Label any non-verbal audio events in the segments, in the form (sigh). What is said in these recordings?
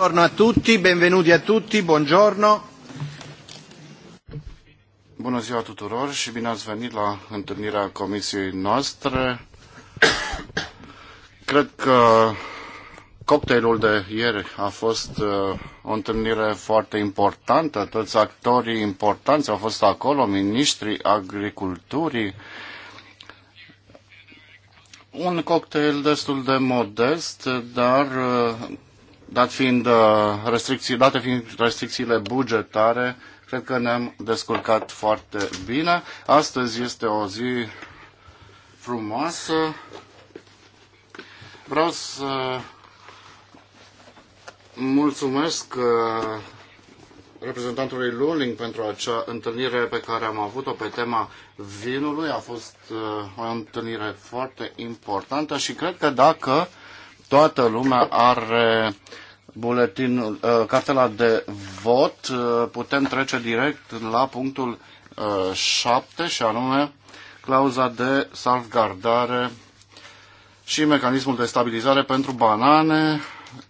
Buongiorno a tutti, benvenuti a tutti, buongiorno. Bună ziua tuturor și bine ați venit la întâlnirea comisiei noastre. Cred că cocktailul de ieri a fost uh, o întâlnire foarte importantă. Toți actorii importanți au fost acolo, ministrii agriculturii. Un cocktail destul de modest, dar uh, dat fiind uh, restricții, date fiind restricțiile bugetare, cred că ne-am descurcat foarte bine. Astăzi este o zi frumoasă. Vreau să mulțumesc uh, reprezentantului Luling pentru acea întâlnire pe care am avut-o pe tema vinului. A fost uh, o întâlnire foarte importantă și cred că dacă toată lumea are buletinul, uh, cartela de vot, uh, putem trece direct la punctul 7 uh, și anume clauza de salvgardare și mecanismul de stabilizare pentru banane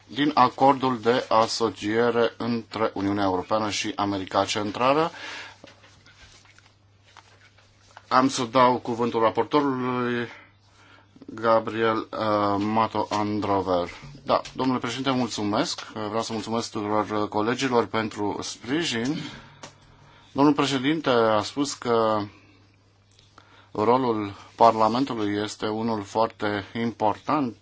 din acordul de asociere între Uniunea Europeană și America Centrală. Am să dau cuvântul raportorului Gabriel uh, Mato Androver. Da, domnule președinte, mulțumesc. Vreau să mulțumesc tuturor colegilor pentru sprijin. Domnul președinte a spus că rolul Parlamentului este unul foarte important.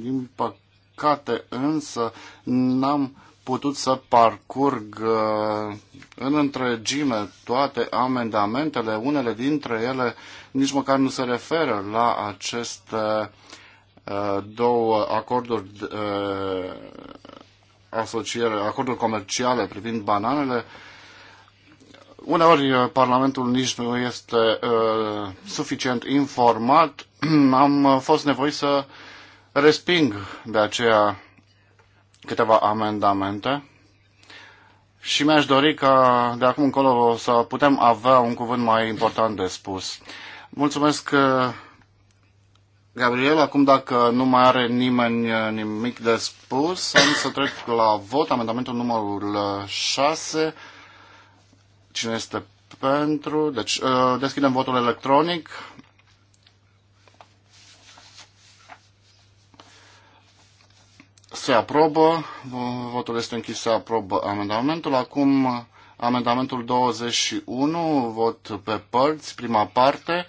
Din păcate însă n-am putut să parcurg uh, în întregime toate amendamentele, unele dintre ele nici măcar nu se referă la aceste uh, două acorduri uh, asociere, acorduri comerciale privind bananele. Uneori uh, Parlamentul nici nu este suficient informat. (clears throat) Am fost nevoit să resping de aceea câteva amendamente și mi-aș dori ca de acum încolo să putem avea un cuvânt mai important de spus. Mulțumesc, uh, Gabriel. Acum, dacă nu mai are nimeni uh, nimic de spus, am să trec la vot. Amendamentul numărul 6. Uh, Cine este pentru? Deci, deschidem votul electronic. se aprobă, votul este închis, se aprobă amendamentul. Acum Amendamentul 21, vot pe părți, prima parte.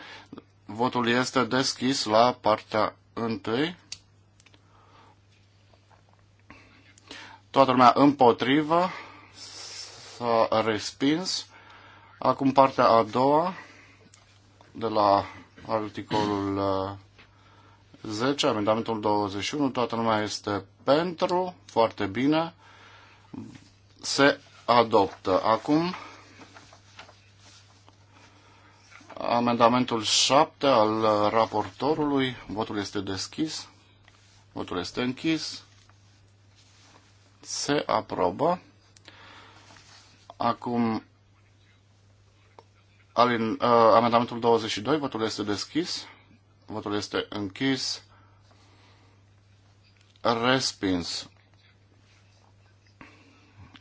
Votul este deschis la partea întâi. Toată lumea împotrivă. S-a respins. Acum partea a doua de la articolul 10, uh, amendamentul 21, toată lumea este pentru, foarte bine, se adoptă. Acum amendamentul 7 al raportorului. Votul este deschis. Votul este închis. Se aprobă. Acum alin, uh, amendamentul 22. Votul este deschis. Votul este închis. Respins.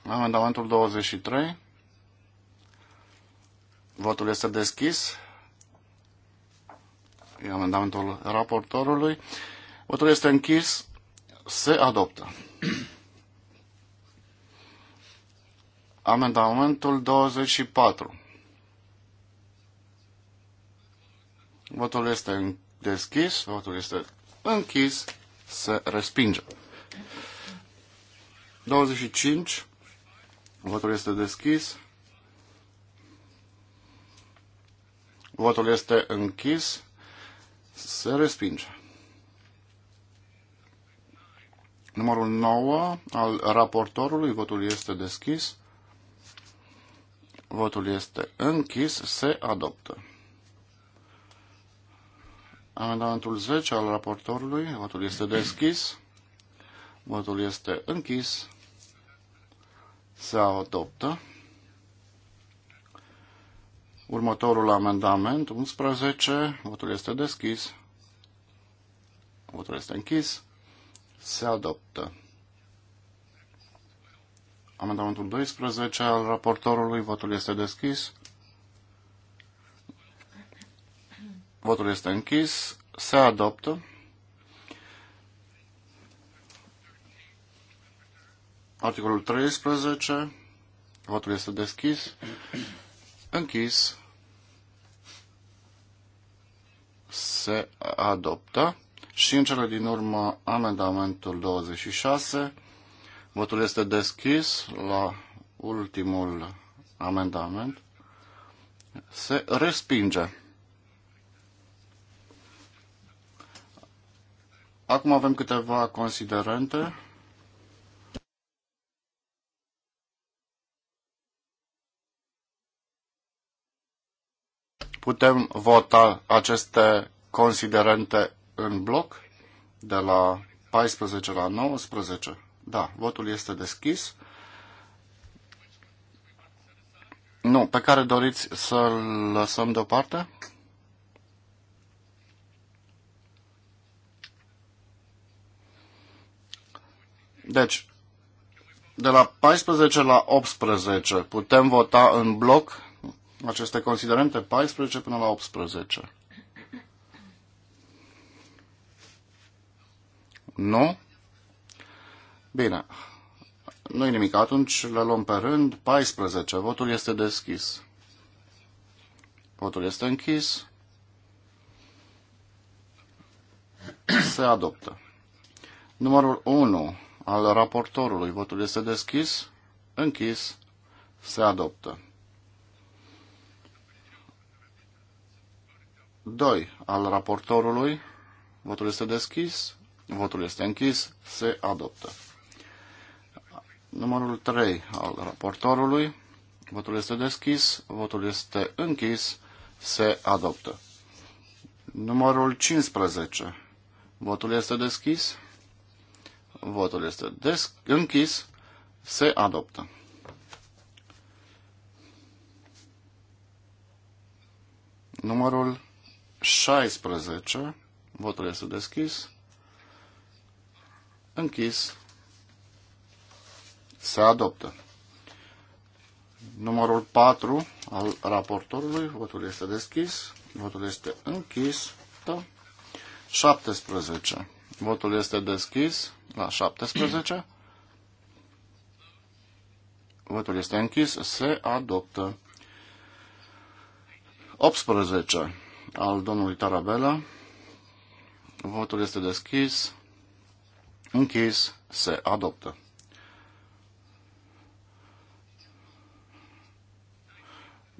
Amendamentul 23. Votul este deschis. E amendamentul raportorului. Votul este închis. Se adoptă. (clears throat) Amendamentul 24. Votul este deschis, votul este închis, se respinge. 25. Votul este deschis. Votul este închis. Se respinge. Numărul 9 al raportorului. Votul este deschis. Votul este închis. Se adoptă. Amendamentul 10 al raportorului. Votul este deschis. Votul este închis se adoptă. Următorul amendament, 11, votul este deschis, votul este închis, se adoptă. Amendamentul 12 al raportorului, votul este deschis, votul este închis, se adoptă. Articolul 13. Votul este deschis. Închis. Se adoptă. Și în cele din urmă, amendamentul 26. Votul este deschis la ultimul amendament. Se respinge. Acum avem câteva considerente. Putem vota aceste considerente în bloc de la 14 la 19? Da, votul este deschis. Nu, pe care doriți să-l lăsăm deoparte? Deci, de la 14 la 18 putem vota în bloc aceste considerente 14 până la 18. Nu? Bine. nu e nimic. Atunci le luăm pe rând. 14. Votul este deschis. Votul este închis. Se adoptă. Numărul 1 al raportorului. Votul este deschis. Închis. Se adoptă. 2 al raportorului. Votul este deschis. Votul este închis. Se adoptă. Numărul 3 al raportorului. Votul este deschis. Votul este închis. Se adoptă. Numărul 15. Votul este deschis. Votul este des- închis. Se adoptă. Numărul 16. Votul este deschis. Închis. Se adoptă. Numărul 4 al raportorului. Votul este deschis. Votul este închis. Da. 17. Votul este deschis la 17. Votul este închis. Se adoptă. 18 al domnului Tarabella. Votul este deschis. Închis. Se adoptă.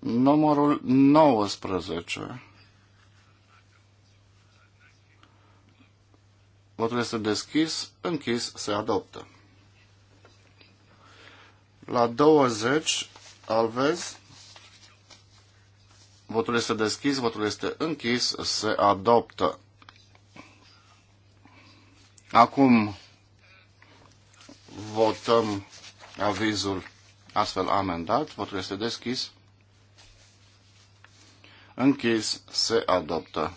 Numărul 19. Votul este deschis, închis, se adoptă. La 20, Alves, Votul este deschis, votul este închis, se adoptă. Acum votăm avizul astfel amendat. Votul este deschis. Închis. Se adoptă.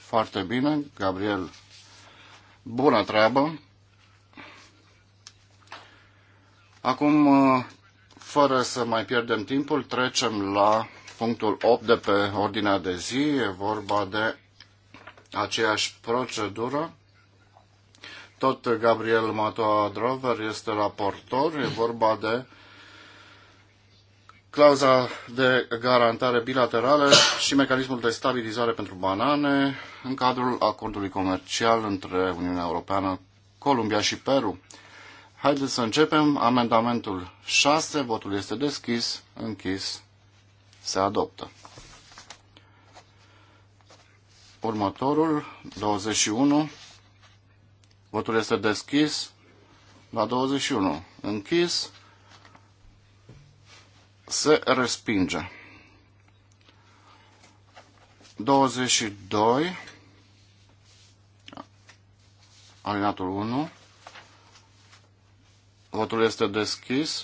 Foarte bine, Gabriel. Bună treabă. Acum, fără să mai pierdem timpul, trecem la punctul 8 de pe ordinea de zi, e vorba de aceeași procedură. Tot Gabriel Matoa Drover este raportor, e vorba de clauza de garantare bilaterală și mecanismul de stabilizare pentru banane în cadrul acordului comercial între Uniunea Europeană, Columbia și Peru. Haideți să începem. Amendamentul 6, votul este deschis, închis. Se adoptă. Următorul, 21. Votul este deschis la 21. Închis. Se respinge. 22. Alinatul 1. Votul este deschis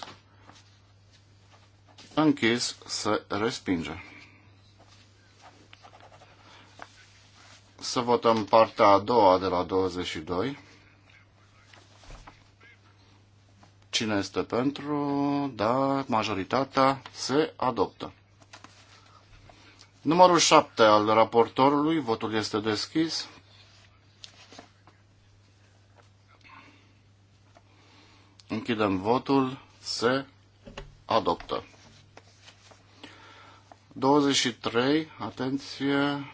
închis, se respinge. Să votăm partea a doua de la 22. Cine este pentru? Da, majoritatea se adoptă. Numărul 7 al raportorului, votul este deschis. Închidem votul, se adoptă. 23, atenție,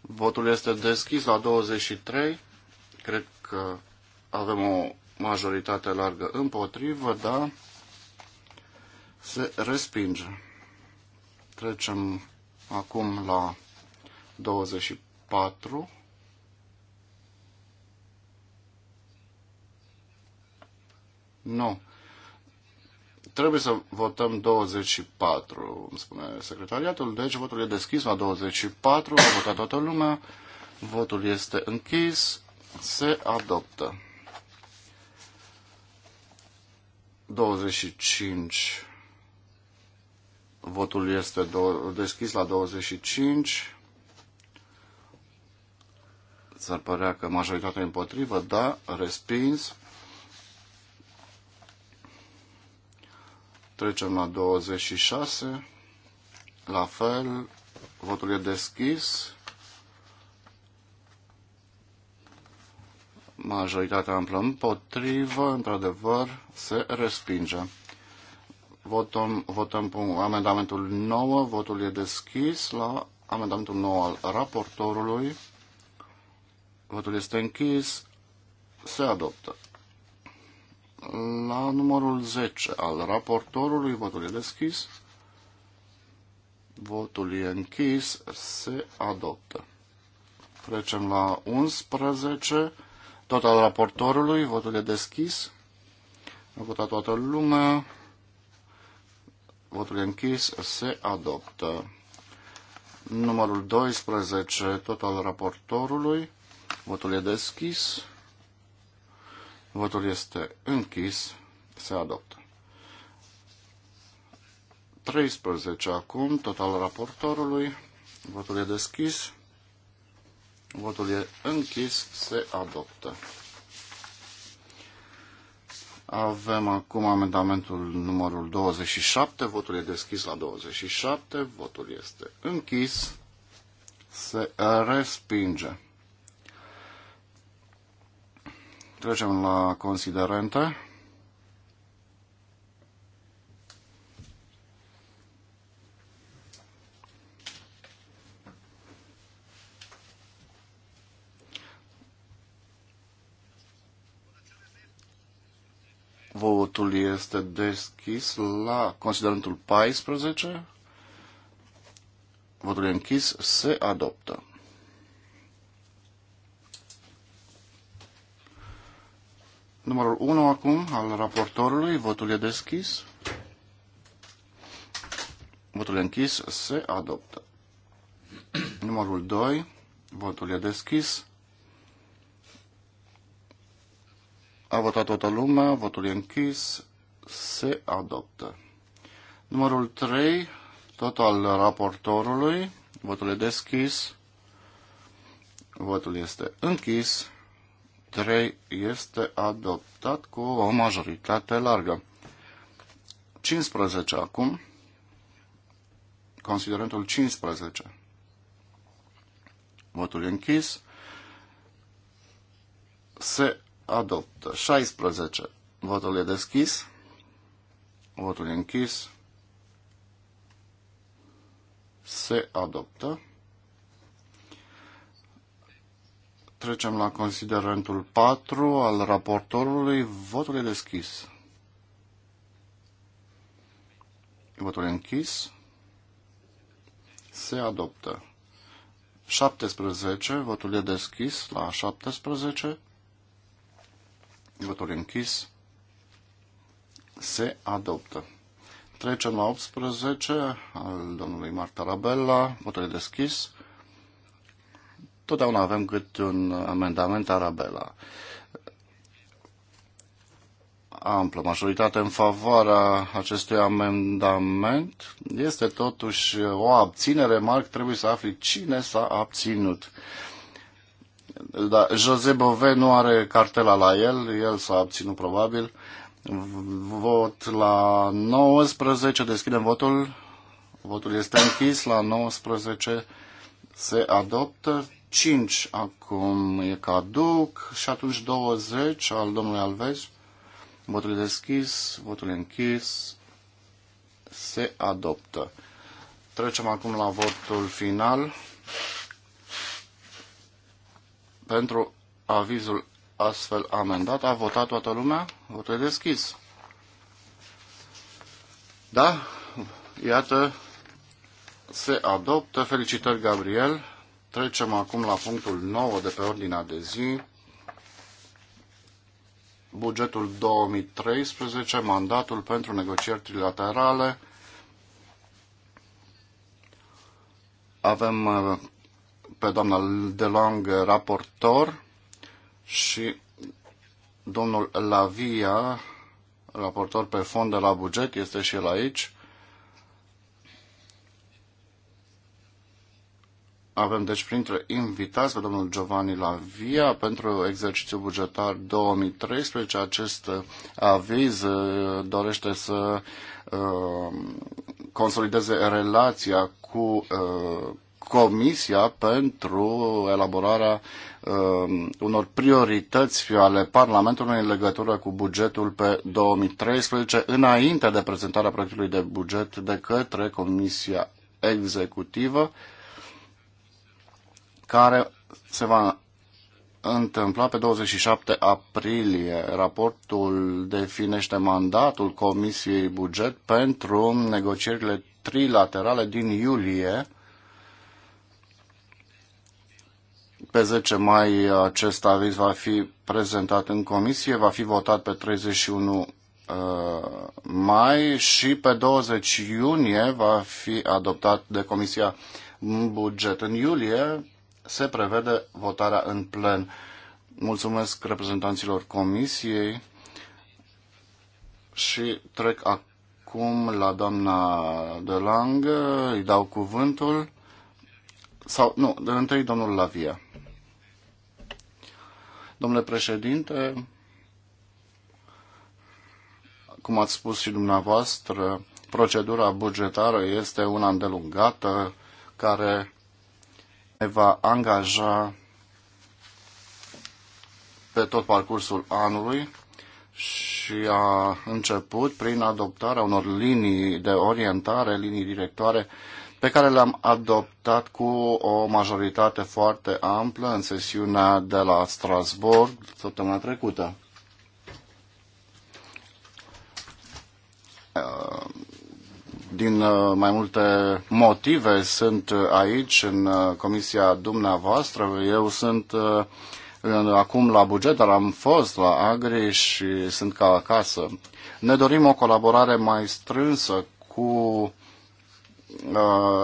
votul este deschis la 23, cred că avem o majoritate largă împotrivă, da, se respinge. Trecem acum la 24. Nu. Trebuie să votăm 24, îmi spune secretariatul, deci votul e deschis la 24, a votat toată lumea, votul este închis, se adoptă. 25, votul este deschis la 25, s-ar părea că majoritatea împotrivă, da, respins, Trecem la 26. La fel, votul e deschis. Majoritatea amplă împotrivă, într-adevăr, se respinge. Votăm, votăm amendamentul 9, votul e deschis la amendamentul 9 al raportorului. Votul este închis, se adoptă la numărul 10 al raportorului. Votul e deschis. Votul e închis. Se adoptă. Trecem la 11. Tot al raportorului. Votul e deschis. A votat toată lumea. Votul e închis. Se adoptă. Numărul 12. Tot al raportorului. Votul e deschis. Votul este închis. Se adoptă. 13 acum, total raportorului. Votul e deschis. Votul e închis. Se adoptă. Avem acum amendamentul numărul 27. Votul e deschis la 27. Votul este închis. Se respinge. Trecem la considerente. Votul este deschis la considerentul 14. Votul e închis. Se adoptă. Numărul 1 acum al raportorului. Votul e deschis. Votul e închis. Se adoptă. Numărul 2. Votul e deschis. A votat toată lumea. Votul e închis. Se adoptă. Numărul 3. Tot al raportorului. Votul e deschis. Votul este închis 3 este adoptat cu o majoritate largă. 15 acum, considerentul 15. Votul e închis. Se adoptă. 16. Votul e deschis. Votul e închis. Se adoptă. Trecem la considerentul 4 al raportorului. Votul e deschis. Votul e închis. Se adoptă. 17. Votul e deschis la 17. Votul e închis. Se adoptă. Trecem la 18 al domnului Marta Rabella. Votul e deschis totdeauna avem cât un amendament arabela. Amplă majoritate în favoarea acestui amendament este totuși o abținere. Marc, trebuie să afli cine s-a abținut. Da, Jose Bove nu are cartela la el, el s-a abținut probabil. Vot la 19, deschidem votul. Votul este închis la 19 se adoptă 5 acum e caduc și atunci 20 al domnului Alves. Votul deschis, votul închis, se adoptă. Trecem acum la votul final pentru avizul astfel amendat. A votat toată lumea? Votul e deschis. Da? Iată, se adoptă. Felicitări, Gabriel. Trecem acum la punctul 9 de pe ordinea de zi. Bugetul 2013, mandatul pentru negocieri trilaterale. Avem uh, pe doamna DeLong raportor și domnul Lavia, raportor pe fond de la buget, este și el aici. avem deci printre invitați pe domnul Giovanni Lavia pentru exercițiul bugetar 2013. Acest uh, aviz uh, dorește să uh, consolideze relația cu Comisia pentru elaborarea unor priorități ale Parlamentului în legătură cu bugetul pe 2013 înainte de prezentarea proiectului de buget de către Comisia Executivă care se va întâmpla pe 27 aprilie. Raportul definește mandatul Comisiei Buget pentru negocierile trilaterale din iulie. Pe 10 mai acest aviz va fi prezentat în comisie, va fi votat pe 31 uh, mai și pe 20 iunie va fi adoptat de Comisia Buget. În iulie se prevede votarea în plen. Mulțumesc reprezentanților comisiei și trec acum la doamna Lang. îi dau cuvântul, sau nu, de întâi domnul Lavia. Domnule președinte, cum ați spus și dumneavoastră, procedura bugetară este una îndelungată care ne va angaja pe tot parcursul anului și a început prin adoptarea unor linii de orientare, linii directoare, pe care le-am adoptat cu o majoritate foarte amplă în sesiunea de la Strasbourg săptămâna trecută din uh, mai multe motive sunt uh, aici, în uh, comisia dumneavoastră. Eu sunt acum la buget, dar am fost la Agri și sunt ca acasă. Ne dorim o colaborare mai strânsă cu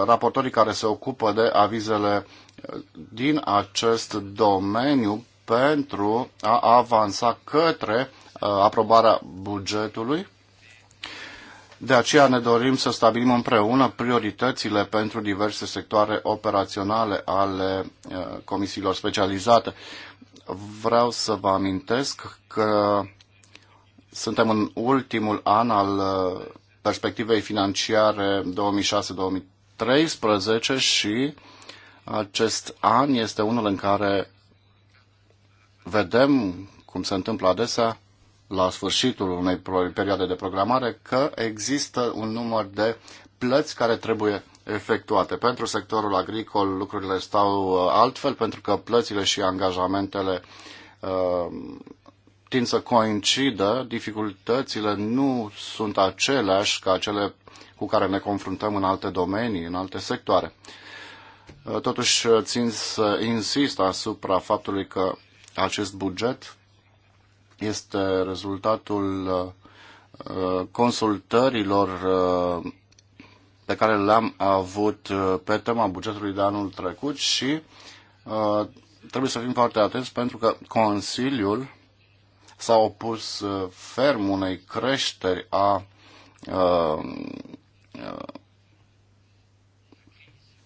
raportorii care se ocupă de avizele din acest domeniu pentru a avansa către aprobarea bugetului de aceea ne dorim să stabilim împreună prioritățile pentru diverse sectoare operaționale ale uh, comisiilor specializate. Vreau să vă amintesc că suntem în ultimul an al uh, perspectivei financiare 2006-2013 și acest an este unul în care vedem, cum se întâmplă adesea, la sfârșitul unei perioade de programare că există un număr de plăți care trebuie efectuate. Pentru sectorul agricol lucrurile stau uh, altfel pentru că plățile și angajamentele uh, tind să coincidă, dificultățile nu sunt aceleași ca cele cu care ne confruntăm în alte domenii, în alte sectoare. Uh, totuși, uh, țin să insist asupra faptului că acest buget este rezultatul uh, consultărilor uh, pe care le-am avut uh, pe tema bugetului de anul trecut și trebuie să fim foarte atenți pentru că Consiliul s-a opus ferm unei creșteri a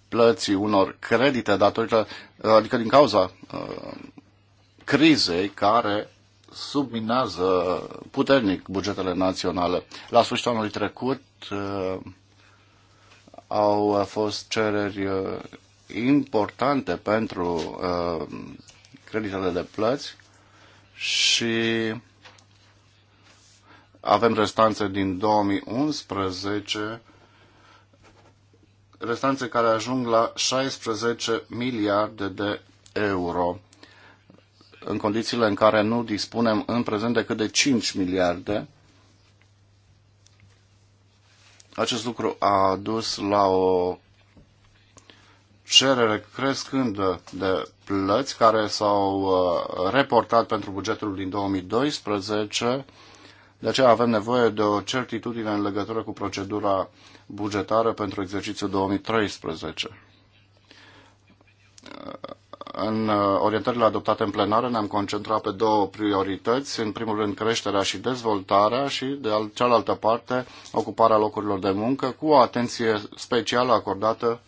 plății unor credite datorită, adică din cauza crizei care subminează puternic bugetele naționale. La sfârșitul anului trecut uh, au fost cereri uh, importante pentru uh, creditele de plăți și avem restanțe din 2011 restanțe care ajung la 16 miliarde de euro în condițiile în care nu dispunem în prezent decât de 5 miliarde. Acest lucru a dus la o cerere crescândă de plăți care s-au uh, reportat pentru bugetul din 2012. De aceea avem nevoie de o certitudine în legătură cu procedura bugetară pentru exercițiul 2013 în uh, orientările adoptate în plenară ne-am concentrat pe două priorități. În primul rând creșterea și dezvoltarea și de cealaltă parte ocuparea locurilor de muncă cu o atenție specială acordată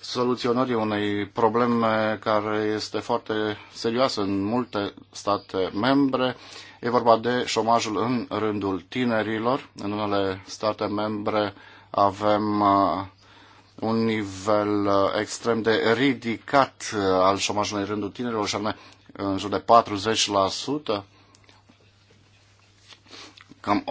soluționării unei probleme care este foarte serioasă în multe state membre. E vorba de șomajul în rândul tinerilor. În unele state membre avem uh, un nivel uh, extrem de ridicat uh, al șomajului în rândul tinerilor, și anume în jur de 40%. Cam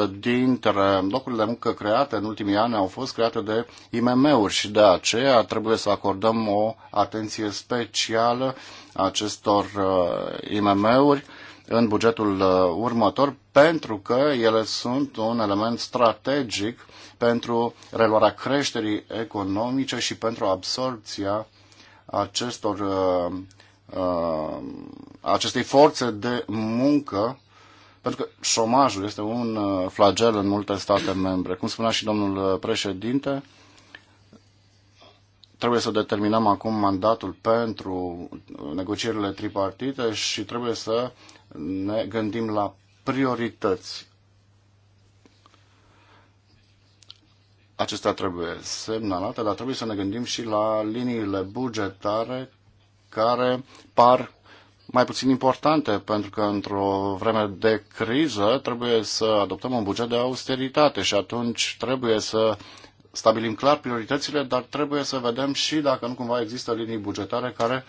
85% dintre locurile de muncă create în ultimii ani au fost create de IMM-uri și de aceea trebuie să acordăm o atenție specială acestor uh, IMM-uri în bugetul uh, următor, pentru că ele sunt un element strategic pentru reluarea creșterii economice și pentru absorpția acestor, uh, uh, acestei forțe de muncă pentru că șomajul este un flagel în multe state membre. Cum spunea și domnul președinte, trebuie să determinăm acum mandatul pentru negocierile tripartite și trebuie să ne gândim la priorități. Acestea trebuie semnalate, dar trebuie să ne gândim și la liniile bugetare care par mai puțin importante, pentru că într-o vreme de criză trebuie să adoptăm un buget de austeritate și atunci trebuie să stabilim clar prioritățile, dar trebuie să vedem și dacă nu cumva există linii bugetare care uh,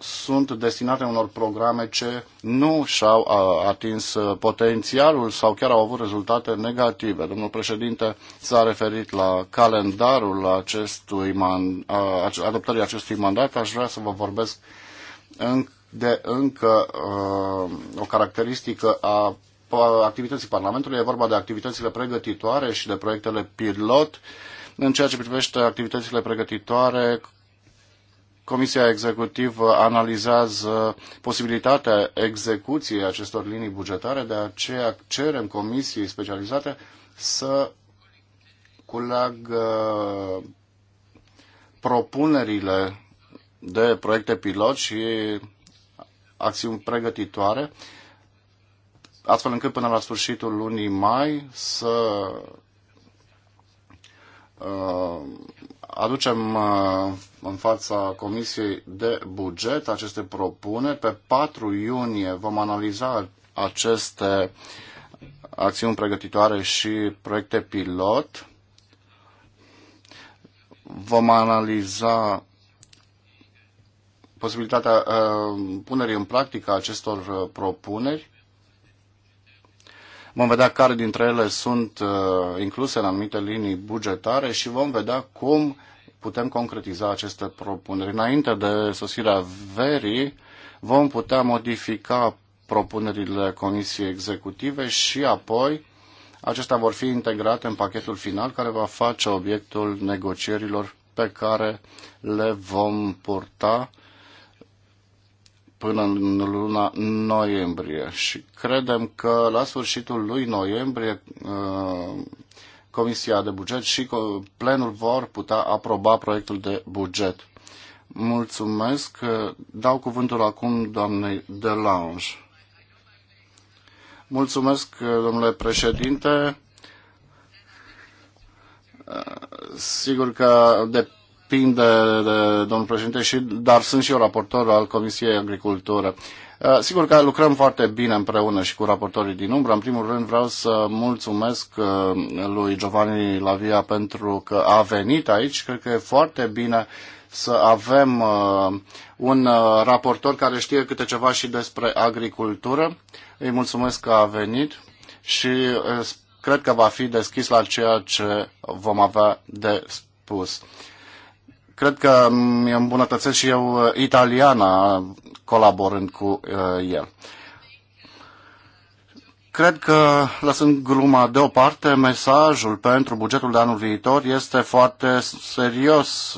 sunt destinate unor programe ce nu și-au atins uh, potențialul sau chiar au avut rezultate negative. Domnul președinte s-a referit la calendarul acestui man, adoptării acestui mandat. Aș vrea să vă vorbesc de încă uh, o caracteristică a activității Parlamentului. E vorba de activitățile pregătitoare și de proiectele pilot. În ceea ce privește activitățile pregătitoare, Comisia Executivă analizează posibilitatea execuției acestor linii bugetare, de aceea cerem Comisiei specializate să culeagă propunerile de proiecte pilot și acțiuni pregătitoare, astfel încât până la sfârșitul lunii mai să uh, aducem uh, în fața Comisiei de Buget aceste propuneri. Pe 4 iunie vom analiza aceste acțiuni pregătitoare și proiecte pilot. Vom analiza posibilitatea uh, punerii în practică acestor uh, propuneri. Vom vedea care dintre ele sunt uh, incluse în anumite linii bugetare și vom vedea cum putem concretiza aceste propuneri. Înainte de sosirea verii, vom putea modifica propunerile Comisiei Executive și apoi acestea vor fi integrate în pachetul final care va face obiectul negocierilor pe care le vom purta până în luna noiembrie și credem că la sfârșitul lui noiembrie uh, Comisia de Buget și plenul vor putea aproba proiectul de buget. Mulțumesc. Dau cuvântul acum doamnei de Lange. Mulțumesc, domnule președinte. Sigur că de depinde, de, domnul președinte, și, dar sunt și eu raportor al Comisiei Agricultură. Uh, sigur că lucrăm foarte bine împreună și cu raportorii din umbră. În primul rând vreau să mulțumesc uh, lui Giovanni Lavia pentru că a venit aici. Cred că e foarte bine să avem uh, un raportor care știe câte ceva și despre agricultură. Îi mulțumesc că a venit și cred că va fi deschis la ceea ce vom avea de spus. Cred că mi-am mi-am îmbunătățesc și eu uh, italiana colaborând cu uh, el. Cred că, lăsând gluma deoparte, mesajul pentru bugetul de anul viitor este foarte serios.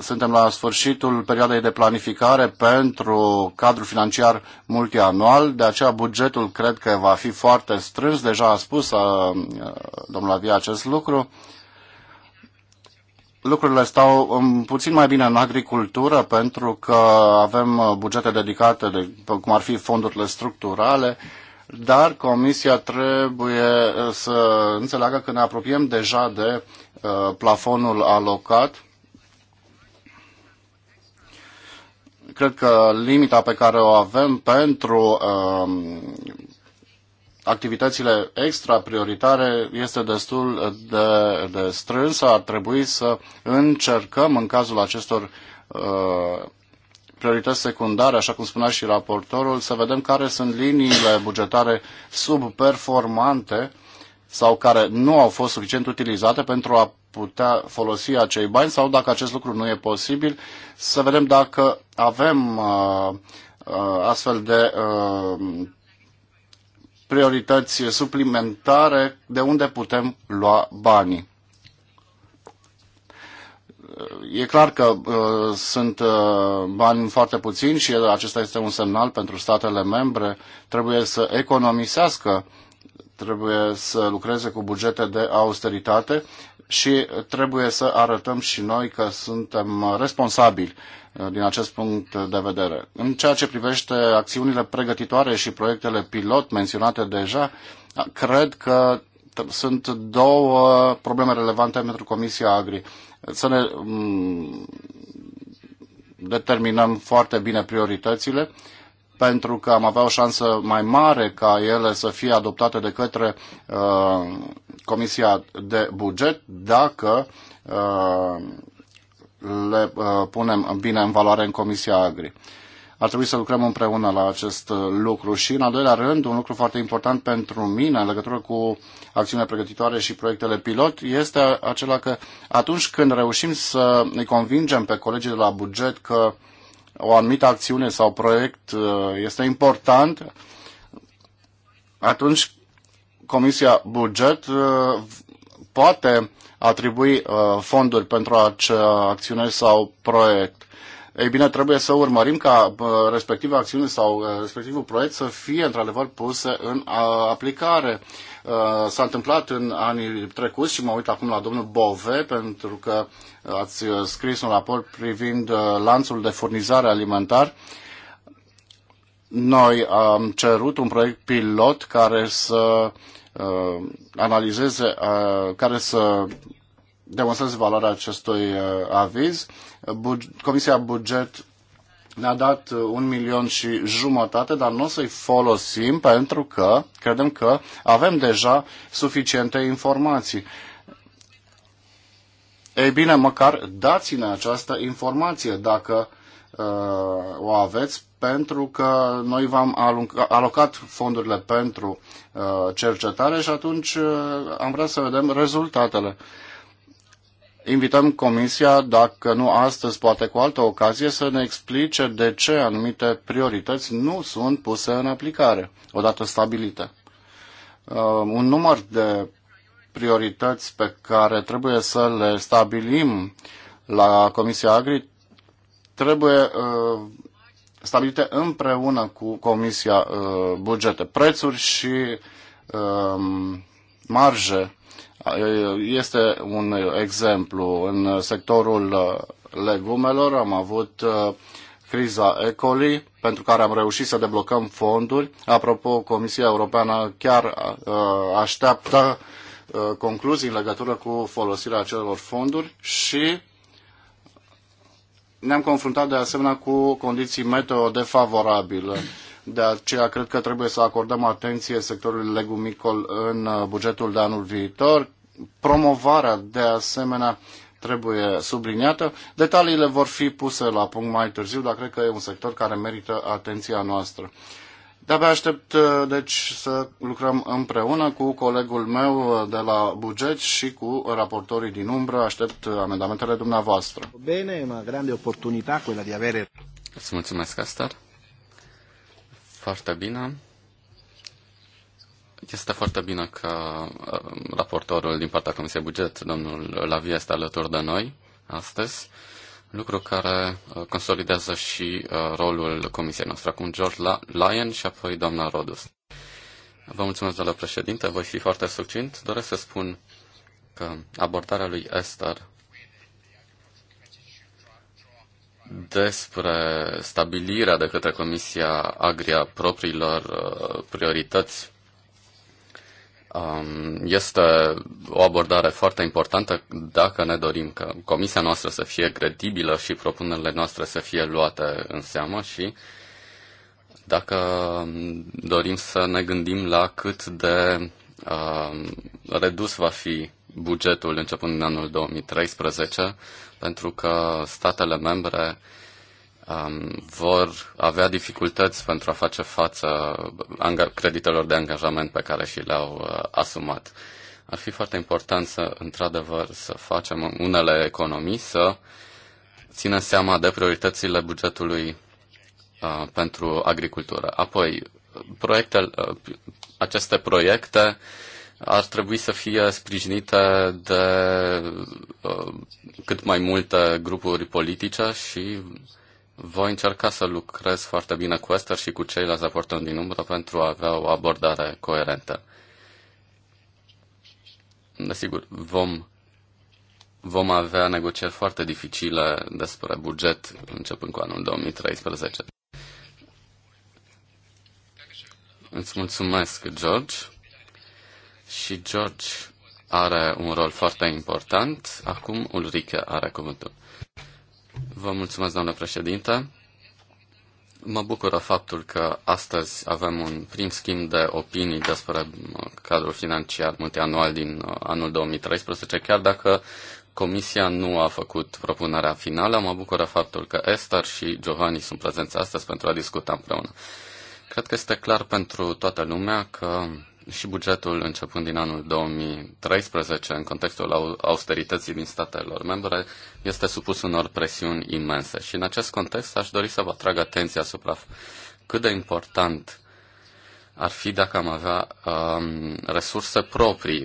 Suntem la sfârșitul perioadei de planificare pentru cadrul financiar multianual, de aceea bugetul cred că va fi foarte strâns. Deja a spus uh, domnul Avia acest lucru lucrurile stau um, puțin mai bine în agricultură pentru că avem uh, bugete dedicate, de, cum ar fi fondurile structurale, dar Comisia trebuie uh, să înțeleagă că ne apropiem deja de uh, plafonul alocat. Cred că limita pe care o avem pentru um, activitățile extra-prioritare este destul de, de strânsă. Ar trebui să încercăm, în cazul acestor uh, priorități secundare, așa cum spunea și raportorul, să vedem care sunt liniile bugetare subperformante sau care nu au fost suficient utilizate pentru a putea folosi acei bani sau dacă acest lucru nu e posibil, să vedem dacă avem uh, uh astfel de uh, priorități suplimentare de unde putem lua banii. E clar că uh, sunt uh, bani foarte puțini și acesta este un semnal pentru statele membre. Trebuie să economisească, trebuie să lucreze cu bugete de austeritate și trebuie să arătăm și noi că suntem responsabili uh, din acest punct de vedere. În ceea ce privește acțiunile pregătitoare și proiectele pilot menționate deja, cred că sunt două probleme relevante pentru Comisia Agri. Să ne mm, determinăm foarte bine prioritățile pentru că am avea o șansă mai mare ca ele să fie adoptate de către uh, Comisia de Buget dacă uh, le uh, punem bine în valoare în Comisia Agri. Ar trebui să lucrăm împreună la acest uh, lucru și, în al doilea rând, un lucru foarte important pentru mine în legătură cu acțiunea pregătitoare și proiectele pilot este acela că atunci când reușim să ne convingem pe colegii de la buget că uh, o anumită acțiune sau proiect uh, este important, atunci Comisia Buget uh, poate atribui uh, fonduri pentru acea acțiune sau proiect. Ei bine, trebuie să urmărim ca respectiva acțiune sau respectivul proiect să fie într-adevăr puse în aplicare. Uh, s-a întâmplat în anii trecuți și mă uit acum la domnul Bove pentru că uh, ați uh, scris un raport privind lanțul de furnizare alimentar. Noi am cerut un proiect pilot care să analizeze, care să demonstreze valoarea acestui aviz. Comisia Buget ne-a dat uh, un milion și jumătate, dar nu o să-i folosim pentru că credem că avem deja suficiente informații. Ei bine, măcar dați-ne această informație dacă uh, o aveți, pentru că noi v-am alocat fondurile pentru uh, cercetare și atunci uh, am vrea să vedem rezultatele. Uh, invităm Comisia, dacă nu astăzi, poate cu altă ocazie, să ne explice de ce anumite priorități nu sunt puse în aplicare, odată stabilite. Uh, un număr de priorități pe care trebuie să le stabilim la Comisia Agri trebuie uh, stabilite împreună cu Comisia uh, Bugete. Prețuri și marje este un exemplu. În sectorul uh, legumelor am avut uh, criza Ecoli pentru care am reușit să deblocăm fonduri. Apropo, Comisia Europeană chiar uh, așteaptă concluzii în legătură cu folosirea acelor fonduri și ne-am confruntat de asemenea cu condiții meteo defavorabile. De aceea cred că trebuie să acordăm atenție sectorului legumicol în bugetul de anul viitor. Promovarea, de asemenea, trebuie subliniată. Detaliile vor fi puse la punct mai târziu, dar cred că e un sector care merită atenția noastră. De-abia aștept uh, deci, să lucrăm împreună cu colegul meu uh, de la buget și cu raportorii din umbră. Aștept uh, amendamentele dumneavoastră. Bine, una grande oportunitate quella de avere... Îți mulțumesc, Astar. Foarte bine. Este foarte bine că uh, raportorul din partea Comisiei Buget, domnul Lavie, este alături de noi astăzi, lucru care uh, consolidează și uh, rolul Comisiei noastre. Acum George Lyon și apoi doamna Rodus. Vă mulțumesc, doamnă președinte, voi fi foarte succint. Doresc să spun că abordarea lui Esther despre stabilirea de către Comisia Agria propriilor priorități Um, este o abordare foarte importantă dacă ne dorim că comisia noastră să fie credibilă și propunerile noastre să fie luate în seamă și dacă dorim să ne gândim la cât de uh, redus va fi bugetul începând din anul 2013, pentru că statele membre uh, um, vor avea dificultăți pentru a face față creditelor de angajament pe care și le-au uh, asumat. Ar fi foarte important să, într-adevăr, să facem unele economii, să țină seama de prioritățile bugetului uh, pentru agricultură. Apoi, proiecte, uh, aceste proiecte ar trebui să fie sprijinite de uh, cât mai multe grupuri politice și uh, voi încerca să lucrez foarte bine cu Esther și cu ceilalți raportori din umbră pentru a avea o abordare coerentă. Desigur, vom, vom avea negocieri foarte dificile despre buget începând cu anul 2013. Îți mulțumesc, George. Și George are un rol foarte important. Acum Ulrike are cuvântul. Vă mulțumesc, doamnă președinte. Mă bucură faptul că astăzi avem un prim schimb de opinii despre cadrul financiar multianual din uh, anul 2013, chiar dacă Comisia nu a făcut propunerea finală. Mă bucură faptul că Esther și Giovanni sunt prezenți astăzi pentru a discuta împreună. Cred că este clar pentru toată lumea că și bugetul începând din anul 2013, în contextul austerității din statelor membre, este supus unor presiuni imense. Și în acest context aș dori să vă atrag atenția asupra cât de important ar fi dacă am avea um, resurse proprii,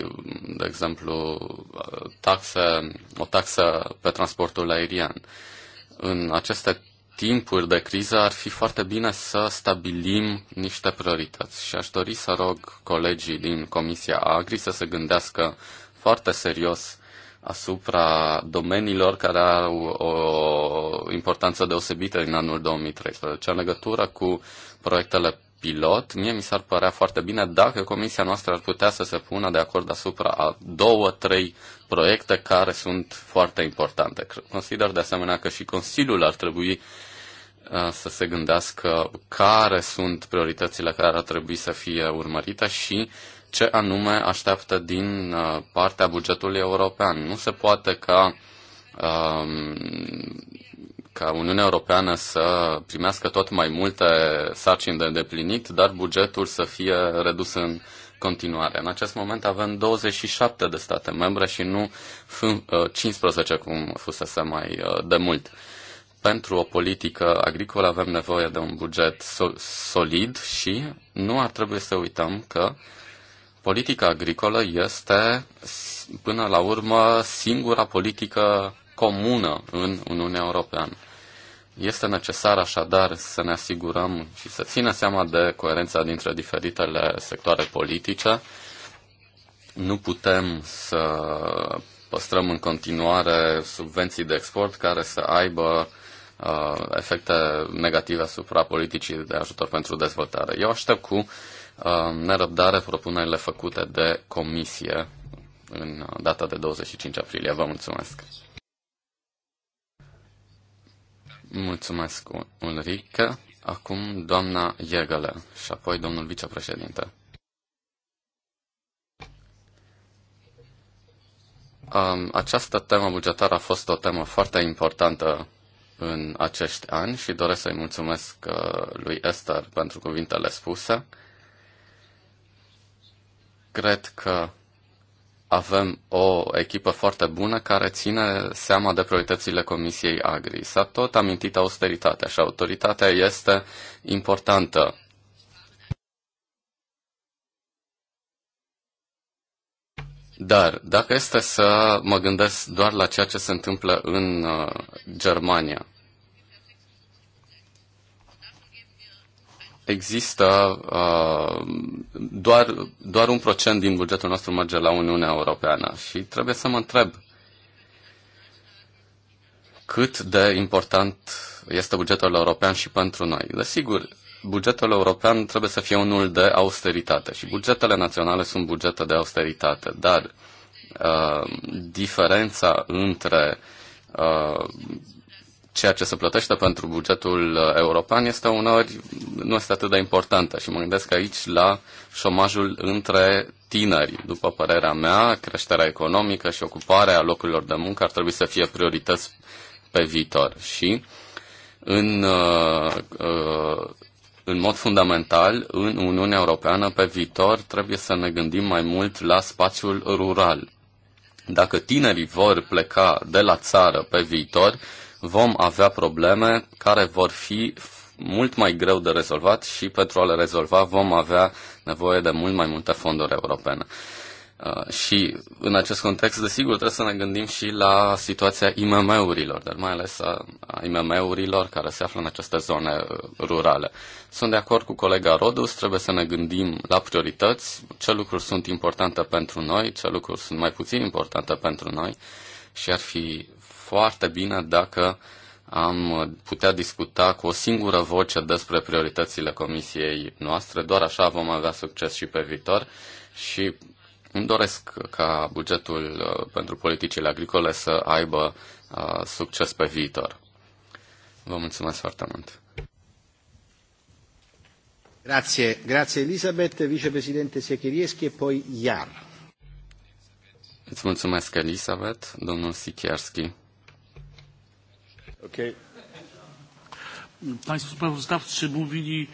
de exemplu, uh, taxe, o taxă pe transportul aerian. În aceste timpuri de criză ar fi foarte bine să stabilim niște priorități și aș dori să rog colegii din Comisia Agri să se gândească foarte serios asupra domeniilor care au o importanță deosebită în anul 2013. În legătură cu proiectele pilot, mie mi s-ar părea foarte bine dacă comisia noastră ar putea să se pună de acord asupra a două, trei proiecte care sunt foarte importante. Consider de asemenea că și Consiliul ar trebui să se gândească care sunt prioritățile care ar trebui să fie urmărite și ce anume așteaptă din partea bugetului european. Nu se poate ca, ca Uniunea Europeană să primească tot mai multe sarcini de îndeplinit, dar bugetul să fie redus în continuare. În acest moment avem 27 de state membre și nu 15, cum fusese mai de mult pentru o politică agricolă avem nevoie de un buget solid și nu ar trebui să uităm că politica agricolă este până la urmă singura politică comună în Uniunea Europeană. Este necesar așadar să ne asigurăm și să ținem seama de coerența dintre diferitele sectoare politice. Nu putem să păstrăm în continuare subvenții de export care să aibă uh, efecte negative asupra politicii de ajutor pentru dezvoltare. Eu aștept cu uh, nerăbdare propunerile făcute de comisie în data de 25 aprilie. Vă mulțumesc! Mulțumesc, Ulrike. Acum doamna Iegăle și apoi domnul vicepreședinte. Um, această temă bugetară a fost o temă foarte importantă în acești ani și doresc să-i mulțumesc uh, lui Esther pentru cuvintele spuse. Cred că avem o echipă foarte bună care ține seama de prioritățile Comisiei Agri. S-a tot amintit austeritatea și autoritatea este importantă Dar dacă este să mă gândesc doar la ceea ce se întâmplă în uh, Germania, există uh, doar, doar un procent din bugetul nostru merge la Uniunea Europeană și trebuie să mă întreb cât de important este bugetul european și pentru noi. Desigur, bugetul european trebuie să fie unul de austeritate și bugetele naționale sunt bugete de austeritate, dar uh, diferența între uh, ceea ce se plătește pentru bugetul uh, european este uneori nu este atât de importantă și mă gândesc aici la șomajul între tineri. După părerea mea, creșterea economică și ocuparea locurilor de muncă ar trebui să fie priorități pe viitor și în uh, uh, în mod fundamental, în Uniunea Europeană, pe viitor, trebuie să ne gândim mai mult la spațiul rural. Dacă tinerii vor pleca de la țară pe viitor, vom avea probleme care vor fi mult mai greu de rezolvat și pentru a le rezolva vom avea nevoie de mult mai multe fonduri europene. Uh, și în acest context, desigur, trebuie să ne gândim și la situația IMM-urilor, dar mai ales a, IMM-urilor care se află în aceste zone uh, rurale. Sunt de acord cu colega Rodus, trebuie să ne gândim la priorități, ce lucruri sunt importante pentru noi, ce lucruri sunt mai puțin importante pentru noi și ar fi foarte bine dacă am putea discuta cu o singură voce despre prioritățile comisiei noastre, doar așa vom avea succes și pe viitor și îmi doresc ca bugetul uh, pentru politicile agricole să aibă uh, succes pe viitor. Vă mulțumesc foarte mult. Grazie, grazie Elisabeth, vicepreședinte Secherieschi, poi Iar. Îți mulțumesc, Elisabeth, domnul Sikierski. Ok. Państwo sprawozdawcy mówili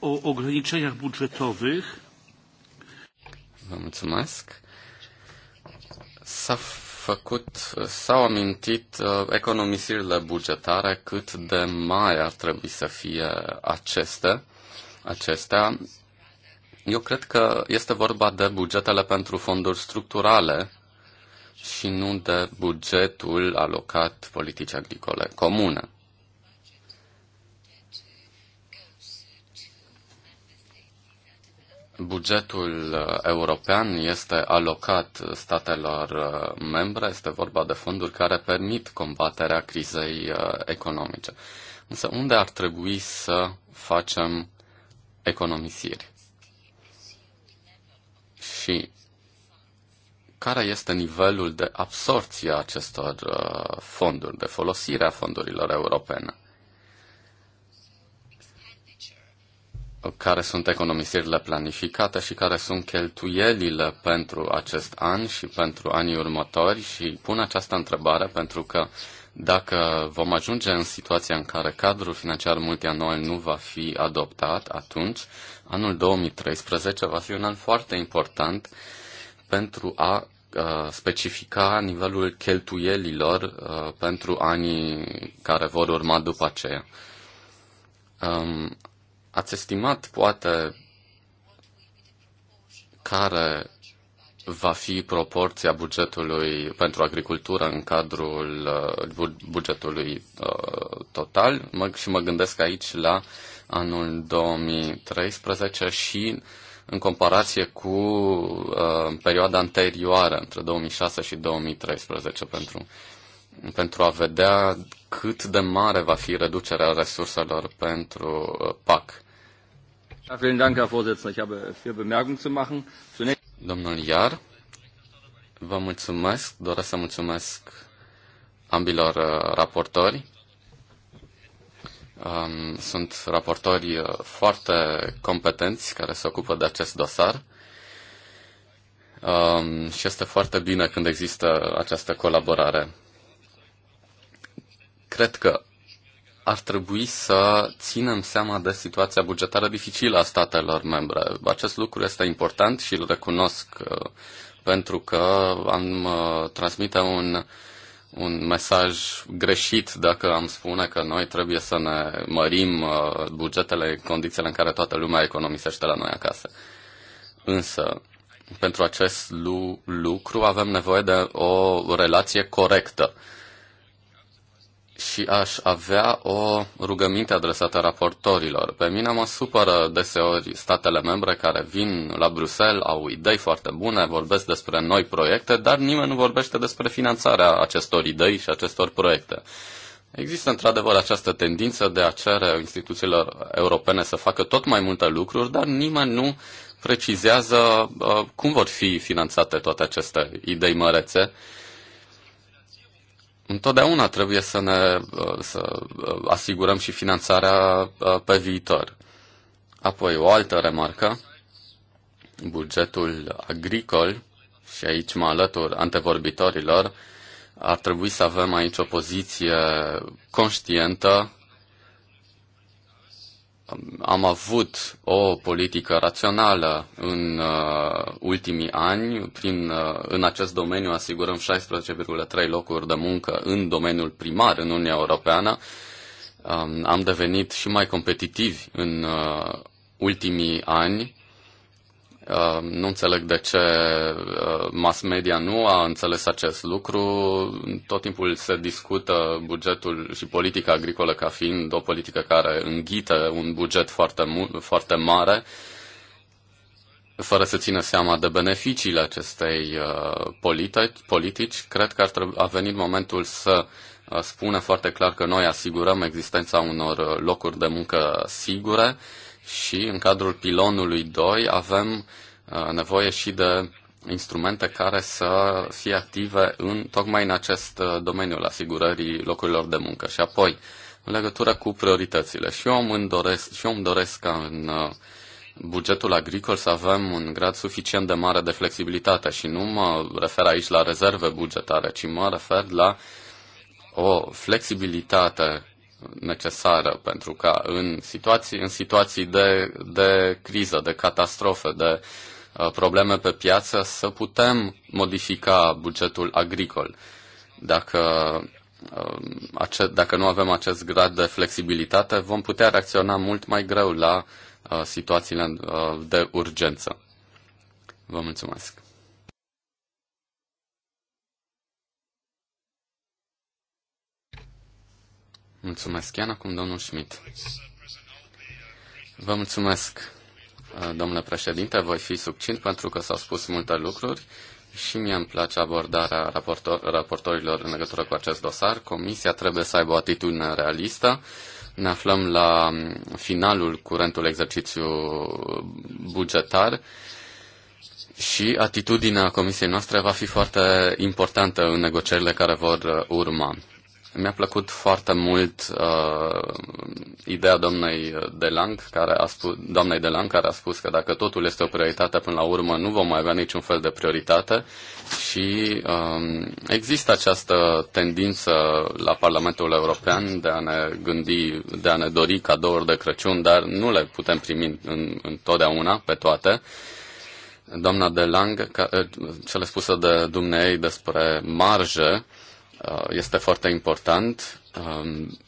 o ograniczeniach budżetowych. Vă mulțumesc. S-a făcut, s-au amintit uh, economisirile bugetare, cât de mai ar trebui să fie aceste, acestea. Eu cred că este vorba de bugetele pentru fonduri structurale și nu de bugetul alocat politicii agricole comune. Bugetul uh, european este alocat statelor uh, membre, este vorba de fonduri care permit combaterea crizei uh, economice. Însă unde ar trebui să facem economisiri? Și care este nivelul de absorție a acestor fonduri, de folosire a fondurilor europene? care sunt economisirile planificate și care sunt cheltuielile pentru acest an și pentru anii următori și pun această întrebare pentru că dacă vom ajunge în situația în care cadrul financiar multianual nu va fi adoptat, atunci anul 2013 va fi un an foarte important pentru a uh, specifica nivelul cheltuielilor uh, pentru anii care vor urma după aceea. Um, Ați estimat, poate, care va fi proporția bugetului pentru agricultură în cadrul uh, bugetului uh, total mă, și mă gândesc aici la anul 2013 și în comparație cu uh, perioada anterioară, între 2006 și 2013, pentru, pentru a vedea cât de mare va fi reducerea resurselor pentru uh, PAC. Domnul Iar, vă mulțumesc, doresc să mulțumesc ambilor uh, raportori. Um, sunt raportori uh, foarte competenți care se ocupă de acest dosar. Um, și este foarte bine când există această colaborare. Cred că ar trebui să ținem seama de situația bugetară dificilă a statelor membre. Acest lucru este important și îl recunosc uh, pentru că am uh, transmite un, un mesaj greșit dacă am spune că noi trebuie să ne mărim uh, bugetele în condițiile în care toată lumea economisește la noi acasă. Însă, pentru acest lucru avem nevoie de o relație corectă și aș avea o rugăminte adresată raportorilor. Pe mine mă supără deseori statele membre care vin la Bruxelles, au idei foarte bune, vorbesc despre noi proiecte, dar nimeni nu vorbește despre finanțarea acestor idei și acestor proiecte. Există într-adevăr această tendință de a cere instituțiilor europene să facă tot mai multe lucruri, dar nimeni nu precizează uh, cum vor fi finanțate toate aceste idei mărețe Întotdeauna trebuie să ne uh, să uh, asigurăm și finanțarea uh, pe viitor. Apoi o altă remarcă, bugetul agricol, și aici mă alătur antevorbitorilor, ar trebui să avem aici o poziție conștientă am avut o politică rațională în uh, ultimii ani. Prin, uh, în acest domeniu asigurăm 16,3 locuri de muncă în domeniul primar în Uniunea Europeană. Um, am devenit și mai competitivi în uh, ultimii ani Uh, nu înțeleg de ce uh, mass media nu a înțeles acest lucru. Tot timpul se discută bugetul și politica agricolă ca fiind o politică care înghite un buget foarte, foarte mare, fără să țină seama de beneficiile acestei uh, politici. Cred că ar trebui, a venit momentul să spune foarte clar că noi asigurăm existența unor locuri de muncă sigure și în cadrul pilonului 2 avem uh, nevoie și de instrumente care să fie active în, tocmai în acest uh, domeniu, al asigurării locurilor de muncă. Și apoi, în legătură cu prioritățile. Și eu îmi doresc, și eu îmi doresc ca în uh, bugetul agricol să avem un grad suficient de mare de flexibilitate și nu mă refer aici la rezerve bugetare, ci mă refer la o flexibilitate necesară, pentru că în situații, în situații de, de criză, de catastrofe, de uh, probleme pe piață, să putem modifica bugetul agricol. Dacă, uh, dacă nu avem acest grad de flexibilitate, vom putea reacționa mult mai greu la uh, situațiile de urgență. Vă mulțumesc! Mulțumesc, Ian. Acum domnul Schmidt. Vă mulțumesc, uh, domnule președinte. Voi fi subțint pentru că s-au spus multe lucruri și mie îmi place abordarea raportor, raportorilor în legătură cu acest dosar. Comisia trebuie să aibă o atitudine realistă. Ne aflăm la um, finalul curentul exercițiu bugetar și atitudinea comisiei noastre va fi foarte importantă în negocierile care vor uh, urma. Mi-a plăcut foarte mult uh, ideea doamnei Delang, care a spus, doamnei Delang, care a spus că dacă totul este o prioritate până la urmă, nu vom mai avea niciun fel de prioritate și uh, există această tendință la Parlamentul European de a ne gândi, de a ne dori cadouri de Crăciun, dar nu le putem primi în, întotdeauna pe toate doamna de Lang, uh, le spusă de dumneei despre marjă, Uh, este foarte important. Um,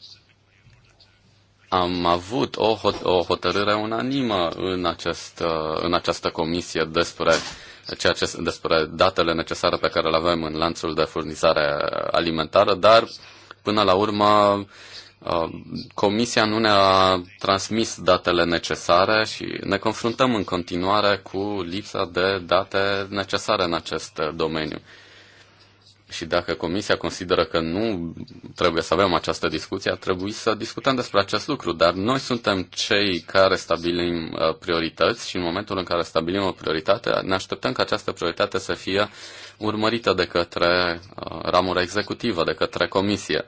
am avut o, hot- o hotărâre unanimă în, acest, uh, în această comisie despre, ceea ce, despre datele necesare pe care le avem în lanțul de furnizare alimentară, dar până la urmă uh, Comisia nu ne-a transmis datele necesare și ne confruntăm în continuare cu lipsa de date necesare în acest domeniu. Și dacă Comisia consideră că nu trebuie să avem această discuție, ar trebui să discutăm despre acest lucru. Dar noi suntem cei care stabilim uh, priorități și în momentul în care stabilim o prioritate, ne așteptăm ca această prioritate să fie urmărită de către uh, ramura executivă, de către Comisie.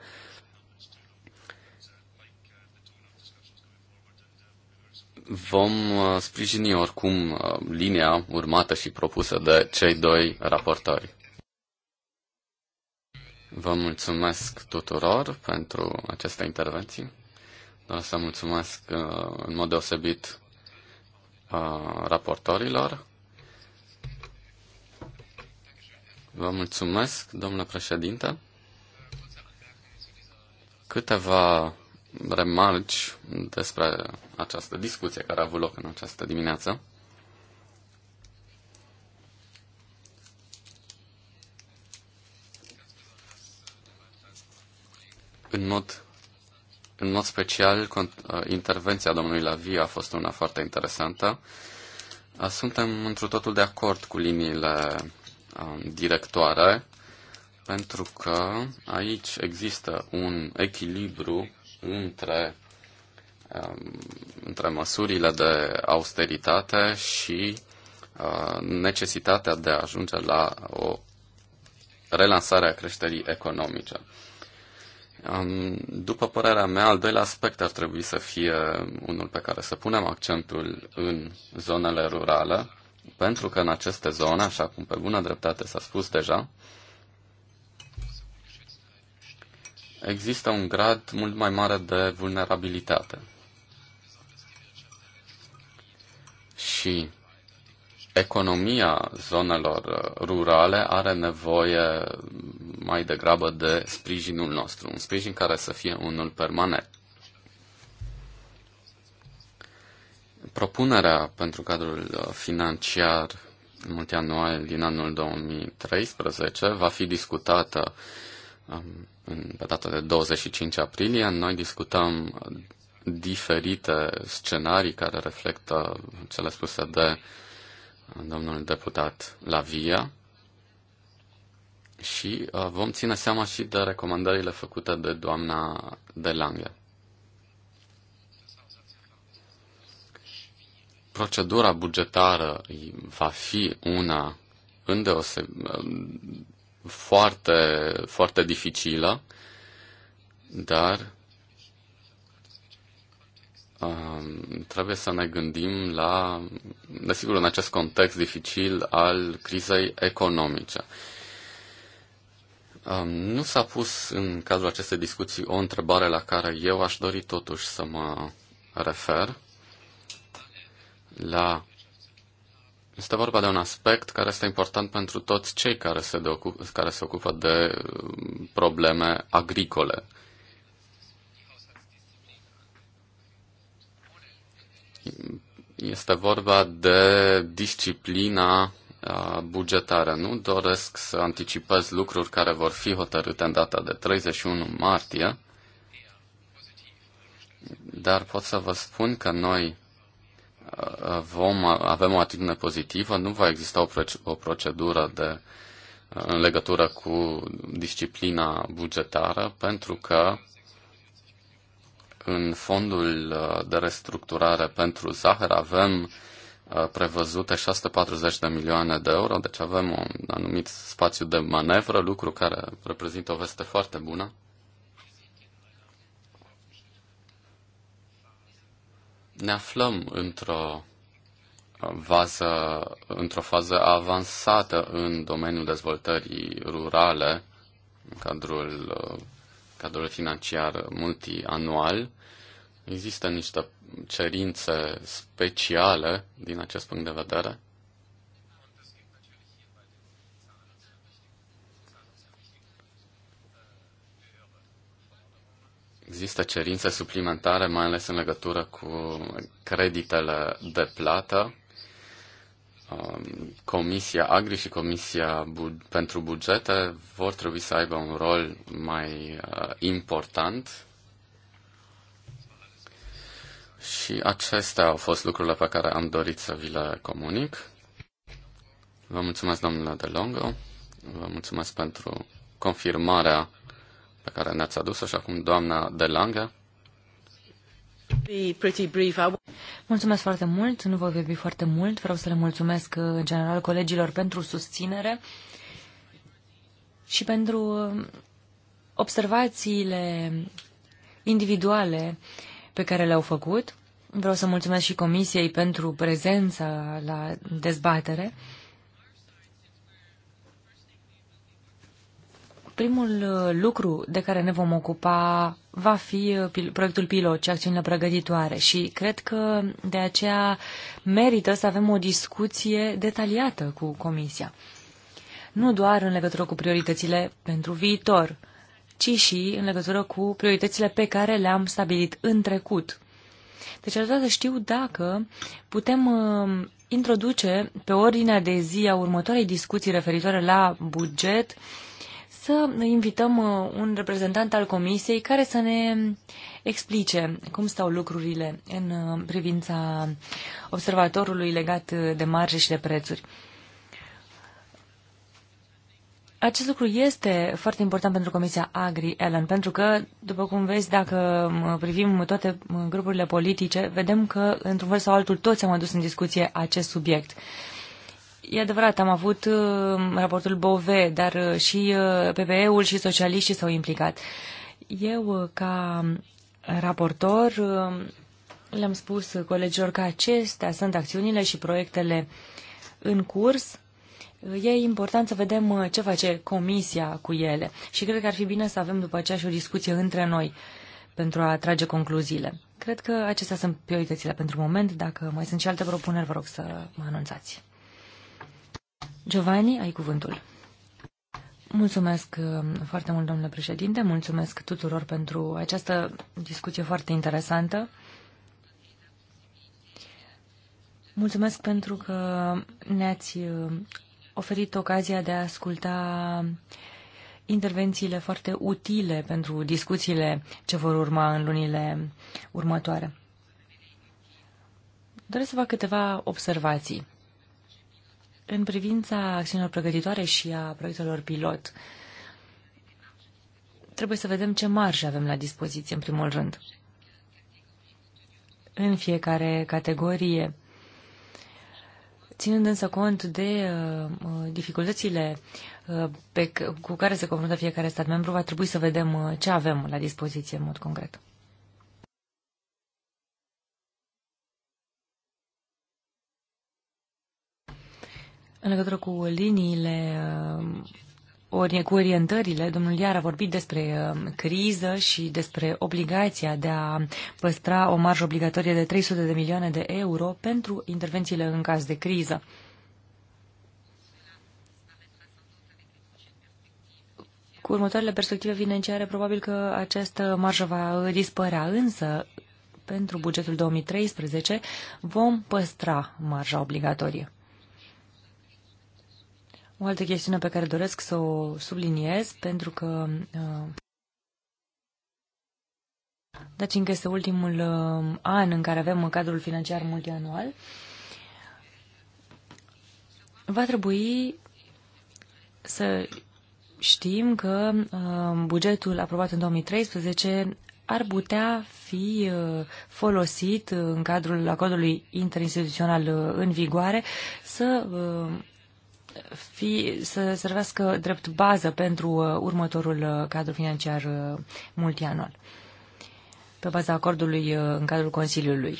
vom uh, sprijini oricum linia urmată și propusă de cei doi raportori. Vă mulțumesc tuturor pentru această intervenție. Doar să mulțumesc uh, în mod deosebit uh, raportorilor. Vă mulțumesc, domnule președinte. Câteva remarci despre această discuție care a avut loc în această dimineață. În mod, în mod special, uh, intervenția domnului Lavie a fost una foarte interesantă. Uh, suntem într un totul de acord cu liniile uh, directoare, pentru că aici există un echilibru între, um, între măsurile de austeritate și necesitatea de a ajunge la o relansare a creșterii economice. După părerea mea, al doilea aspect ar trebui să fie unul pe care să punem accentul în zonele rurale, pentru că în aceste zone, așa cum pe bună dreptate s-a spus deja, există un grad mult mai mare de vulnerabilitate. Și economia zonelor uh, rurale are nevoie mai degrabă de sprijinul nostru, un sprijin care să fie unul permanent. Propunerea pentru cadrul uh, financiar multianual din anul 2013 va fi discutată um, pe data de 25 aprilie. Noi discutăm diferite scenarii care reflectă cele spuse de uh, domnul deputat Lavia și uh, vom ține seama și de recomandările făcute de doamna de Lange. Procedura bugetară va fi una îndeose um, foarte, foarte dificilă, dar Um, trebuie să ne gândim la, desigur, în acest context dificil al crizei economice. Um, nu s-a pus în cazul acestei discuții o întrebare la care eu aș dori totuși să mă refer la. Este vorba de un aspect care este important pentru toți cei care se, de ocup, care se ocupă de um, probleme agricole. Este vorba de disciplina bugetară. Nu doresc să anticipez lucruri care vor fi hotărâte în data de 31 martie, dar pot să vă spun că noi vom, avem o atitudine pozitivă, nu va exista o procedură de, în legătură cu disciplina bugetară, pentru că în fondul uh, de restructurare pentru Zahăr avem uh, prevăzute 640 de milioane de euro, deci avem un anumit spațiu de manevră, lucru care reprezintă o veste foarte bună. Ne aflăm într-o uh, vază, într-o fază avansată în domeniul dezvoltării rurale, în cadrul cadrul financiar multianual, există niște cerințe speciale din acest punct de vedere? Există cerințe suplimentare, mai ales în legătură cu creditele de plată Um, Comisia Agri și Comisia Bu- pentru Bugete vor trebui să aibă un rol mai uh, important și acestea au fost lucrurile pe care am dorit să vi le comunic. Vă mulțumesc, domnule De Longo, vă mulțumesc pentru confirmarea pe care ne-ați adus-o și acum doamna De Lange. Be pretty brief. Mulțumesc foarte mult, nu voi vorbi foarte mult, vreau să le mulțumesc uh, în general colegilor pentru susținere și pentru uh, observațiile individuale pe care le-au făcut. Vreau să mulțumesc și Comisiei pentru prezența la dezbatere. Primul uh, lucru de care ne vom ocupa va fi uh, proiectul pilot și acțiunile pregătitoare și cred că de aceea merită să avem o discuție detaliată cu Comisia. Nu doar în legătură cu prioritățile pentru viitor, ci și în legătură cu prioritățile pe care le-am stabilit în trecut. Deci aș să știu dacă putem uh, introduce pe ordinea de zi a următoarei discuții referitoare la buget să invităm uh, un reprezentant al Comisiei care să ne explice cum stau lucrurile în uh, privința observatorului legat uh, de marge și de prețuri. Acest lucru este foarte important pentru Comisia Agri, Ellen, pentru că, după cum vezi, dacă privim toate grupurile politice, vedem că, într-un fel sau altul, toți am adus în discuție acest subiect. Uh, E adevărat, am avut uh, raportul Bove, dar uh, și uh, PPE-ul și socialiștii s-au implicat. Eu, ca raportor, le-am spus colegilor că acestea sunt acțiunile și proiectele în curs. E important să vedem ce face comisia cu ele și cred că ar fi bine să avem după aceea și o discuție între noi pentru a trage concluziile. Cred că acestea sunt prioritățile pentru moment. Dacă mai sunt și alte propuneri, vă rog să mă anunțați. Giovanni, ai cuvântul. Mulțumesc uh, foarte mult, domnule președinte, mulțumesc tuturor pentru această discuție foarte interesantă. Mulțumesc pentru că ne-ați uh, oferit ocazia de a asculta intervențiile foarte utile pentru discuțiile ce vor urma în lunile următoare. Doresc să fac câteva observații. În privința acțiunilor pregătitoare și a proiectelor pilot, trebuie să vedem ce marge avem la dispoziție, în primul rând. În fiecare categorie, ținând însă cont de uh, uh, dificultățile uh, pe, cu care se confruntă fiecare stat membru, va trebui să vedem uh, ce avem la dispoziție în mod concret. În legătură cu liniile, uh, ori, cu orientările, domnul Iar a vorbit despre uh, criză și despre obligația de a păstra o marjă obligatorie de 300 de milioane de euro pentru intervențiile în caz de criză. Cu următoarele perspective financiare, probabil că această marjă va dispărea, însă pentru bugetul 2013 vom păstra marja obligatorie. O altă chestiune pe care doresc să o subliniez, pentru că încă uh, este ultimul uh, an în care avem cadrul financiar multianual, va trebui să știm că uh, bugetul aprobat în 2013 ar putea fi folosit în cadrul acordului interinstituțional în vigoare să fi, să servească drept bază pentru uh, următorul uh, cadru financiar uh, multianual, pe baza acordului în cadrul Consiliului.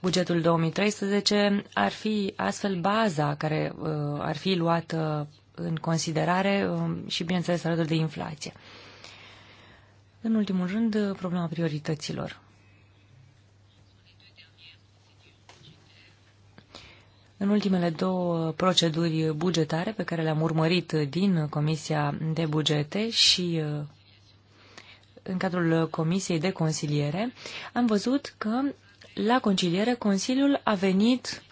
Bugetul 2013 ar fi astfel baza care ar fi luată în considerare um, și, bineînțeles, alături de inflație. În ultimul rând, problema priorităților. În ultimele două proceduri bugetare pe care le-am urmărit din Comisia de Bugete și uh, în cadrul Comisiei de Consiliere, am văzut că la conciliere Consiliul a venit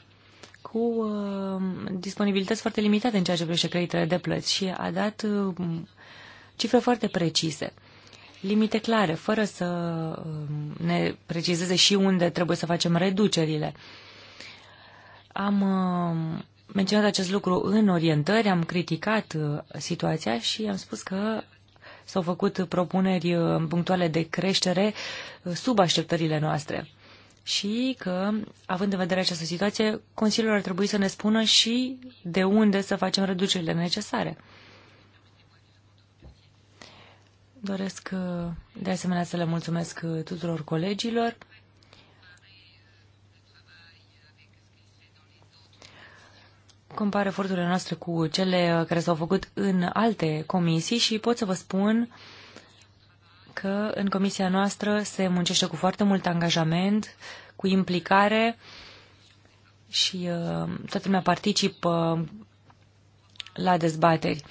cu uh, disponibilități foarte limitate în ceea ce privește creditele de plăți și a dat uh, cifre foarte precise, limite clare, fără să uh, ne precizeze și unde trebuie să facem reducerile. Uh, am uh, menționat acest lucru în orientări, am criticat uh, situația și am spus că s-au făcut propuneri uh, punctuale de creștere sub așteptările noastre și că, având în vedere această situație, Consiliul ar trebui să ne spună și de unde să facem reducerile necesare. Doresc, de asemenea, să le mulțumesc tuturor colegilor compar eforturile noastre cu cele uh, care s-au făcut în alte comisii și pot să vă spun că în comisia noastră se muncește cu foarte mult angajament, cu implicare și uh, toată lumea participă la dezbateri.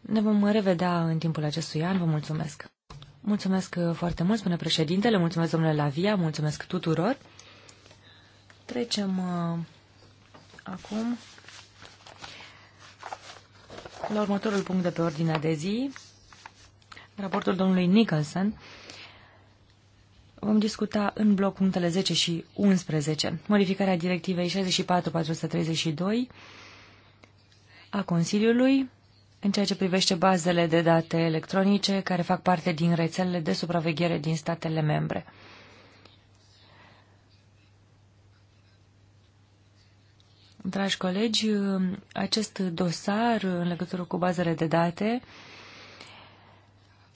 Ne vom revedea în timpul acestui an. Vă mulțumesc! Mulțumesc uh, foarte mult, spune președintele, mulțumesc domnule Lavia, mulțumesc tuturor. Trecem uh, acum la următorul punct de pe ordinea de zi, raportul domnului Nicholson. Vom discuta în bloc punctele 10 și 11, modificarea directivei 64-432 a Consiliului în ceea ce privește bazele de date electronice care fac parte din rețelele de supraveghere din statele membre. Dragi colegi, acest dosar în legătură cu bazele de date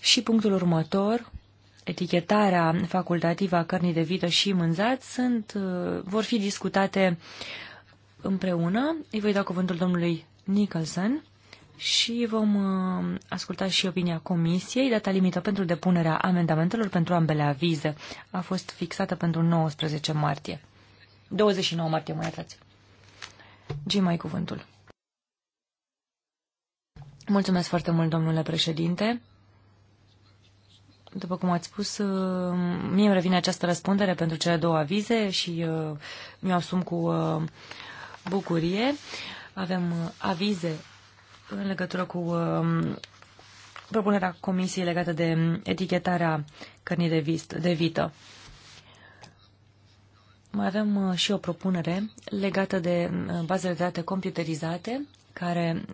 și punctul următor, etichetarea facultativă a cărnii de vită și mânzat, sunt, vor fi discutate împreună. Îi voi da cuvântul domnului Nicholson și vom uh, asculta și opinia comisiei. Data limită pentru depunerea amendamentelor pentru ambele avize a fost fixată pentru 19 martie. 29 martie, mai iertați. Gimai mai cuvântul. Mulțumesc foarte mult, domnule președinte. După cum ați spus, uh, mie îmi revine această răspundere pentru cele două avize și uh, mi-o asum cu uh, bucurie. Avem avize în legătură cu propunerea comisiei legată de etichetarea cărnii de, vist, de vită. Mai avem uh, și o propunere legată de uh, bazele de date computerizate, care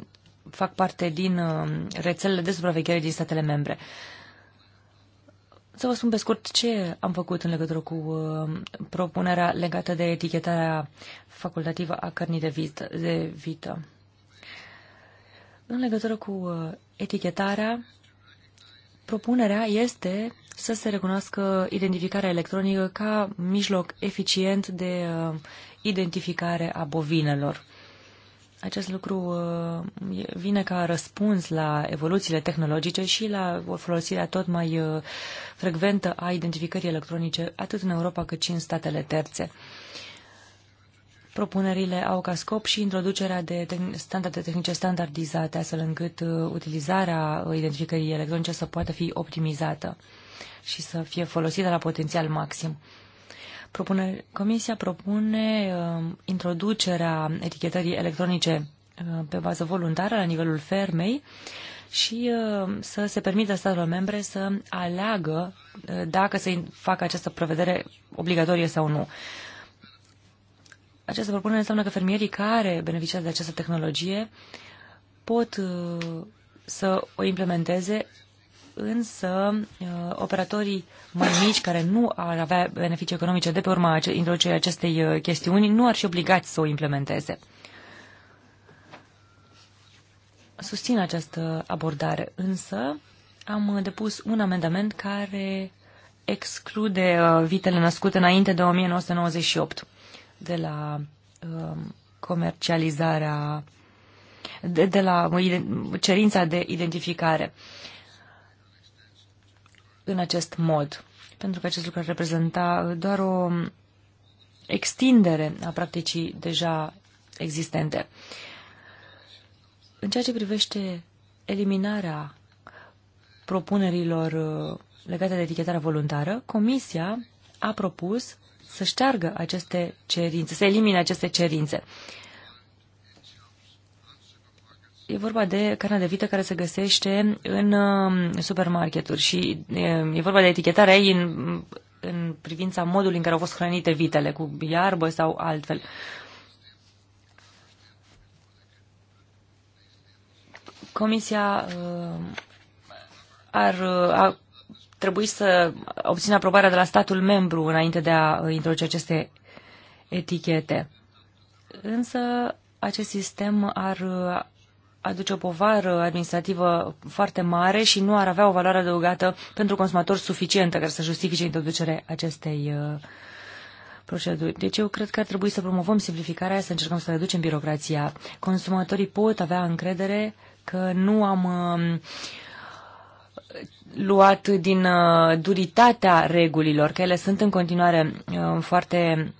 fac parte din uh, rețelele de supraveghere din statele membre. Să vă spun pe scurt ce am făcut în legătură cu propunerea legată de etichetarea facultativă a cărnii de, vit, de vită. În legătură cu etichetarea, propunerea este să se recunoască identificarea electronică ca mijloc eficient de uh, identificare a bovinelor. Acest lucru uh, vine ca răspuns la evoluțiile tehnologice și la o tot mai uh, frecventă a identificării electronice atât în Europa cât și în statele terțe. Propunerile au ca scop și introducerea de standarde tehnice standardizate, astfel încât utilizarea identificării electronice să poată fi optimizată și să fie folosită la potențial maxim. Propune, comisia propune uh, introducerea etichetării electronice uh, pe bază voluntară la nivelul fermei și uh, să se permită statelor membre să aleagă uh, dacă să facă această prevedere obligatorie sau nu. Această propunere înseamnă că fermierii care beneficiază de această tehnologie pot uh, să o implementeze însă uh, operatorii mai mici care nu ar avea beneficii economice de pe urma introducerii acestei uh, chestiuni nu ar fi obligați să o implementeze. Susțin această abordare, însă am uh, depus un amendament care exclude vitele născute înainte de 1998 de la um, comercializarea de, de la cerința de identificare în acest mod, pentru că acest lucru ar reprezenta doar o extindere a practicii deja existente. În ceea ce privește eliminarea propunerilor uh, legate de etichetarea voluntară, Comisia a propus să șteargă aceste cerințe, să elimine aceste cerințe. E vorba de carnea de vită care se găsește în um, supermarketuri și um, e vorba de etichetarea ei în, în privința modului în care au fost hrănite vitele, cu iarbă sau altfel. Comisia um, ar uh, a trebui să obțină aprobarea de la statul membru înainte de a uh, introduce aceste etichete. Însă acest sistem ar uh, aduce o povară administrativă foarte mare și nu ar avea o valoare adăugată pentru consumator suficientă care să justifice introducerea acestei uh, proceduri. Deci eu cred că ar trebui să promovăm simplificarea, să încercăm să reducem birocrația. Consumatorii pot avea încredere că nu am uh, luat din uh, duritatea regulilor, că ele sunt în continuare foarte,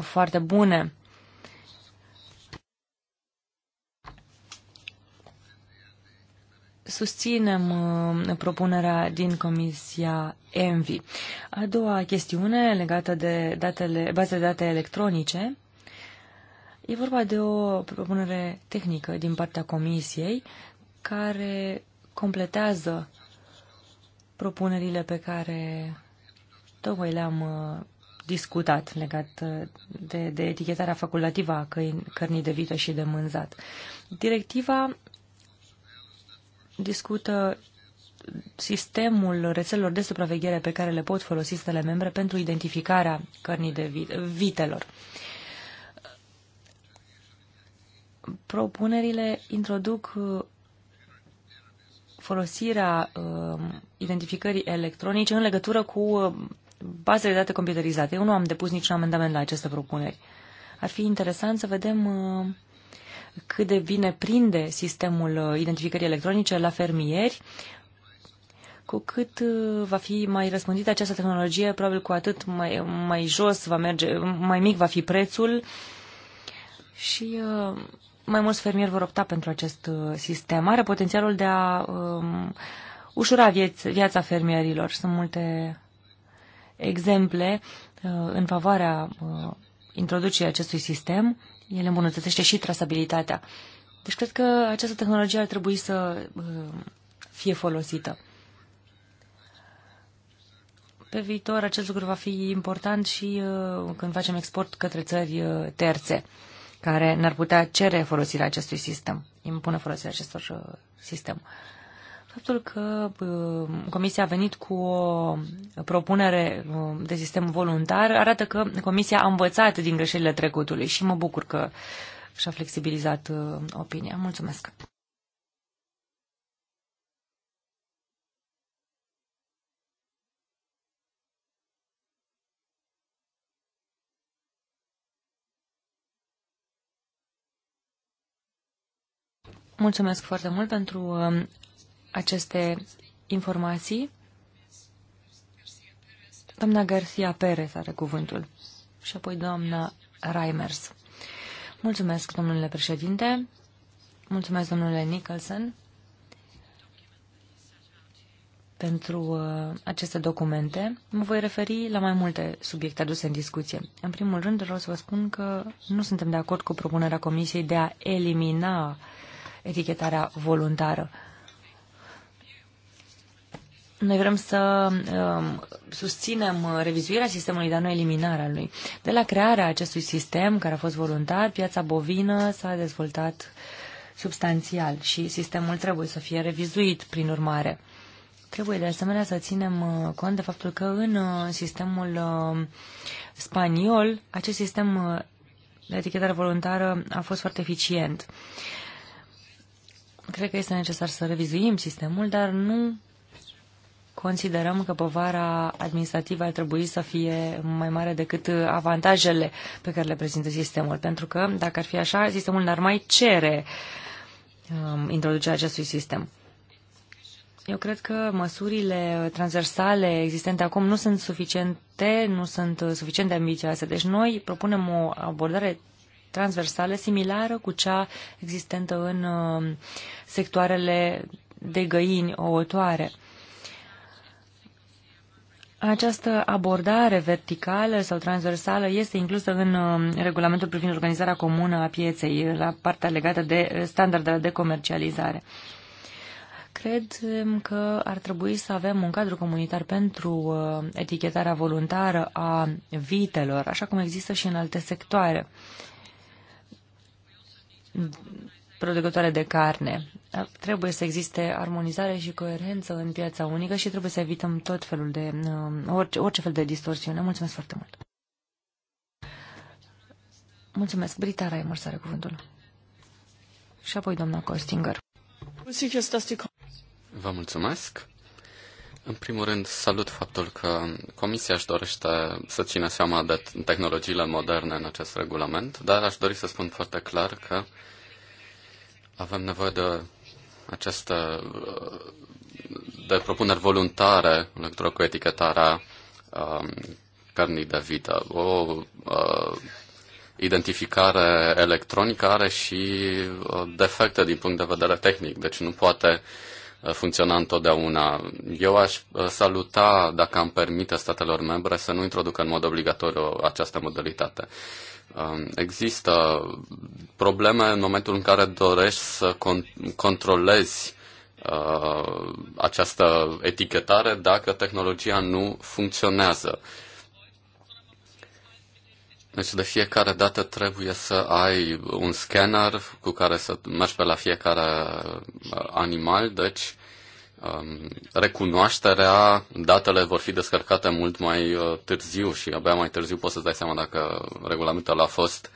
foarte bune. susținem uh, propunerea din Comisia ENVI. A doua chestiune legată de datele, baze de date electronice. E vorba de o propunere tehnică din partea Comisiei care completează propunerile pe care tocmai le-am uh, discutat legat uh, de, de etichetarea facultativă a cărnii de vită și de mânzat. Directiva discută sistemul rețelelor de supraveghere pe care le pot folosi statele membre pentru identificarea cărnii de vit vitelor. Propunerile introduc uh, folosirea uh, identificării electronice în legătură cu uh, bazele de date computerizate. Eu nu am depus niciun amendament la aceste propuneri. Ar fi interesant să vedem uh, cât de bine prinde sistemul uh, identificării electronice la fermieri, cu cât uh, va fi mai răspândită această tehnologie, probabil cu atât mai, mai jos va merge, mai mic va fi prețul și uh, mai mulți fermieri vor opta pentru acest sistem. Are potențialul de a um, ușura vieț- viața fermierilor. Sunt multe exemple uh, în favoarea uh, introducerii acestui sistem el îmbunătățește și trasabilitatea. Deci cred că această tehnologie ar trebui să uh, fie folosită. Pe viitor acest lucru va fi important și uh, când facem export către țări uh, terțe care n-ar putea cere folosirea acestui sistem, impune folosirea acestor sistem. Faptul că Comisia a venit cu o propunere de sistem voluntar arată că Comisia a învățat din greșelile trecutului și mă bucur că și-a flexibilizat opinia. Mulțumesc! Mulțumesc foarte mult pentru aceste informații. Doamna Garcia Perez are cuvântul și apoi doamna Reimers. Mulțumesc, domnule președinte. Mulțumesc, domnule Nicholson, pentru uh, aceste documente. Mă voi referi la mai multe subiecte aduse în discuție. În primul rând, vreau să vă spun că nu suntem de acord cu propunerea Comisiei de a elimina etichetarea voluntară. Noi vrem să um, uh, susținem revizuirea sistemului, dar nu eliminarea lui. De la crearea acestui sistem, care a fost voluntar, piața bovină s-a dezvoltat substanțial și sistemul trebuie să fie revizuit, prin urmare. Trebuie de asemenea să ținem uh, cont de faptul că în uh, sistemul um, spaniol acest sistem uh, de etichetare voluntară a fost foarte eficient. Cred că este necesar să revizuim sistemul, dar nu considerăm că povara administrativă ar trebui să fie mai mare decât avantajele pe care le prezintă sistemul, pentru că, dacă ar fi așa, sistemul n-ar mai cere um, introducerea acestui sistem. Eu cred că măsurile transversale existente acum nu sunt suficiente, nu sunt suficient de ambițioase. Deci noi propunem o abordare transversală similară cu cea existentă în um, sectoarele de găini ouătoare. Această abordare verticală sau transversală este inclusă în um, regulamentul privind organizarea comună a pieței, la partea legată de standardele de comercializare. Cred um, că ar trebui să avem un cadru comunitar pentru uh, etichetarea voluntară a vitelor, așa cum există și în alte sectoare producătoare de carne trebuie să existe armonizare și coerență în piața unică și trebuie să evităm tot felul de, uh, orice, orice fel de distorsiune. Mulțumesc foarte mult! Mulțumesc! Brita să are cuvântul. Și apoi doamna Costinger. Vă mulțumesc! În primul rând, salut faptul că Comisia își dorește să țină seama de tehnologiile moderne în acest regulament, dar aș dori să spun foarte clar că avem nevoie de această de propuneri voluntare în legătură cu etichetarea um, cărnii de vită. O uh, identificare electronică are și uh, defecte din punct de vedere tehnic, deci nu poate uh, funcționa întotdeauna. Eu aș uh, saluta, dacă am permite statelor membre, să nu introducă în mod obligatoriu această modalitate. Um, există probleme în momentul în care dorești să con- controlezi uh, această etichetare dacă tehnologia nu funcționează. Deci de fiecare dată trebuie să ai un scanner cu care să mergi pe la fiecare uh, animal, deci Um, recunoașterea, datele vor fi descărcate mult mai uh, târziu și abia mai târziu poți să-ți dai seama dacă regulamentul a fost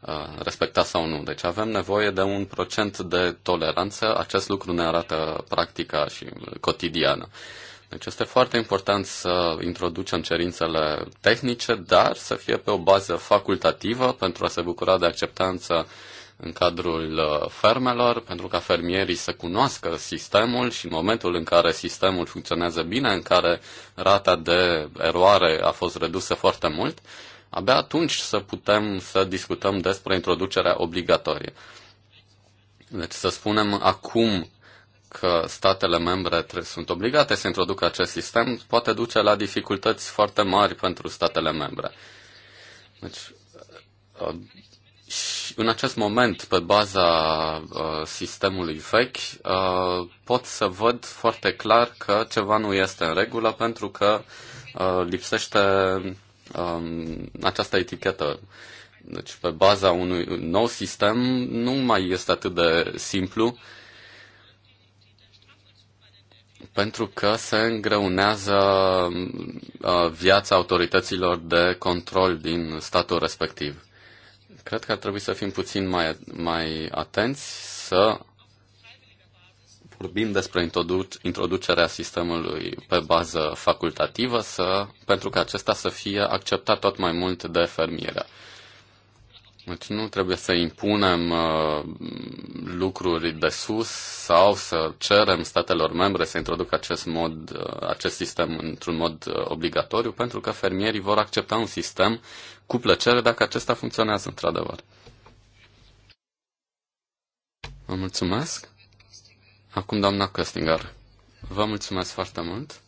uh, respectat sau nu. Deci avem nevoie de un procent de toleranță. Acest lucru ne arată practica și cotidiană. Deci este foarte important să introducem cerințele tehnice, dar să fie pe o bază facultativă pentru a se bucura de acceptanță uh, în cadrul uh, fermelor, pentru ca fermierii să cunoască sistemul și în momentul în care sistemul funcționează bine, în care rata de eroare a fost redusă foarte mult, abia atunci să putem să discutăm despre introducerea obligatorie. Deci să spunem acum că statele membre sunt obligate să introducă acest sistem, poate duce la dificultăți foarte mari pentru statele membre. Deci, uh, și în acest moment, pe baza uh, sistemului vechi, uh, pot să văd foarte clar că ceva nu este în regulă pentru că uh, lipsește um, această etichetă. Deci, pe baza unui nou sistem, nu mai este atât de simplu pentru că se îngreunează uh, viața autorităților de control din statul respectiv. Cred că ar trebui să fim puțin mai, mai atenți, să vorbim despre introducerea sistemului pe bază facultativă, să, pentru că acesta să fie acceptat tot mai mult de fermiere. Deci nu trebuie să impunem uh, lucruri de sus sau să cerem statelor membre să introducă acest, mod, uh, acest sistem într-un mod uh, obligatoriu, pentru că fermierii vor accepta un sistem cu plăcere dacă acesta funcționează într-adevăr. Vă mulțumesc. Acum doamna Căstingar, Vă mulțumesc foarte mult.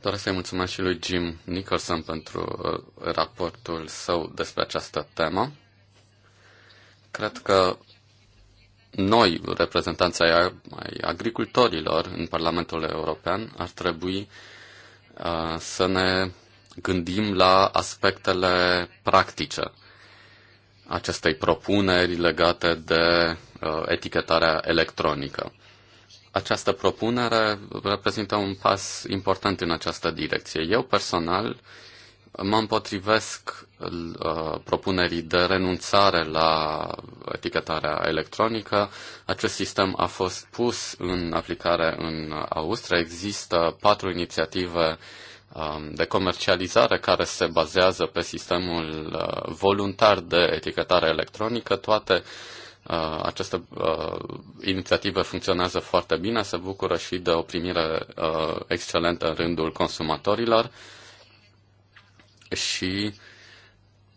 Doresc să-i mulțumesc și lui Jim Nicholson pentru uh, raportul său despre această temă. Cred că noi, reprezentanții ai agricultorilor în Parlamentul European, ar trebui uh, să ne gândim la aspectele practice acestei propuneri legate de uh, etichetarea electronică. Această propunere reprezintă un pas important în această direcție. Eu personal mă împotrivesc uh, propunerii de renunțare la etichetarea electronică. Acest sistem a fost pus în aplicare în Austria. Există patru inițiative um, de comercializare care se bazează pe sistemul uh, voluntar de etichetare electronică. Toate uh, uh, această uh, inițiativă funcționează foarte bine, se bucură și de o primire uh, excelentă în rândul consumatorilor și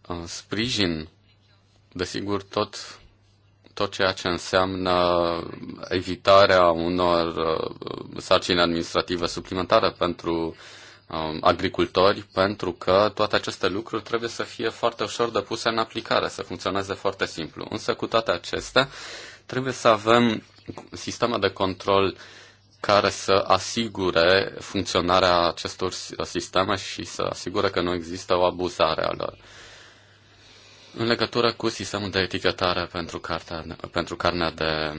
uh, sprijin, desigur, tot, tot ceea ce înseamnă evitarea unor uh, sarcini administrative suplimentare pentru uh, Um, agricultori, pentru că toate aceste lucruri trebuie să fie foarte ușor de puse în aplicare, să funcționeze foarte simplu. Însă, cu toate acestea, trebuie să avem sisteme de control care să asigure funcționarea acestor sisteme și să asigure că nu există o abuzare a lor. În legătură cu sistemul de etichetare pentru, cartea, pentru carnea de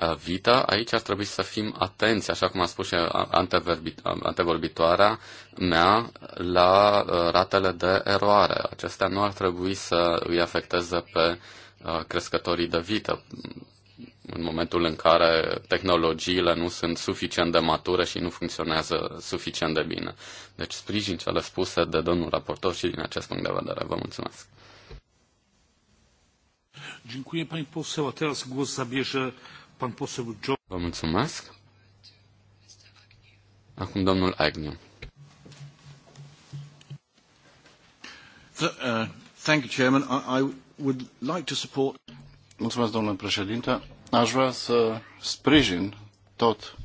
Uh, Vita, aici ar trebui să fim atenți, așa cum a spus și uh, uh, antevorbitoarea mea, la ratele de eroare. Acestea nu ar trebui să îi afecteze pe crescătorii de vită. În momentul în care tehnologiile nu sunt suficient de mature și nu funcționează suficient de bine. Deci sprijin cele spuse de domnul raportor și din acest punct de vedere. Vă mulțumesc. Dziękuję Pani Poseł, a teraz głos zabierze Pan poseł John. Vă mulțumesc. Acum domnul Agnew. Uh, thank you, Chairman. I would like to support... Mulțumesc, domnule președinte. Aș vrea să sprijin tot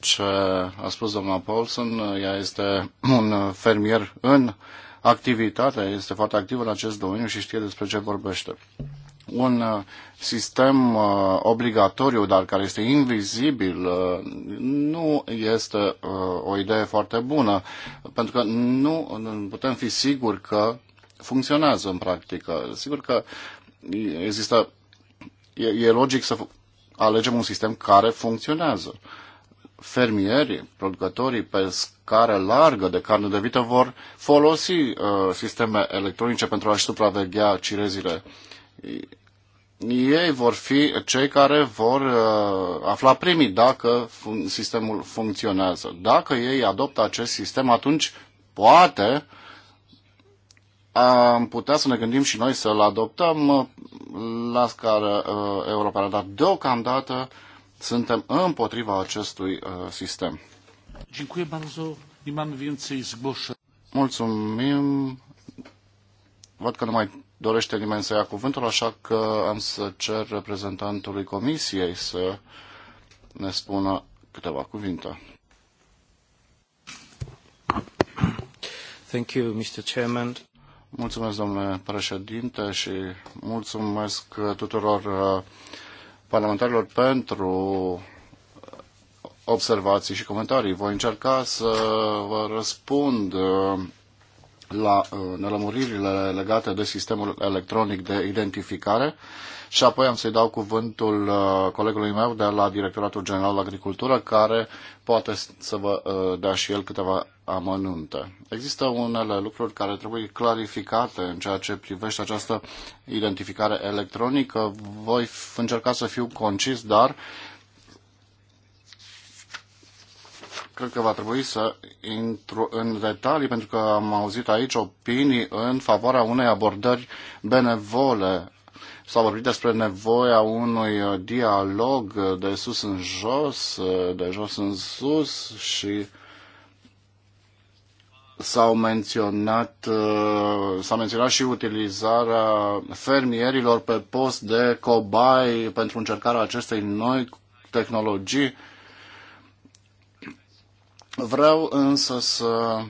ce a spus doamna Paulson. Ea este un fermier în activitate, este foarte activ în acest domeniu și știe despre ce vorbește un uh, sistem uh, obligatoriu, dar care este invizibil, uh, nu este o idee foarte bună, pentru că nu putem fi siguri că funcționează în practică. Sigur că există, e, e logic să alegem un sistem care funcționează. Fermierii, producătorii pe scară largă de carne de vită vor folosi uh, sisteme electronice pentru a-și supraveghea cirezile ei vor fi cei care vor uh, afla primii dacă sistemul funcționează. Dacă ei adoptă acest sistem, atunci poate am putea să ne gândim și noi să-l adoptăm uh, la scară uh, europeană, dar deocamdată suntem împotriva acestui sistem. Mulțumim. Văd că nu mai dorește nimeni să ia cuvântul, așa că am să cer reprezentantului Comisiei să ne spună câteva cuvinte. Thank you, Mr. Chairman. Mulțumesc, domnule președinte, și mulțumesc tuturor uh, parlamentarilor pentru observații și comentarii. Voi încerca să vă răspund uh, la uh, nelămuririle legate de sistemul electronic de identificare și apoi am să-i dau cuvântul uh, colegului meu de la Directoratul General Agricultură, care poate să vă uh, dea și el câteva amănunte. Există unele lucruri care trebuie clarificate în ceea ce privește această identificare electronică. Voi încerca să fiu concis, dar cred că va trebui să intru în detalii, pentru că am auzit aici opinii în favoarea unei abordări benevole. S-a vorbit despre nevoia unui dialog de sus în jos, de jos în sus și s-au menționat, s-a menționat și utilizarea fermierilor pe post de cobai pentru încercarea acestei noi tehnologii Vreau însă să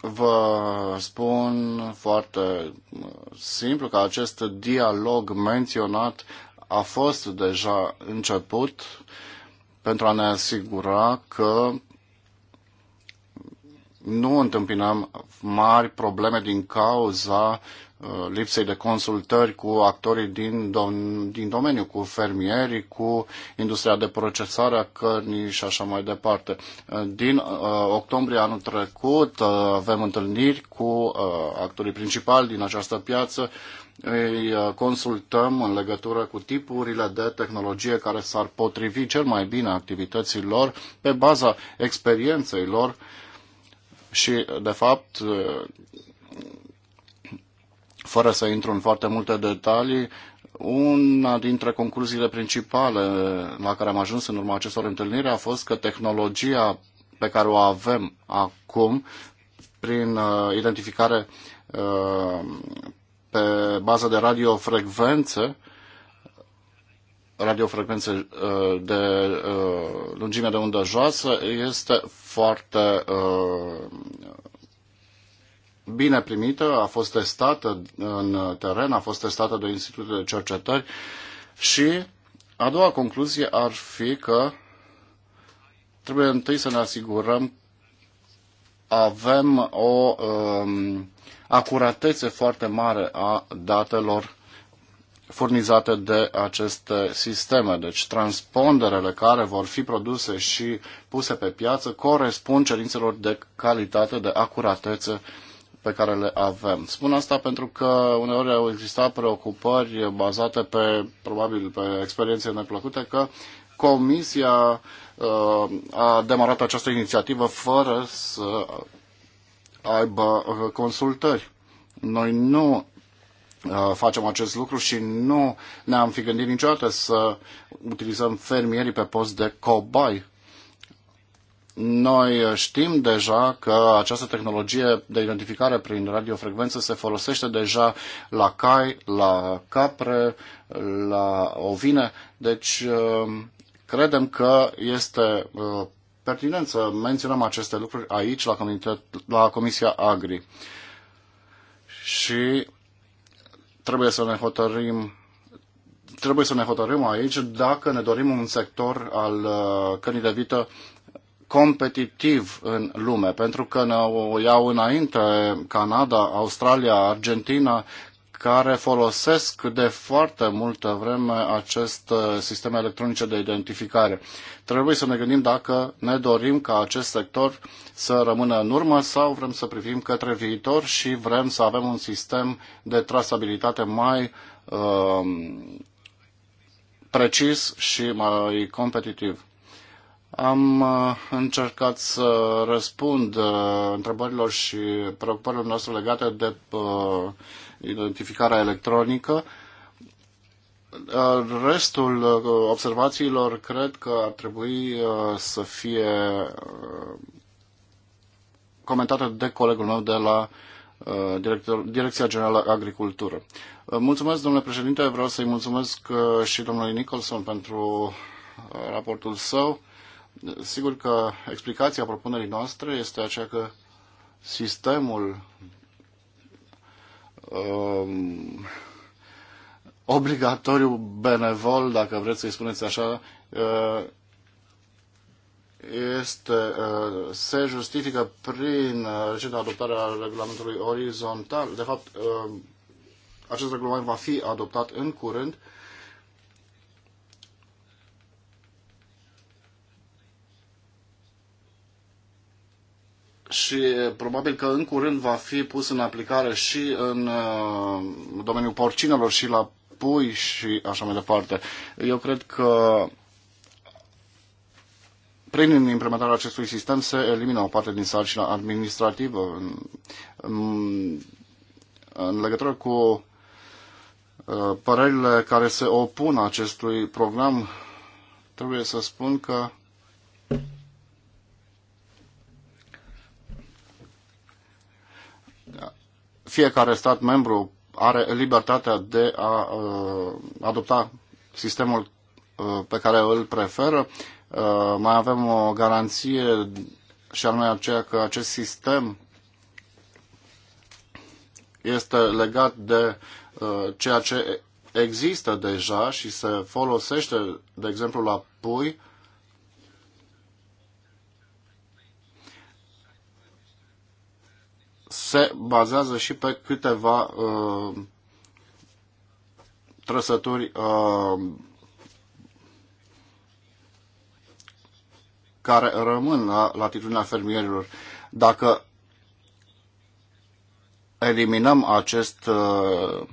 vă spun foarte uh, simplu că acest dialog menționat a fost deja început pentru a ne asigura că nu întâmpinăm mari probleme din cauza Uh, lipsei de consultări cu actorii din, dom- din domeniu, cu fermieri, cu industria de procesare a cărnii și așa mai departe. Uh, din uh, octombrie anul trecut uh, avem întâlniri cu uh, actorii principali din această piață. Îi uh, consultăm în legătură cu tipurile de tehnologie care s-ar potrivi cel mai bine activităților pe baza experienței lor și, de fapt, fără să intru în foarte multe detalii, una dintre concluziile principale la care am ajuns în urma acestor întâlniri a fost că tehnologia pe care o avem acum, prin uh, identificare uh, pe bază de radiofrecvențe, radiofrecvențe uh, de uh, lungime de undă joasă, este foarte uh, bine primită, a fost testată în teren, a fost testată de institute de cercetări și a doua concluzie ar fi că trebuie întâi să ne asigurăm avem o um, acuratețe foarte mare a datelor furnizate de aceste sisteme. Deci transponderele care vor fi produse și puse pe piață corespund cerințelor de calitate, de acuratețe pe care le avem. Spun asta pentru că uneori au existat preocupări bazate pe, probabil, pe experiențe neplăcute că Comisia uh, a demarat această inițiativă fără să aibă uh, consultări. Noi nu uh, facem acest lucru și nu ne-am fi gândit niciodată să utilizăm fermierii pe post de cobai noi știm deja că această tehnologie de identificare prin radiofrecvență se folosește deja la cai, la capre, la ovine, deci uh, credem că este uh, pertinent să menționăm aceste lucruri aici, la, la Comisia Agri. Și trebuie să ne hotărâm trebuie să ne hotărâm aici dacă ne dorim un sector al uh, cărnii de vită competitiv în lume, pentru că ne o iau înainte Canada, Australia, Argentina, care folosesc de foarte multă vreme acest sistem electronice de identificare. Trebuie să ne gândim dacă ne dorim ca acest sector să rămână în urmă sau vrem să privim către viitor și vrem să avem un sistem de trasabilitate mai uh, precis și mai competitiv. Am uh, încercat să răspund uh, întrebărilor și preocupărilor noastre legate de uh, identificarea electronică. Restul observațiilor cred că ar trebui să fie comentate de colegul meu de la Direcția Generală Agricultură. Mulțumesc, domnule președinte, vreau să-i mulțumesc și domnului Nicholson pentru raportul său. Sigur că explicația propunerii noastre este aceea că sistemul um, obligatoriu benevol, dacă vreți să-i spuneți așa, uh, este, uh, se justifică prin uh, recent adoptarea regulamentului orizontal. De fapt, acest regulament va fi adoptat în curând și probabil că în curând va fi pus în aplicare și în domeniul porcinelor și la pui și așa mai departe. Eu cred că prin implementarea acestui sistem se elimină o parte din sarcina administrativă în, în, în legătură cu părerile care se opun acestui program. Trebuie să spun că fiecare stat membru are libertatea de a uh, adopta sistemul uh, pe care îl preferă. Uh, mai avem o garanție și anume aceea că acest sistem este legat de ceea ce există deja și se folosește, de exemplu, la pui, se bazează și pe câteva uh, trăsături uh, care rămân la latitudinea fermierilor. Dacă eliminăm acest uh,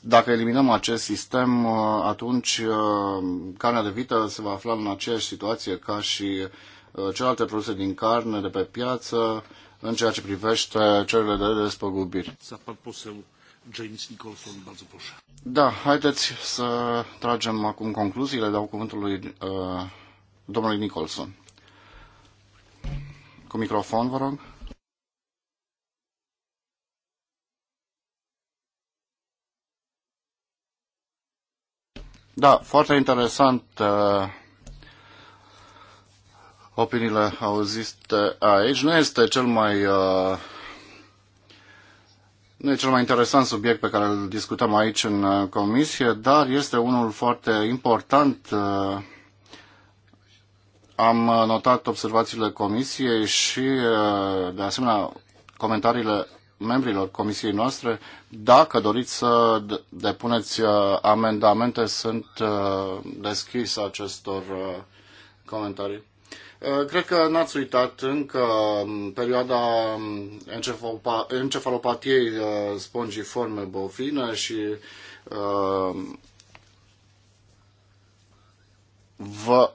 dacă eliminăm acest sistem, uh, atunci uh, carnea de vită se va afla în aceeași situație ca și uh, celelalte produse din carne de pe piață, în ceea ce privește cererile de despăgubiri. James Nicholson, Da, haideți să tragem acum concluziile, dau cuvântul lui uh, domnului Nicholson. Cu microfon, vă rog. Da, foarte interesant uh, opiniile auzite aici. Nu este cel mai uh, nu e cel mai interesant subiect pe care îl discutăm aici în uh, comisie, dar este unul foarte important. Uh, am notat observațiile comisiei și, de asemenea, comentariile membrilor comisiei noastre. Dacă doriți să depuneți amendamente, sunt deschis acestor comentarii. Uh, cred că n-ați uitat încă um, perioada um, encefalopatiei uh, spongiforme bovine și uh, vă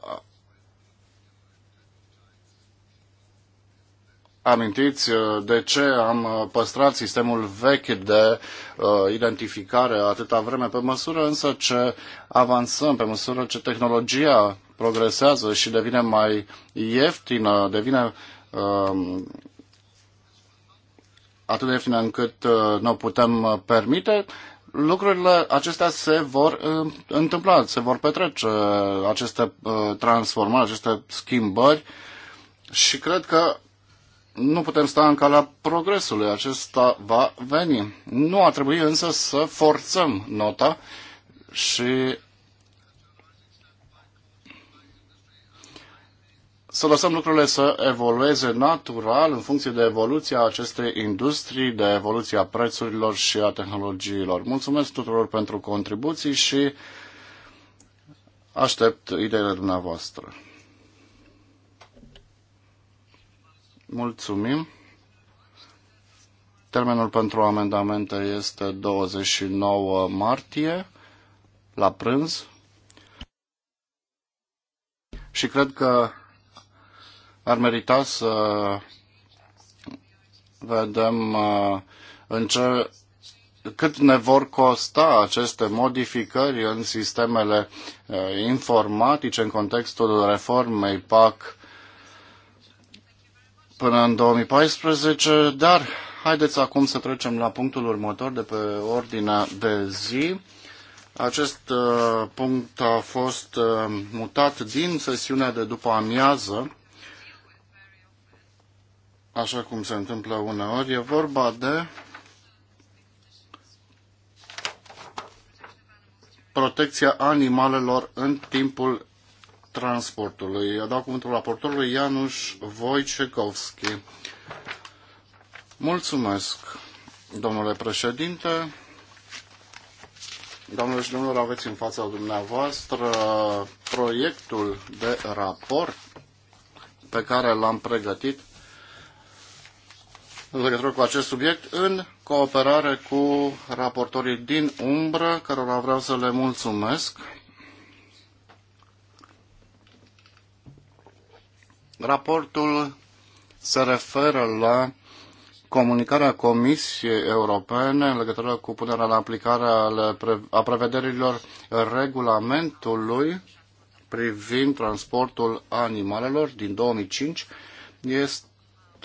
amintiți uh, de ce am uh, păstrat sistemul vechi de uh, identificare atâta vreme, pe măsură însă ce avansăm, pe măsură ce tehnologia progresează și devine mai ieftină, devine uh, atât de ieftină încât uh, ne putem uh, permite, lucrurile acestea se vor uh, întâmpla, se vor petrece uh, aceste uh, transformări, aceste schimbări și cred că nu putem sta în calea progresului, acesta va veni. Nu ar trebui însă să forțăm nota și să lăsăm lucrurile să evolueze natural în funcție de evoluția acestei industrii, de evoluția prețurilor și a tehnologiilor. Mulțumesc tuturor pentru contribuții și aștept ideile dumneavoastră. Mulțumim. Termenul pentru amendamente este 29 martie la prânz. Și cred că ar merita să vedem uh, în ce, cât ne vor costa aceste modificări în sistemele uh, informatice în contextul reformei PAC până în 2014, dar haideți acum să trecem la punctul următor de pe ordinea de zi. Acest uh, punct a fost uh, mutat din sesiunea de după amiază, așa cum se întâmplă uneori. E vorba de protecția animalelor în timpul transportului. Dau cuvântul raportorului Ianuș Wojciechowski. Mulțumesc, domnule președinte. Doamnelor și domnilor, aveți în fața dumneavoastră proiectul de raport pe care l-am pregătit în legătură cu acest subiect în cooperare cu raportorii din umbră, cărora vreau să le mulțumesc. Raportul se referă la comunicarea Comisiei Europene în legătură cu punerea în aplicare a prevederilor regulamentului privind transportul animalelor din 2005. Este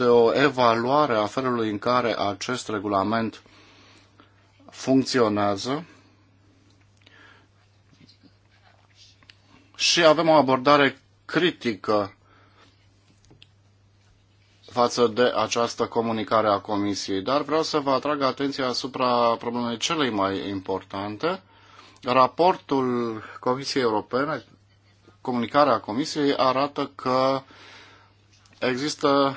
o evaluare a felului în care acest regulament funcționează și avem o abordare critică față de această comunicare a Comisiei, dar vreau să vă atrag atenția asupra problemei celei mai importante. Raportul Comisiei Europene, comunicarea Comisiei, arată că există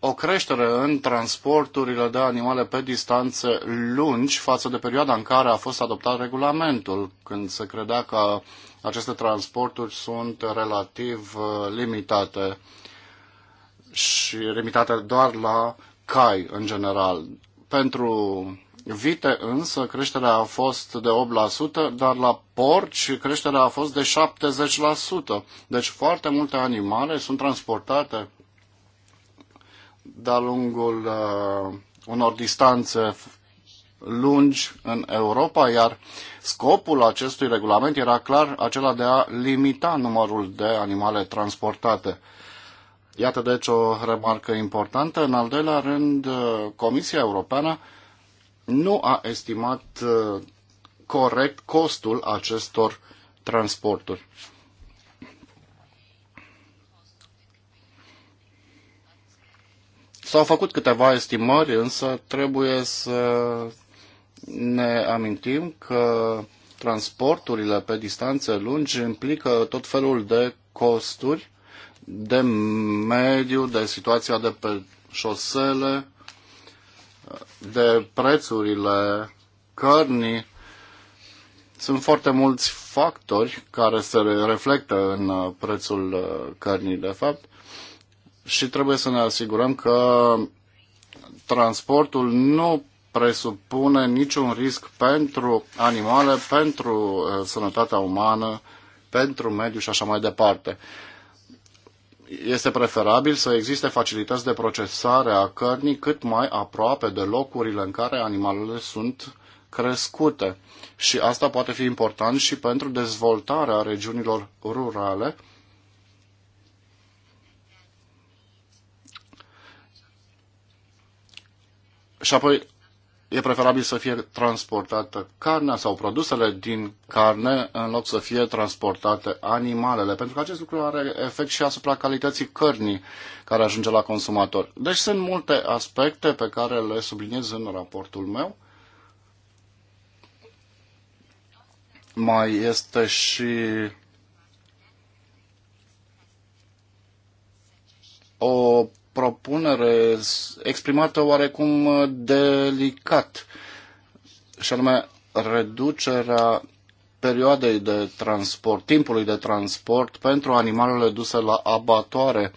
o creștere în transporturile de animale pe distanțe lungi față de perioada în care a fost adoptat regulamentul, când se credea că aceste transporturi sunt relativ uh, limitate și limitate doar la cai în general. Pentru vite însă creșterea a fost de 8%, dar la porci creșterea a fost de 70%. Deci foarte multe animale sunt transportate de-a lungul uh, unor distanțe lungi în Europa, iar scopul acestui regulament era clar acela de a limita numărul de animale transportate. Iată deci o remarcă importantă. În al doilea rând, uh, Comisia Europeană nu a estimat uh, corect costul acestor transporturi. S-au făcut câteva estimări, însă trebuie să ne amintim că transporturile pe distanțe lungi implică tot felul de costuri de mediu, de situația de pe șosele, de prețurile cărnii. Sunt foarte mulți factori care se reflectă în uh, prețul uh, cărnii, de fapt, și trebuie să ne asigurăm că transportul nu presupune niciun risc pentru animale, pentru uh, sănătatea umană, pentru mediu și așa mai departe este preferabil să existe facilități de procesare a cărnii cât mai aproape de locurile în care animalele sunt crescute. Și asta poate fi important și pentru dezvoltarea regiunilor rurale. Și apoi e preferabil să fie transportată carnea sau produsele din carne în loc să fie transportate animalele, pentru că acest lucru are efect și asupra calității cărnii care ajunge la consumator. Deci sunt multe aspecte pe care le subliniez în raportul meu. Mai este și o propunere exprimată oarecum delicat, și anume reducerea perioadei de transport, timpului de transport pentru animalele duse la abatoare.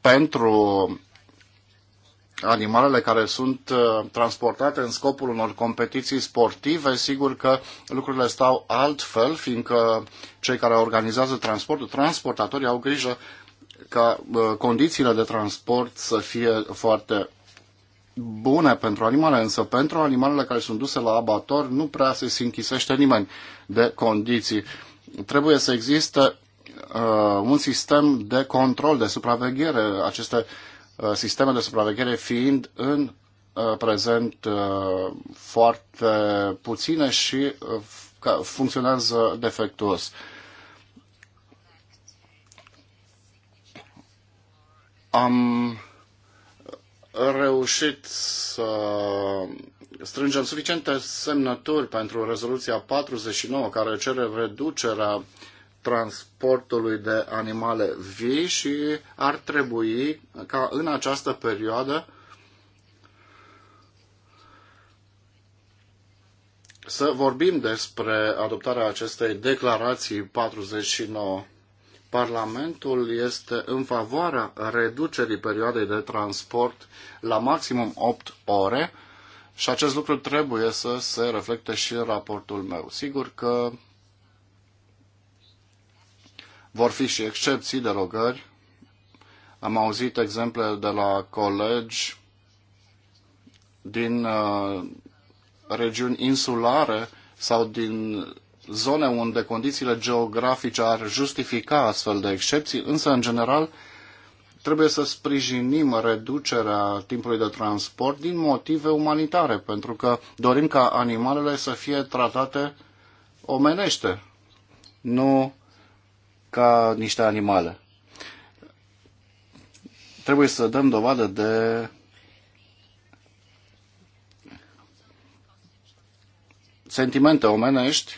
Pentru animalele care sunt uh, transportate în scopul unor competiții sportive, sigur că lucrurile stau altfel, fiindcă cei care organizează transportul, transportatorii au grijă ca uh, condițiile de transport să fie foarte bune pentru animale, însă pentru animalele care sunt duse la abator nu prea se închisește nimeni de condiții. Trebuie să existe uh, un sistem de control, de supraveghere. Aceste uh, Uh, sisteme de supraveghere fiind în uh, prezent uh, foarte puține și funcționează defectuos. Am reușit să strângem suficiente semnături pentru rezoluția 49 care cere reducerea transportului de animale vii și ar trebui ca în această perioadă să vorbim despre adoptarea acestei declarații 49. Parlamentul este în favoarea reducerii perioadei de transport la maximum 8 ore și acest lucru trebuie să se reflecte și în raportul meu. Sigur că vor fi și excepții, de rogări. Am auzit exemple de la colegi din uh, regiuni insulare sau din zone unde condițiile geografice ar justifica astfel de excepții, însă, în general, trebuie să sprijinim reducerea timpului de transport din motive umanitare, pentru că dorim ca animalele să fie tratate omenește, nu ca niște animale. Trebuie să dăm dovadă de sentimente omenești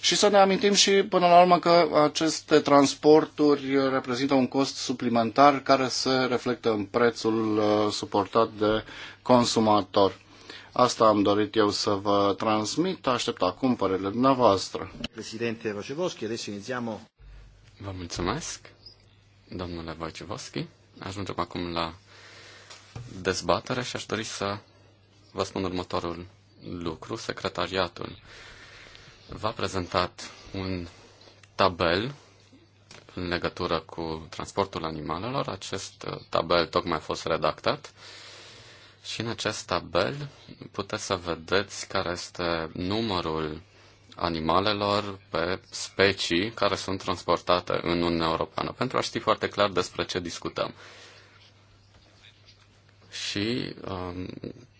și să ne amintim și până la urmă că aceste transporturi reprezintă un cost suplimentar care se reflectă în prețul uh, suportat de consumator. Asta am dorit eu să vă transmit. Aștept acum părerile dumneavoastră. Președinte Vocevoschi, adesso deci iniziamo. Vă mulțumesc, domnule Vocevoschi. Ajungem acum la dezbatere și aș dori să vă spun următorul lucru. Secretariatul v-a prezentat un tabel în legătură cu transportul animalelor. Acest tabel tocmai a fost redactat și în acest tabel puteți să vedeți care este numărul animalelor pe specii care sunt transportate în Uniunea Europeană, pentru a ști foarte clar despre ce discutăm. Și um,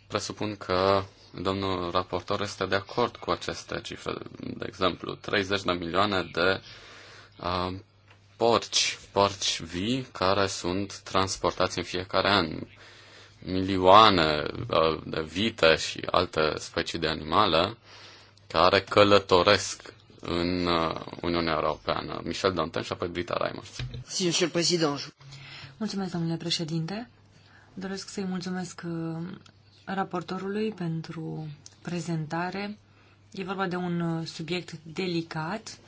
presupun că domnul raportor este de acord cu aceste cifre. De exemplu, 30 de milioane de um, porci, porci vii care sunt transportați în fiecare an milioane uh, de vite și alte specii de animale care călătoresc în uh, Uniunea Europeană. Michel Dantin și apoi Brita Reimers. Mulțumesc, domnule președinte. Doresc să-i mulțumesc uh, raportorului pentru prezentare. E vorba de un subiect delicat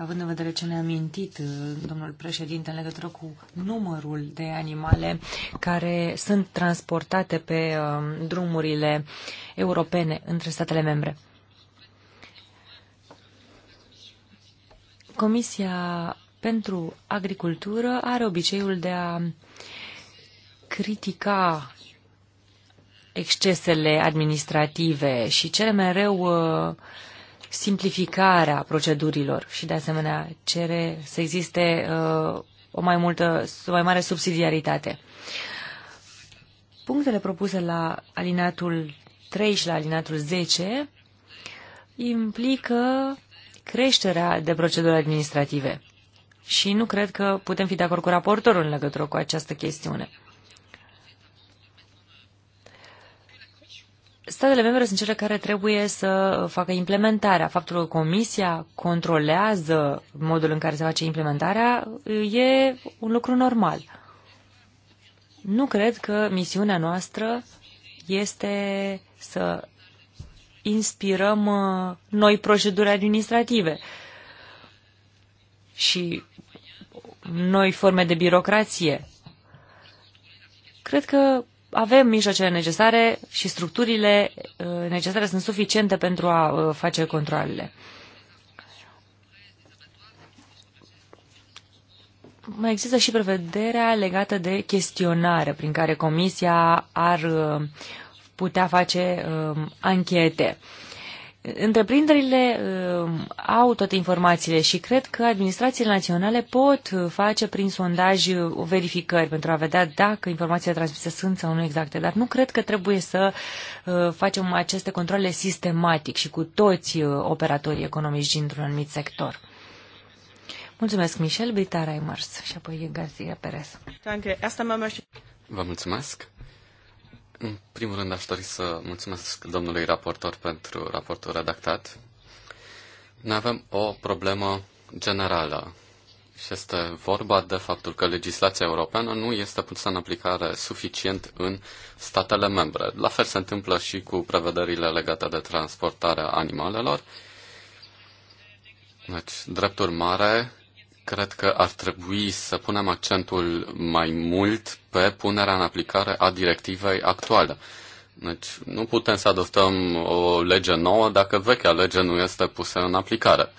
având în vedere ce ne-a mintit uh, domnul președinte în legătură cu numărul de animale care sunt transportate pe um, drumurile europene între statele membre. Comisia pentru Agricultură are obiceiul de a critica excesele administrative și cele mereu uh, simplificarea procedurilor și de asemenea cere să existe uh, o mai multă, o mai mare subsidiaritate. Punctele propuse la alineatul 3 și la alineatul 10 implică creșterea de proceduri administrative. Și nu cred că putem fi de acord cu raportorul în legătură cu această chestiune. statele membre sunt cele care trebuie să facă implementarea. Faptul că Comisia controlează modul în care se face implementarea e un lucru normal. Nu cred că misiunea noastră este să inspirăm uh, noi proceduri administrative și noi forme de birocrație. Cred că avem mijloacele necesare și structurile uh, necesare sunt suficiente pentru a uh, face controlele. Mai există și prevederea legată de chestionare prin care comisia ar uh, putea face um, anchete. Um, Întreprinderile uh, au toate informațiile și cred că administrațiile naționale pot uh, face prin sondaj uh, verificări pentru a vedea dacă informațiile transmise sunt sau nu exacte, dar nu cred că trebuie să facem aceste controle sistematic și cu toți operatorii economici dintr-un anumit sector. Mulțumesc, Michel Brita Reimers și apoi Garcia Perez. Vă mulțumesc. În primul rând aș dori să mulțumesc domnului raportor pentru raportul redactat. Noi avem o problemă generală și este vorba de faptul că legislația europeană nu este pusă în aplicare suficient în statele membre. La fel se întâmplă și cu prevederile legate de transportarea animalelor. Deci, dreptul mare. Cred că ar trebui să punem accentul mai mult pe punerea în aplicare a directivei actuale. Deci nu putem să adoptăm o lege nouă dacă vechea lege nu este pusă în aplicare.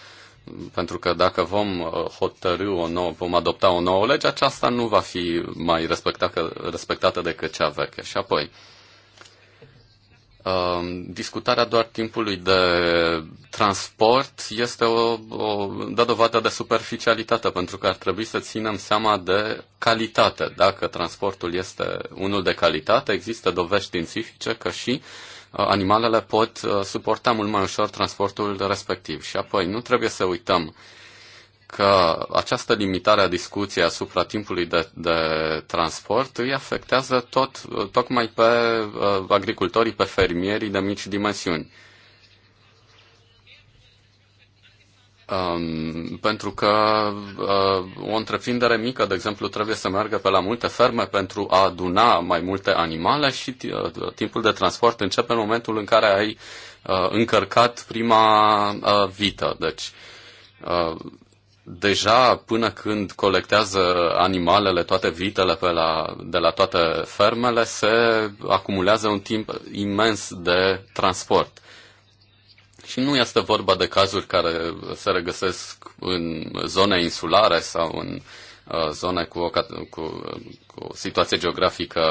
Pentru că dacă vom uh, hotărâ o nouă, vom adopta o nouă lege, aceasta nu va fi mai respectată, respectată decât cea veche. Și apoi, uh, Um, discutarea doar timpului de transport este o, o da dovadă de superficialitate, pentru că ar trebui să ținem seama de calitate. Dacă transportul este unul de calitate, există dovești științifice că și uh, animalele pot uh, suporta mult mai ușor transportul respectiv. Și apoi, nu trebuie să uităm uh, că această limitare a discuției asupra timpului de, de transport îi afectează tot, tocmai pe uh, agricultorii, pe fermierii de mici dimensiuni. Um, pentru că uh, o întreprindere mică, de exemplu, trebuie să meargă pe la multe ferme pentru a aduna mai multe animale și uh, timpul de transport începe în momentul în care ai uh, încărcat prima uh, vită. Deci, uh, deja până când colectează animalele, toate vitele pe la, de la toate fermele, se acumulează un timp imens de transport. Și nu este vorba de cazuri care se regăsesc în zone insulare sau în uh, zone cu o, cu, cu o situație geografică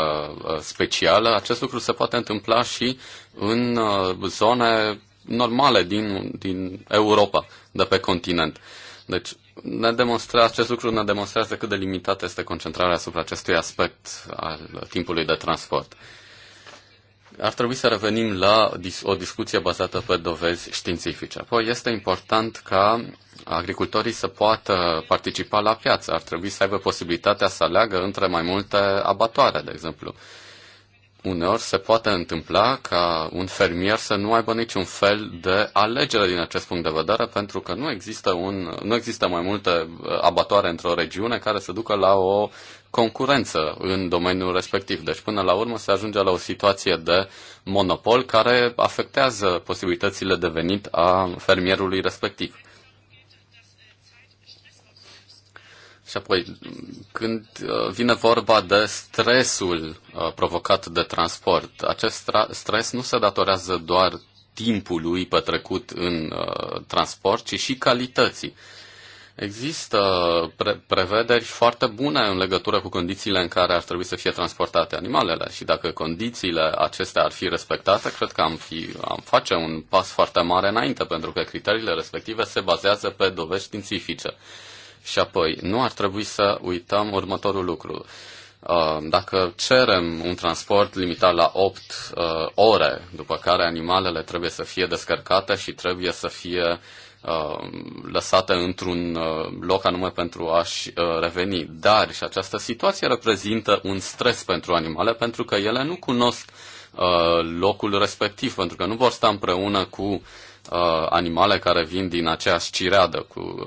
uh, specială. Acest lucru se poate întâmpla și în uh, zone normale din, din Europa, de pe continent. Deci ne demonstra, acest lucru ne demonstrează cât de limitată este concentrarea asupra acestui aspect al timpului de transport. Ar trebui să revenim la o discuție bazată pe dovezi științifice. Apoi este important ca agricultorii să poată participa la piață. Ar trebui să aibă posibilitatea să aleagă între mai multe abatoare, de exemplu uneori se poate întâmpla ca un fermier să nu aibă niciun fel de alegere din acest punct de vedere, pentru că nu există, un, nu există mai multe uh, abatoare într-o regiune care să ducă la o concurență în domeniul respectiv. Deci, până la urmă, se ajunge la o situație de monopol care afectează posibilitățile de venit a fermierului respectiv. Și apoi, când uh, vine vorba de stresul uh, provocat de transport, acest stres nu se datorează doar timpului petrecut în uh, transport, ci și calității. Există pre- prevederi foarte bune în legătură cu condițiile în care ar trebui să fie transportate animalele și dacă condițiile acestea ar fi respectate, cred că am, fi, am face un pas foarte mare înainte, pentru că criteriile respective se bazează pe dovești științifice. Și apoi, nu ar trebui să uităm următorul lucru. Uh, dacă cerem un transport limitat la 8 uh, ore, după care animalele trebuie să fie descărcate și trebuie să fie uh, lăsată într-un loc anume pentru a-și reveni. Dar și această situație reprezintă un stres pentru animale pentru că ele nu cunosc locul respectiv, pentru că nu vor sta împreună cu animale care vin din aceeași cireadă, cu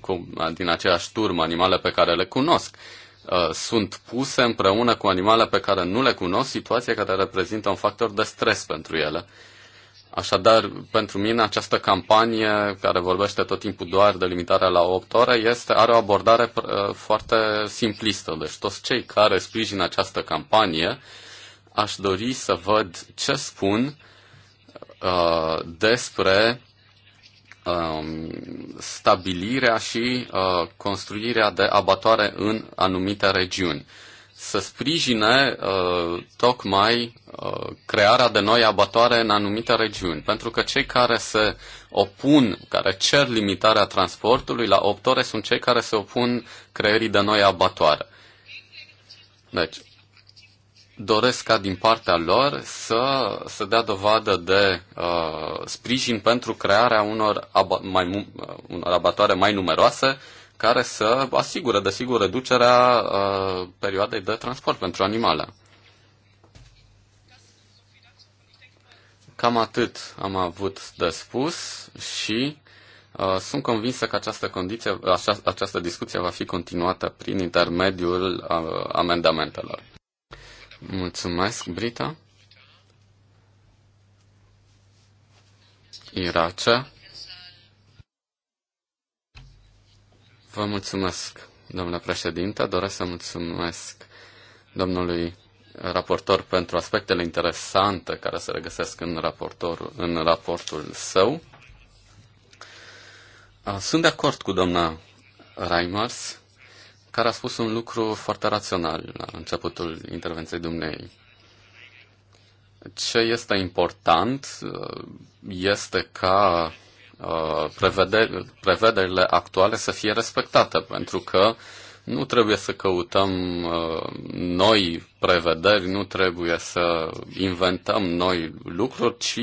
cum, din aceeași turmă, animale pe care le cunosc, uh, sunt puse împreună cu animale pe care nu le cunosc, situație care reprezintă un factor de stres pentru ele. Așadar, pentru mine, această campanie, care vorbește tot timpul doar de limitarea la 8 ore, este, are o abordare uh, foarte simplistă. Deci toți cei care sprijin această campanie, aș dori să văd ce spun uh, despre Um, stabilirea și uh, construirea de abatoare în anumite regiuni. Să sprijine uh, tocmai uh, crearea de noi abatoare în anumite regiuni, pentru că cei care se opun, care cer limitarea transportului la 8 ore sunt cei care se opun creării de noi abatoare. Deci, doresc ca din partea lor să, să dea dovadă de uh, sprijin pentru crearea unor, ab- mai, uh, unor abatoare mai numeroase care să asigură, desigur, reducerea uh, perioadei de transport pentru animale. Cam atât am avut de spus și uh, sunt convinsă că această, condiție, așa, această discuție va fi continuată prin intermediul uh, amendamentelor. Mulțumesc, Brita. Irace. Vă mulțumesc, domnule președinte. Doresc să mulțumesc domnului raportor pentru aspectele interesante care se regăsesc în, în raportul său. Sunt de acord cu doamna Reimers care a spus un lucru foarte rațional la începutul intervenției dumnei. Ce este important uh, este ca uh, prevederi, prevederile actuale să fie respectate, pentru că nu trebuie să căutăm uh, noi prevederi, nu trebuie să inventăm noi lucruri, ci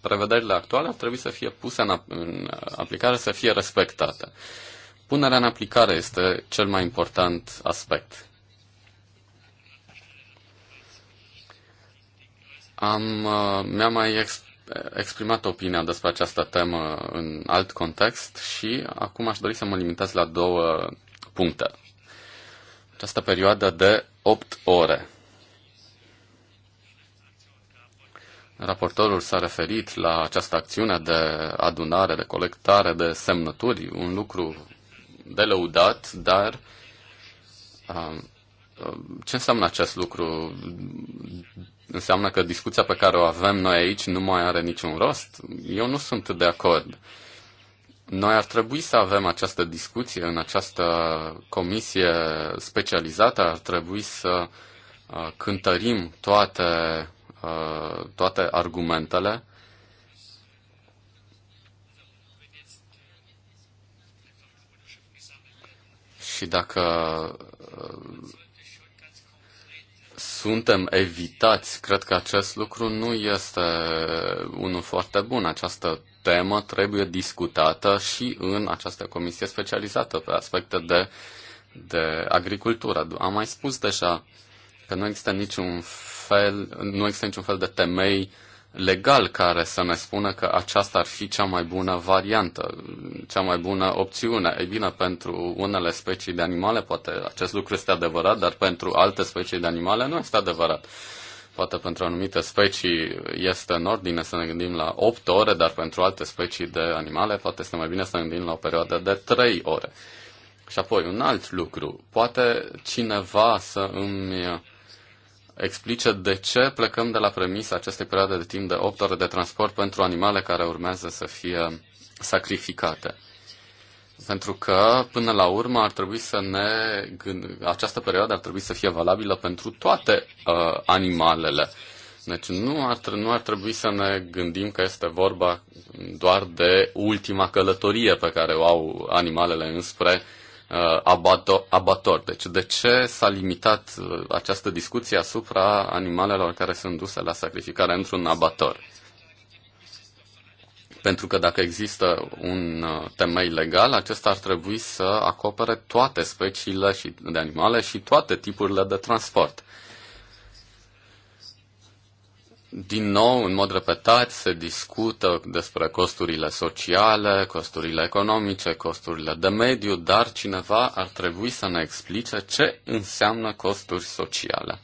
prevederile actuale ar trebui să fie puse în aplicare, să fie respectate. Punerea în aplicare este cel mai important aspect. Am, uh, mi-am mai exprimat opinia despre această temă în alt context și acum aș dori să mă limitez la două puncte. Această perioadă de 8 ore. Raportorul s-a referit la această acțiune de adunare, de colectare de semnături, un lucru de lăudat, dar um, um, ce înseamnă acest lucru? Înseamnă că discuția pe care o avem noi aici nu mai are niciun rost? Eu nu sunt de acord. Noi ar trebui să avem această discuție în această comisie specializată, ar trebui să uh, cântărim toate, uh, toate argumentele Și dacă uh, suntem evitați, cred că acest lucru nu este unul foarte bun. Această temă trebuie discutată și în această comisie specializată pe aspecte de, de agricultură. Am mai spus deja că nu există niciun fel, nu există niciun fel de temei legal care să ne spună că aceasta ar fi cea mai bună variantă, cea mai bună opțiune. Ei bine, pentru unele specii de animale poate acest lucru este adevărat, dar pentru alte specii de animale nu este adevărat. Poate pentru anumite specii este în ordine să ne gândim la 8 ore, dar pentru alte specii de animale poate este mai bine să ne gândim la o perioadă de 3 ore. Și apoi, un alt lucru, poate cineva să îmi explice de ce plecăm de la premisa acestei perioade de timp de 8 ore de transport pentru animale care urmează să fie sacrificate. Pentru că, până la urmă, ar trebui să ne gând... această perioadă ar trebui să fie valabilă pentru toate uh, animalele. Deci nu ar, nu ar trebui să ne gândim că este vorba doar de ultima călătorie pe care o au animalele înspre uh, Uh, abator, abator. Deci de ce s-a limitat uh, această discuție asupra animalelor care sunt duse la sacrificare într-un abator? Pentru că dacă există un uh, temei legal, acesta ar trebui să acopere toate speciile de animale și toate tipurile de transport. Din nou, în mod repetat, se discută despre costurile sociale, costurile economice, costurile de mediu, dar cineva ar trebui să ne explice ce înseamnă costuri sociale.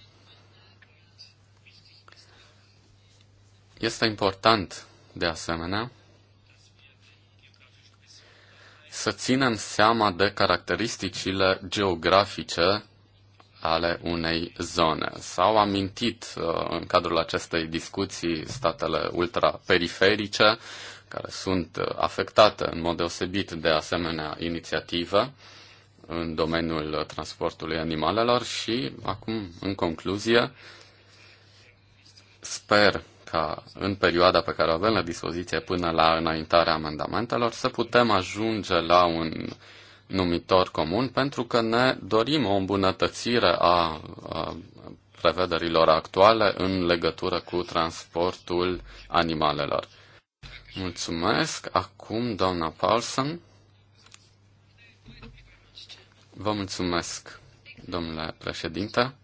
Este important, de asemenea, să ținem seama de caracteristicile geografice ale unei zone. S-au amintit uh, în cadrul acestei discuții statele ultraperiferice, care sunt uh, afectate în mod deosebit de asemenea inițiativă în domeniul transportului animalelor și acum, în concluzie, sper ca în perioada pe care o avem la dispoziție până la înaintarea amendamentelor să putem ajunge la un numitor comun pentru că ne dorim o îmbunătățire a, a prevederilor actuale în legătură cu transportul animalelor. Mulțumesc. Acum, doamna Paulson. Vă mulțumesc, domnule președinte,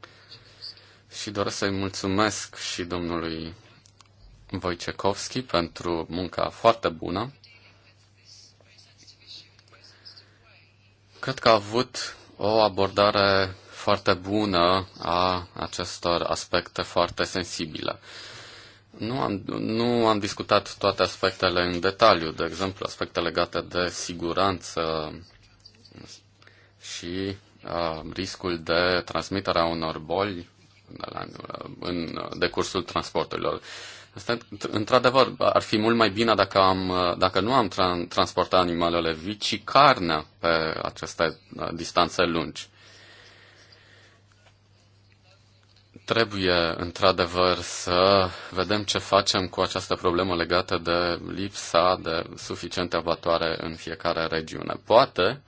și doresc să-i mulțumesc și domnului Wojciechowski pentru munca foarte bună Cred că a avut o abordare foarte bună a acestor aspecte foarte sensibile. Nu am, nu am discutat toate aspectele în detaliu, de exemplu, aspecte legate de siguranță și uh, riscul de transmitere a unor boli în în decursul transporturilor într-adevăr, ar fi mult mai bine dacă, am, dacă nu am tra- transportat animalele vii, ci carnea pe aceste uh, distanțe lungi. Trebuie, într-adevăr, să vedem ce facem cu această problemă legată de lipsa de suficiente abatoare în fiecare regiune. Poate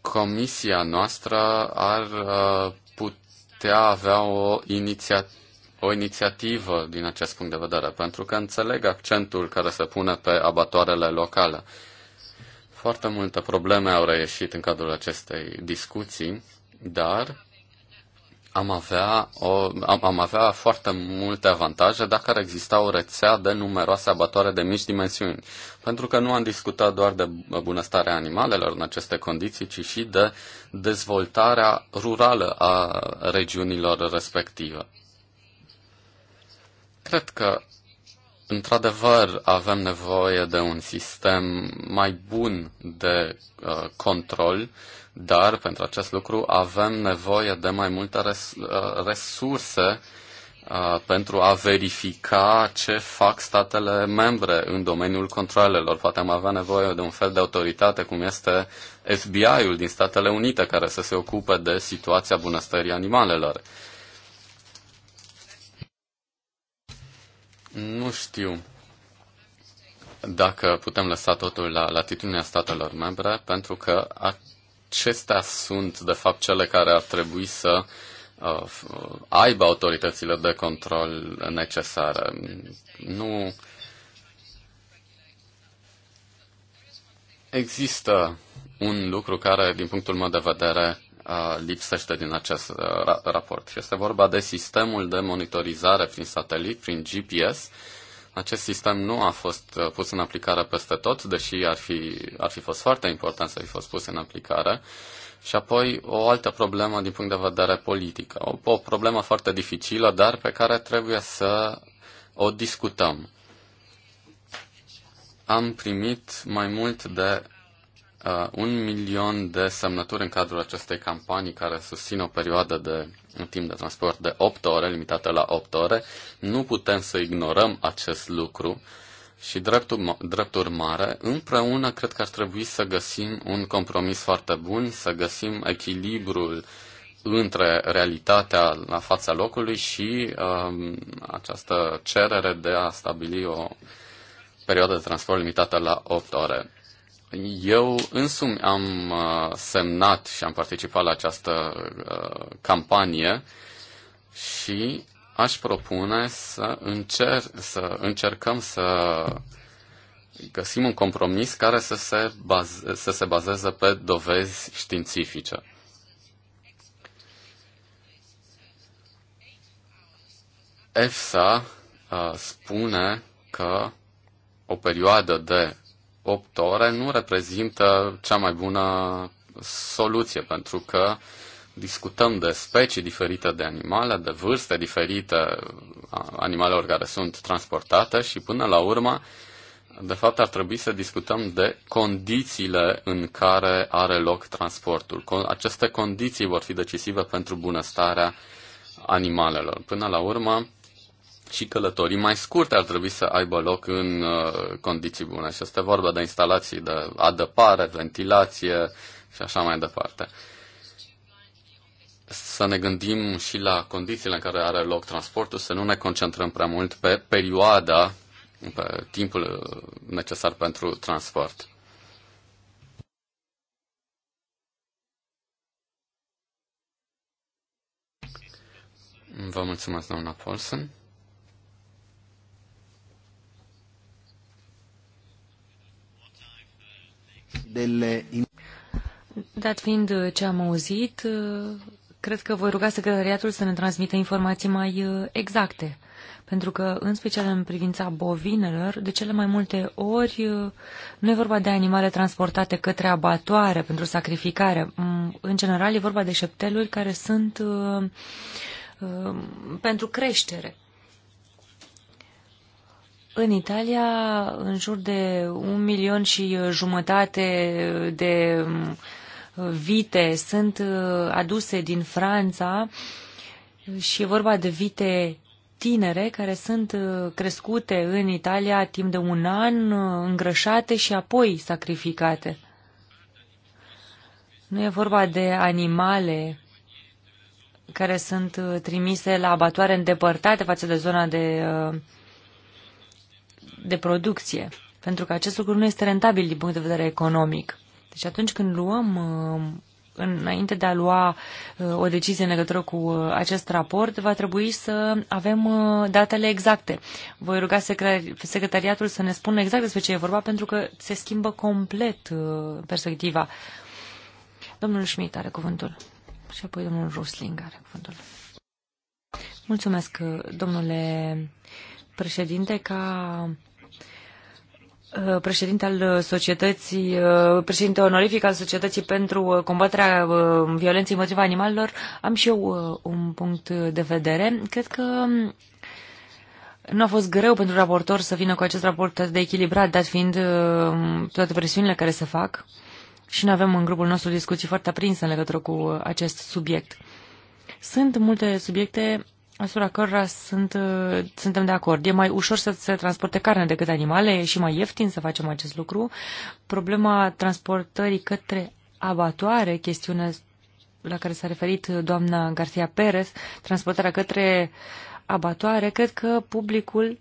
comisia noastră ar uh, putea avea o inițiativă o inițiativă din acest punct de vedere, pentru că înțeleg accentul care se pune pe abatoarele locale. Foarte multe probleme au reieșit în cadrul acestei discuții, dar am avea, o, am, am avea foarte multe avantaje dacă ar exista o rețea de numeroase abatoare de mici dimensiuni. Pentru că nu am discutat doar de bunăstarea animalelor în aceste condiții, ci și de dezvoltarea rurală a regiunilor respective. Cred că, într-adevăr, avem nevoie de un sistem mai bun de uh, control, dar pentru acest lucru avem nevoie de mai multe res- uh, resurse uh, pentru a verifica ce fac statele membre în domeniul controlelor. Poate am avea nevoie de un fel de autoritate, cum este FBI-ul din Statele Unite, care să se ocupe de situația bunăstării animalelor. Nu știu dacă putem lăsa totul la latitudinea statelor membre, pentru că acestea sunt, de fapt, cele care ar trebui să uh, uh aibă autoritățile de control necesare. Nu există un lucru care, din punctul meu de vedere, lipsește din acest raport. Este vorba de sistemul de monitorizare prin satelit, prin GPS. Acest sistem nu a fost pus în aplicare peste tot, deși ar fi, ar fi fost foarte important să fi fost pus în aplicare. Și apoi o altă problemă din punct de vedere politic. O, o problemă foarte dificilă, dar pe care trebuie să o discutăm. Am primit mai mult de uh, un milion de semnături în cadrul acestei campanii care susțin o perioadă de un timp de transport de 8 ore, limitată la 8 ore, nu putem să ignorăm acest lucru și drept, drept urmare, împreună cred că ar trebui să găsim un compromis foarte bun, să găsim echilibrul între realitatea la fața locului și um, această cerere de a stabili o perioadă de transport limitată la 8 ore. Eu însumi am uh, semnat și am participat la această uh, campanie și aș propune să, încer- să încercăm să găsim un compromis care să se, baze- să se bazeze pe dovezi științifice. EFSA uh, spune că o perioadă de 8 ore nu reprezintă cea mai bună soluție, pentru că discutăm de specii diferite de animale, de vârste diferite a animalelor care sunt transportate și până la urmă, de fapt, ar trebui să discutăm de condițiile în care are loc transportul. Aceste condiții vor fi decisive pentru bunăstarea animalelor. Până la urmă, și călătorii mai scurte ar trebui să aibă loc în uh, condiții bune. Și este vorba de instalații de adăpare, ventilație și așa mai departe. Să ne gândim și la condițiile în care are loc transportul, să nu ne concentrăm prea mult pe perioada, pe timpul uh, necesar pentru transport. Vă mulțumesc, doamna Paulson. Dat fiind ce am auzit, cred că voi ruga secretariatul să ne transmită informații mai uh, exacte. Pentru că, în special în privința bovinelor, de cele mai multe ori uh, nu e vorba de animale transportate către abatoare pentru sacrificare. Mm, în general e vorba de șepteluri care sunt uh, pentru creștere. În Italia, în jur de un milion și jumătate de mm, vite sunt uh, aduse din Franța și e vorba de vite tinere care sunt uh, crescute în Italia timp de un an, uh, îngrășate și apoi sacrificate. Nu e vorba de animale care sunt trimise la abatoare îndepărtate față de zona de de producție, pentru că acest lucru nu este rentabil din punct de vedere economic. Deci atunci când luăm, uh, înainte de a lua uh, o decizie în legătură cu uh, acest raport, va trebui să avem datele exacte. Voi ruga secretariatul să ne spună exact despre ce e vorba, pentru că se schimbă complet perspectiva. Domnul Schmidt are cuvântul și apoi domnul Rusling are cuvântul. Mulțumesc, domnule președinte, ca Uh, președinte al societății, uh, președinte onorific al societății pentru uh, combaterea violenței împotriva animalelor, am și eu un punct de vedere. Cred că um, nu a fost greu pentru raportor să vină cu acest raport atât de echilibrat, dat fiind toate presiunile care se fac și nu avem în grupul nostru discuții foarte aprinse în legătură cu acest subiect. Sunt multe subiecte asupra cărora sunt, uh, suntem de acord. E mai ușor să se transporte carne decât animale, e și mai ieftin să facem acest lucru. Problema transportării către abatoare, chestiunea la care s-a referit doamna Garcia Perez, transportarea către abatoare, cred că publicul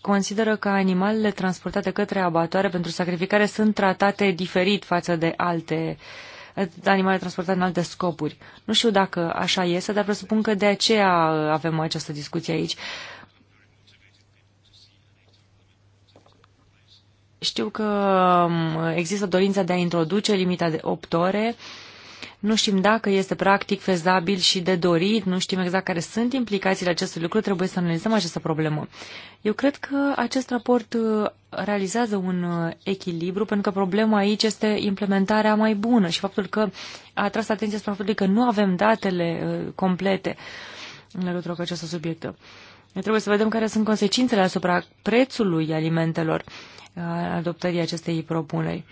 consideră că animalele transportate către abatoare pentru sacrificare sunt tratate diferit față de alte uh, animale transportate în alte scopuri. Nu știu dacă așa este, dar presupun că de aceea uh, avem această discuție aici. Știu că um, există dorința de a introduce limita de 8 ore uh, nu știm dacă este practic fezabil și de dorit, nu știm exact care sunt implicațiile acestui lucru, trebuie să analizăm această problemă. Eu cred că acest raport uh, realizează un uh, echilibru, pentru că problema aici este implementarea mai bună și faptul că a atras atenția spre faptul că nu avem datele uh, complete în legătură cu acest subiect. Trebuie să vedem care sunt consecințele asupra prețului alimentelor adoptării acestei propuneri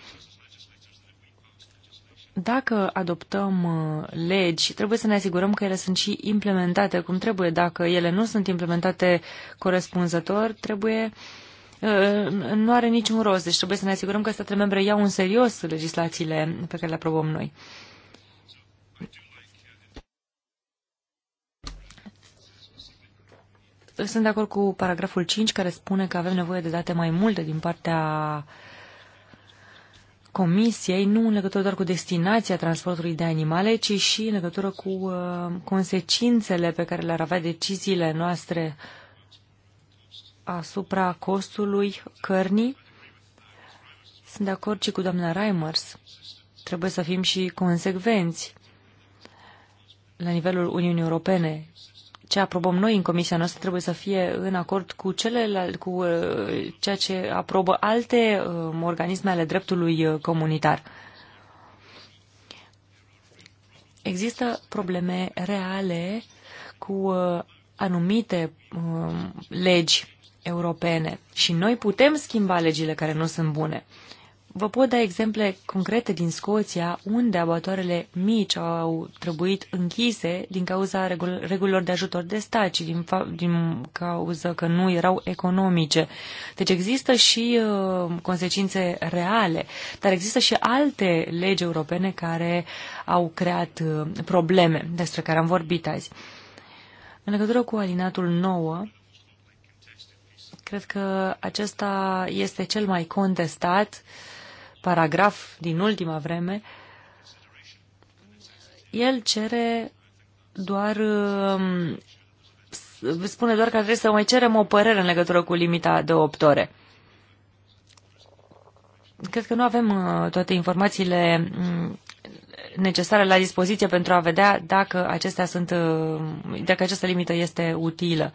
dacă adoptăm uh, legi, trebuie să ne asigurăm că ele sunt și implementate cum trebuie. Dacă ele nu sunt implementate corespunzător, trebuie uh, nu are niciun rost. Deci trebuie să ne asigurăm că statele membre iau în serios legislațiile pe care le aprobăm noi. Sunt de acord cu paragraful 5 care spune că avem nevoie de date mai multe din partea uh, Comisiei, nu în legătură doar cu destinația transportului de animale, ci și în legătură cu uh, consecințele pe care le-ar avea deciziile noastre asupra costului cărnii. Sunt de acord și cu doamna Reimers. Trebuie să fim și consecvenți la nivelul Uniunii Europene ce aprobăm noi în comisia noastră trebuie să fie în acord cu, celelalte, cu uh, ceea ce aprobă alte um, organisme ale dreptului uh, comunitar. Există probleme reale cu uh, anumite um, legi europene și noi putem schimba legile care nu sunt bune. Vă pot da exemple concrete din Scoția, unde abatoarele mici au trebuit închise din cauza regul regulilor de ajutor de stat și din, din cauza că nu erau economice. Deci există și uh, consecințe reale, dar există și alte legi europene care au creat uh, probleme despre care am vorbit azi. În legătură cu alinatul 9, cred că acesta este cel mai contestat uh, paragraf din ultima vreme, el cere doar um, spune doar că trebuie să mai cerem o părere în legătură cu limita de 8 ore. Cred că nu avem uh, toate informațiile mm, necesare la dispoziție pentru a vedea dacă, acestea sunt, uh, dacă această limită este utilă.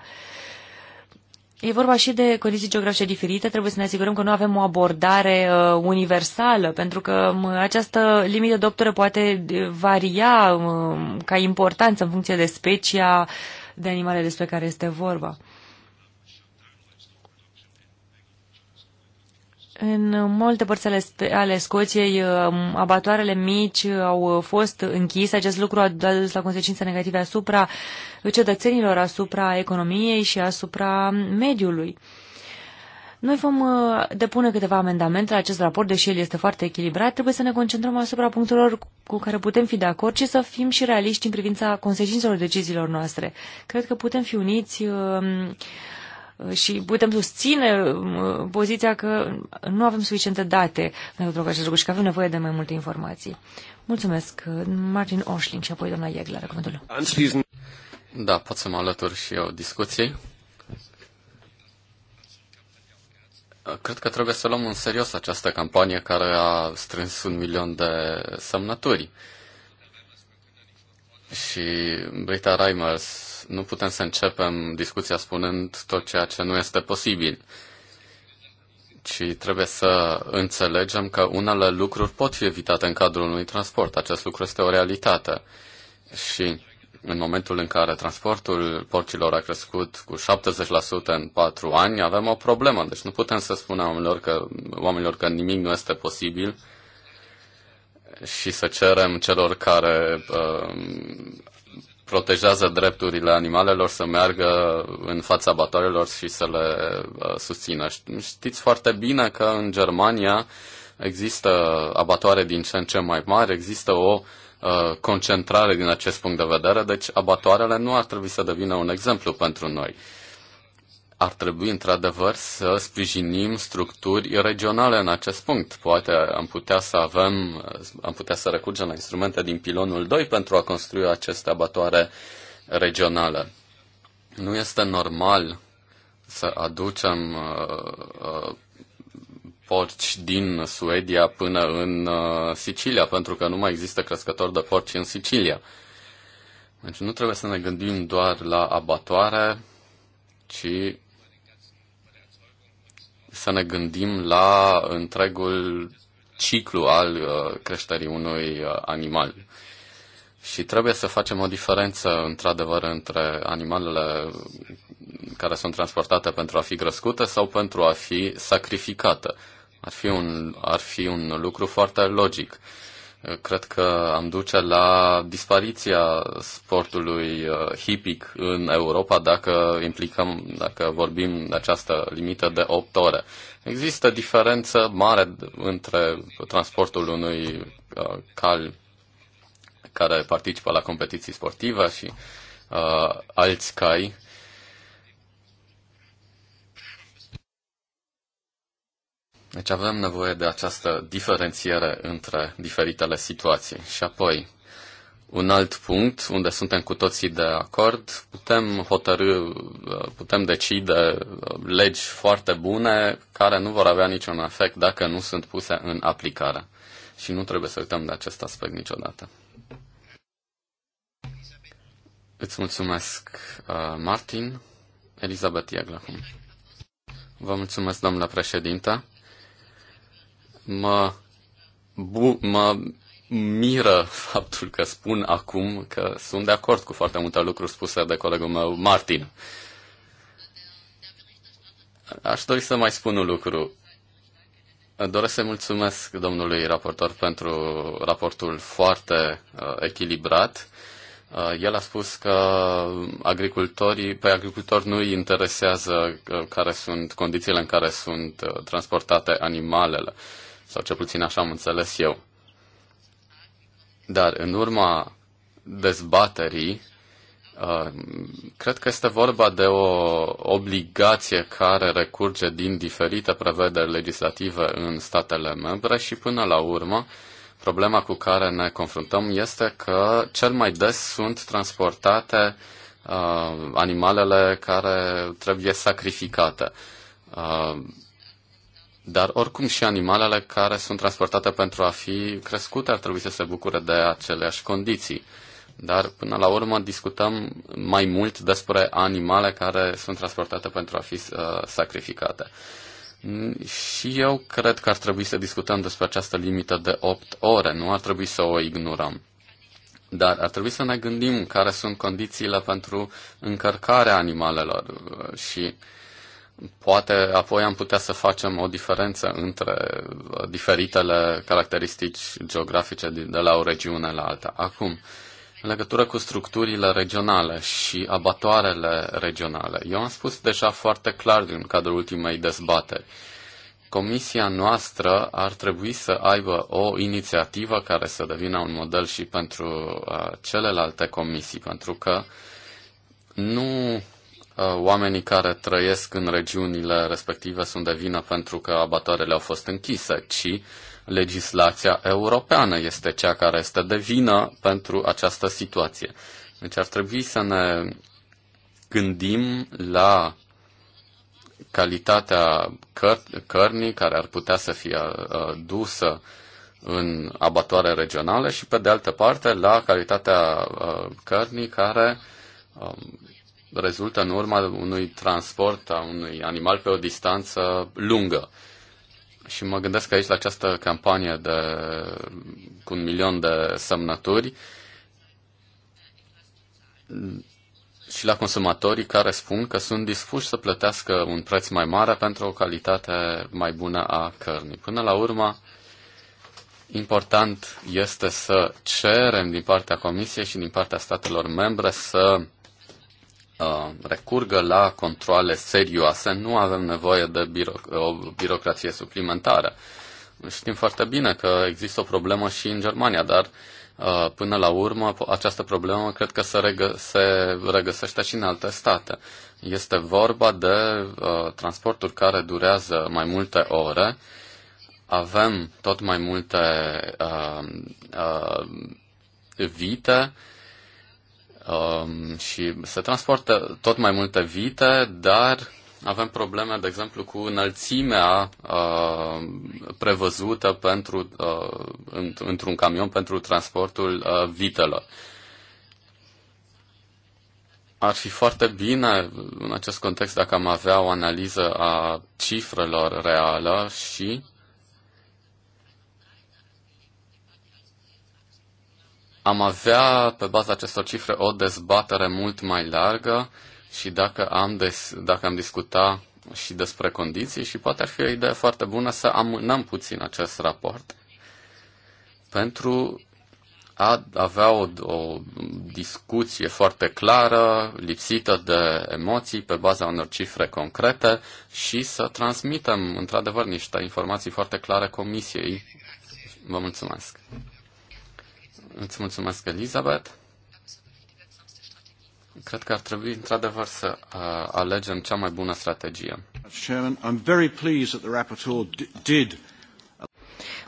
E vorba și de condiții geografice diferite, trebuie să ne asigurăm că nu avem o abordare uh, universală, pentru că uh, această limită de poate uh, varia uh, ca importanță în funcție de specia de animale despre care este vorba. În multe părți ale, ale Scoției, uh, abatoarele mici uh, au fost închise. Acest lucru a dus la consecințe negative asupra cetățenilor, asupra economiei și asupra mediului. Noi vom uh, depune câteva amendamente la acest raport, deși el este foarte echilibrat. Trebuie să ne concentrăm asupra punctelor cu care putem fi de acord și să fim și realiști în privința consecințelor deciziilor noastre. Cred că putem fi uniți și putem susține um, poziția că nu avem suficiente date pentru legătură cu acest lucru și că avem nevoie de mai multe informații. Mulțumesc, Martin Oșling și apoi doamna Iegla, recomandul. Da, pot să mă alătur și eu discuției. Cred că trebuie să luăm în serios această campanie care a strâns un milion de semnături. Și Brita Reimers nu putem să începem discuția spunând tot ceea ce nu este posibil, ci trebuie să înțelegem că unele lucruri pot fi evitate în cadrul unui transport. Acest lucru este o realitate. Și în momentul în care transportul porcilor a crescut cu 70% în 4 ani, avem o problemă. Deci nu putem să spunem oamenilor că, oamenilor că nimic nu este posibil și să cerem celor care uh, protejează drepturile animalelor să meargă în fața batoarelor și să le uh, susțină. Știți foarte bine că în Germania există abatoare din ce în ce mai mari, există o uh, concentrare din acest punct de vedere, deci abatoarele nu ar trebui să devină un exemplu pentru noi ar trebui într-adevăr să sprijinim structuri regionale în acest punct. Poate am putea să avem, am putea să recurgem la instrumente din pilonul 2 pentru a construi aceste abatoare regionale. Nu este normal să aducem uh, uh, porci din Suedia până în uh, Sicilia, pentru că nu mai există crescători de porci în Sicilia. Deci nu trebuie să ne gândim doar la abatoare, ci să ne gândim la întregul ciclu al uh, creșterii unui uh, animal. Și trebuie să facem o diferență, într-adevăr, între animalele care sunt transportate pentru a fi crescute sau pentru a fi sacrificate. Ar fi un, ar fi un lucru foarte logic. Uh, cred că am duce la dispariția sportului uh, hipic în Europa dacă implicăm, dacă vorbim de această limită de 8 ore. Există diferență mare între transportul unui uh, cal care participă la competiții sportive și uh, alți cai Deci avem nevoie de această diferențiere între diferitele situații. Și apoi, un alt punct unde suntem cu toții de acord, putem hotărâ, putem decide legi foarte bune care nu vor avea niciun efect dacă nu sunt puse în aplicare. Și nu trebuie să uităm de acest aspect niciodată. Îți mulțumesc, uh, Martin. Elizabeth Iagla. Vă mulțumesc, domnule președinte mă, bu- mă miră faptul că spun acum că sunt de acord cu foarte multe lucruri spuse de colegul meu, Martin. Aș dori să mai spun un lucru. Doresc să mulțumesc domnului raportor pentru raportul foarte uh, echilibrat. Uh, el a spus că agricultorii, pe agricultori nu îi interesează uh, care sunt condițiile în care sunt uh, transportate animalele. Uh, sau cel puțin așa am înțeles eu. Dar în urma dezbaterii, uh, cred că este vorba de o obligație care recurge din diferite prevederi legislative în statele membre și până la urmă problema cu care ne confruntăm este că cel mai des sunt transportate uh, animalele care trebuie sacrificate. Uh, dar oricum și animalele care sunt transportate pentru a fi crescute ar trebui să se bucure de aceleași condiții. Dar până la urmă discutăm mai mult despre animale care sunt transportate pentru a fi uh, sacrificate. Și eu cred că ar trebui să discutăm despre această limită de 8 ore, nu ar trebui să o ignorăm. Dar ar trebui să ne gândim care sunt condițiile pentru încărcarea animalelor și uh, Poate apoi am putea să facem o diferență între uh, diferitele caracteristici geografice de la o regiune la alta. Acum, în legătură cu structurile regionale și abatoarele regionale, eu am spus deja foarte clar din cadrul ultimei dezbateri. Comisia noastră ar trebui să aibă o inițiativă care să devină un model și pentru uh, celelalte comisii, pentru că nu Uh, oamenii care trăiesc în regiunile respective sunt de vină pentru că abatoarele au fost închise, ci legislația europeană este cea care este de vină pentru această situație. Deci ar trebui să ne gândim la calitatea căr- cărnii care ar putea să fie uh, dusă în abatoare regionale și, pe de altă parte, la calitatea uh, cărnii care um, rezultă în urma unui transport a unui animal pe o distanță lungă. Și mă gândesc aici la această campanie de, cu un milion de semnături și la consumatorii care spun că sunt dispuși să plătească un preț mai mare pentru o calitate mai bună a cărnii. Până la urmă, important este să cerem din partea Comisiei și din partea statelor membre să Uh, recurgă la controle serioase, nu avem nevoie de biro- o birocrație suplimentară. Știm foarte bine că există o problemă și în Germania, dar uh, până la urmă această problemă cred că se, regă- se regăsește și în alte state. Este vorba de uh, transporturi care durează mai multe ore. Avem tot mai multe uh, uh, vite Um, și se transportă tot mai multe vite, dar avem probleme, de exemplu, cu înălțimea uh, prevăzută pentru, uh, într-un camion pentru transportul uh, vitelor. Ar fi foarte bine, în acest context, dacă am avea o analiză a cifrelor reală și am avea pe baza acestor cifre o dezbatere mult mai largă și dacă am, des, dacă am discuta și despre condiții și poate ar fi o idee foarte bună să amânăm puțin acest raport pentru a avea o, o discuție foarte clară, lipsită de emoții, pe baza unor cifre concrete și să transmitem, într-adevăr, niște informații foarte clare Comisiei. Vă mulțumesc! Îți mulțumesc, Elizabeth. Cred că ar trebui, într-adevăr, să uh, alegem cea mai bună strategie.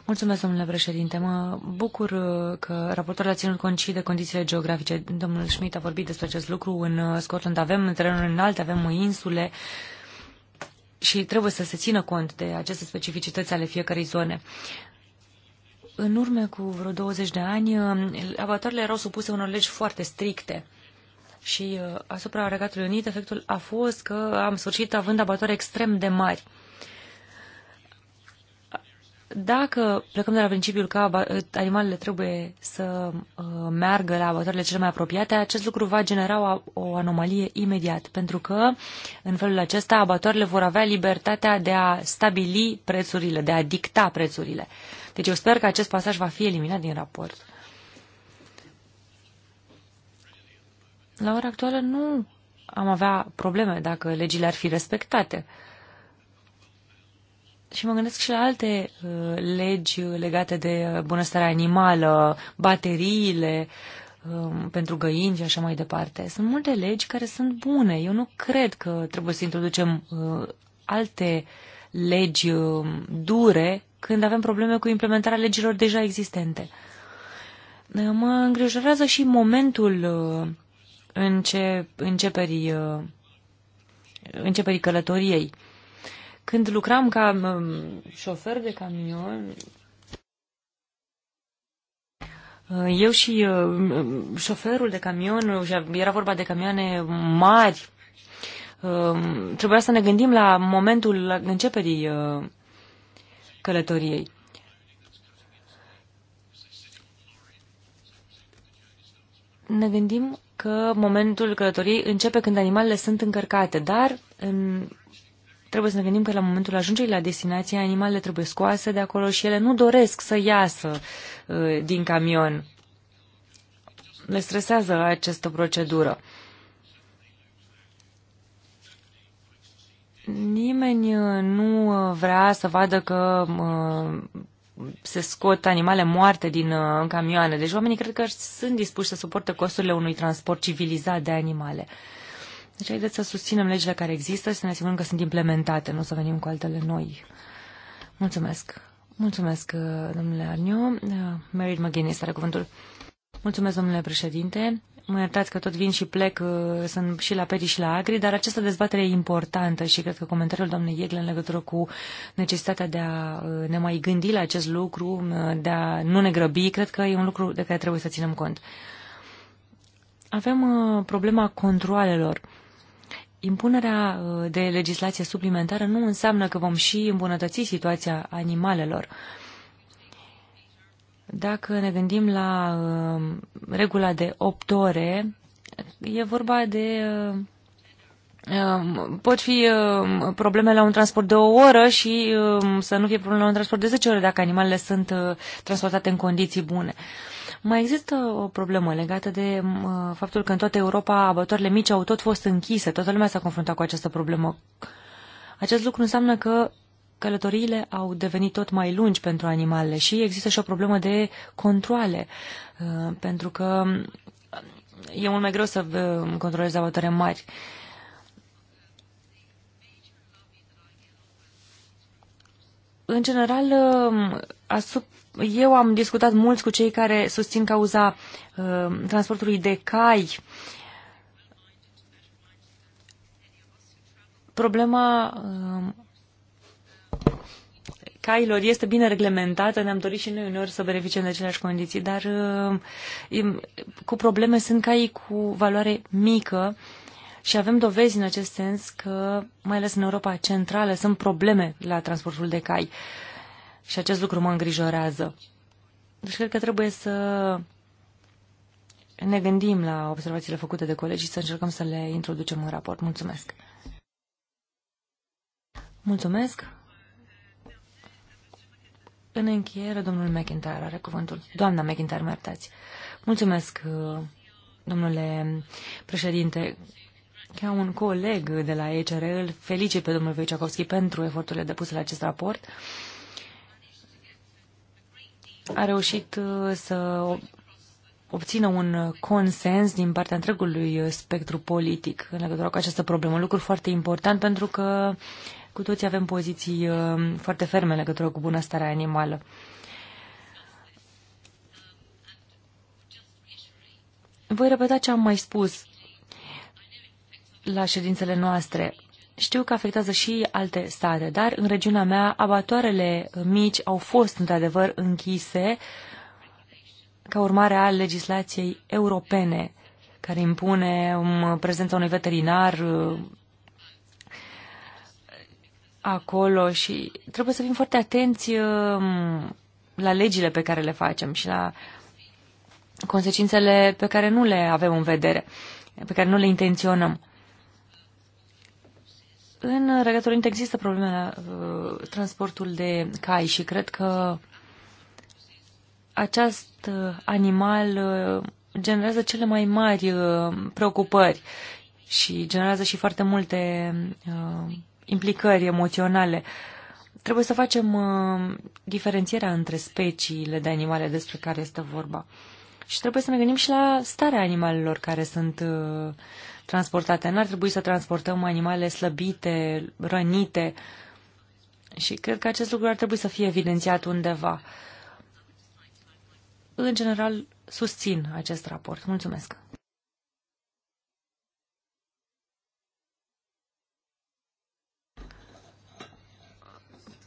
Mulțumesc, domnule președinte. Mă bucur uh, că raportorul a ținut cont și de condițiile geografice. Domnul Schmidt a vorbit despre acest lucru. În uh, Scotland avem terenuri înalte, avem insule și trebuie să se țină cont de aceste specificități ale fiecărei zone. În urmă cu vreo 20 de ani, uh, abatoarele erau supuse unor legi foarte stricte. Și uh, asupra Regatului Unit efectul a fost că am sfârșit având abatoare extrem de mari. Dacă plecăm de la principiul că animalele trebuie să uh, meargă la abatoarele cele mai apropiate, acest lucru va genera o, o anomalie imediat, pentru că în felul acesta abatoarele vor avea libertatea de a stabili prețurile, de a dicta prețurile. Deci eu sper că acest pasaj va fi eliminat din raport. La ora actuală nu am avea probleme dacă legile ar fi respectate. Și mă gândesc și la alte uh, legi legate de uh, bunăstarea animală, bateriile uh, pentru găini și așa mai departe. Sunt multe legi care sunt bune. Eu nu cred că trebuie să introducem uh, alte legi um, dure când avem probleme cu implementarea legilor deja existente. Mă îngrijorează și momentul uh, în ce, începerii, uh, începerii călătoriei. Când lucram ca um, șofer de camion, uh, eu și șoferul de camion, era vorba de camioane mari, trebuia să ne gândim la momentul începerii călătoriei. Ne gândim că momentul călătoriei începe când animalele sunt încărcate, dar în... trebuie să ne gândim că la momentul ajungerii la destinație animalele trebuie scoase de acolo și ele nu doresc să iasă uh, din camion. Le stresează această procedură. Nimeni uh, nu uh, vrea să vadă că uh, se scot animale moarte din camioane. Deci oamenii cred că sunt dispuși să suporte costurile unui transport civilizat de animale. Deci haideți să susținem legile care există și să ne asigurăm că sunt implementate, nu să venim cu altele noi. Mulțumesc. Mulțumesc, domnule Arniu. Mary McGuinness are cuvântul. Mulțumesc, domnule președinte. Mă iertați că tot vin și plec, uh, sunt și la Peri și la Agri, dar această dezbatere e importantă și cred că comentariul doamnei Iegle în legătură cu necesitatea de a uh, ne mai gândi la acest lucru, uh, de a nu ne grăbi, cred că e un lucru de care trebuie să ținem cont. Avem problema controalelor. Impunerea de legislație suplimentară nu înseamnă că vom și îmbunătăți situația animalelor. Dacă ne gândim la uh, regula de 8 ore, e vorba de uh, uh pot fi uh, probleme la un transport de o oră și uh, să nu fie probleme la un transport de 10 ore dacă animalele sunt transportate în condiții bune. Mai există o problemă legată de faptul că în toată Europa abătoarele mici au tot fost închise, toată lumea s-a confruntat cu această problemă. Acest lucru înseamnă că călătoriile au devenit tot mai lungi pentru animale și există și o problemă de controle, uh, pentru că uh, e mult mai greu să uh, controlezi abatoare mari. În general, asup, eu am discutat mulți cu cei care susțin cauza transportului de cai. Problema cailor este bine reglementată, ne-am dorit și noi uneori să beneficiem de aceleași condiții, dar uh, cu probleme sunt cai cu valoare mică și avem dovezi în acest sens că, mai ales în Europa Centrală, sunt probleme la transportul de cai și acest lucru mă îngrijorează. Deci cred că trebuie să ne gândim la observațiile făcute de colegi și să încercăm să le introducem în raport. Mulțumesc! Mulțumesc! În încheiere, domnul McIntyre are cuvântul. Doamna McIntyre, mă iertați. Mulțumesc, uh, domnule președinte. Ca un coleg de la ECR, îl felicit pe domnul Veciakovski pentru eforturile depuse la acest raport. A reușit uh, să obțină un consens din partea întregului spectru politic în legătură cu această problemă. Lucru foarte important pentru că cu toți avem poziții uh, foarte ferme în legătură cu bunăstarea animală. Voi repeta ce am mai spus la ședințele noastre. Știu că afectează și alte state, dar în regiunea mea abatoarele mici au fost într-adevăr închise ca urmare a legislației europene care impune um, prezența unui veterinar uh, acolo și trebuie să fim foarte atenți um, la legile pe care le facem și la consecințele pe care nu le avem în vedere, pe care nu le intenționăm. În Regatul Unit există probleme la uh, transportul de cai și cred că acest uh, animal uh, generează cele mai mari uh, preocupări și generează și foarte multe uh, implicări emoționale. Trebuie să facem uh, diferențierea între speciile de animale despre care este vorba. Și trebuie să ne gândim și la starea animalelor care sunt uh, transportate. N-ar trebui să transportăm animale slăbite, rănite. Și cred că acest lucru ar trebui să fie evidențiat undeva. În general, susțin acest raport. Mulțumesc!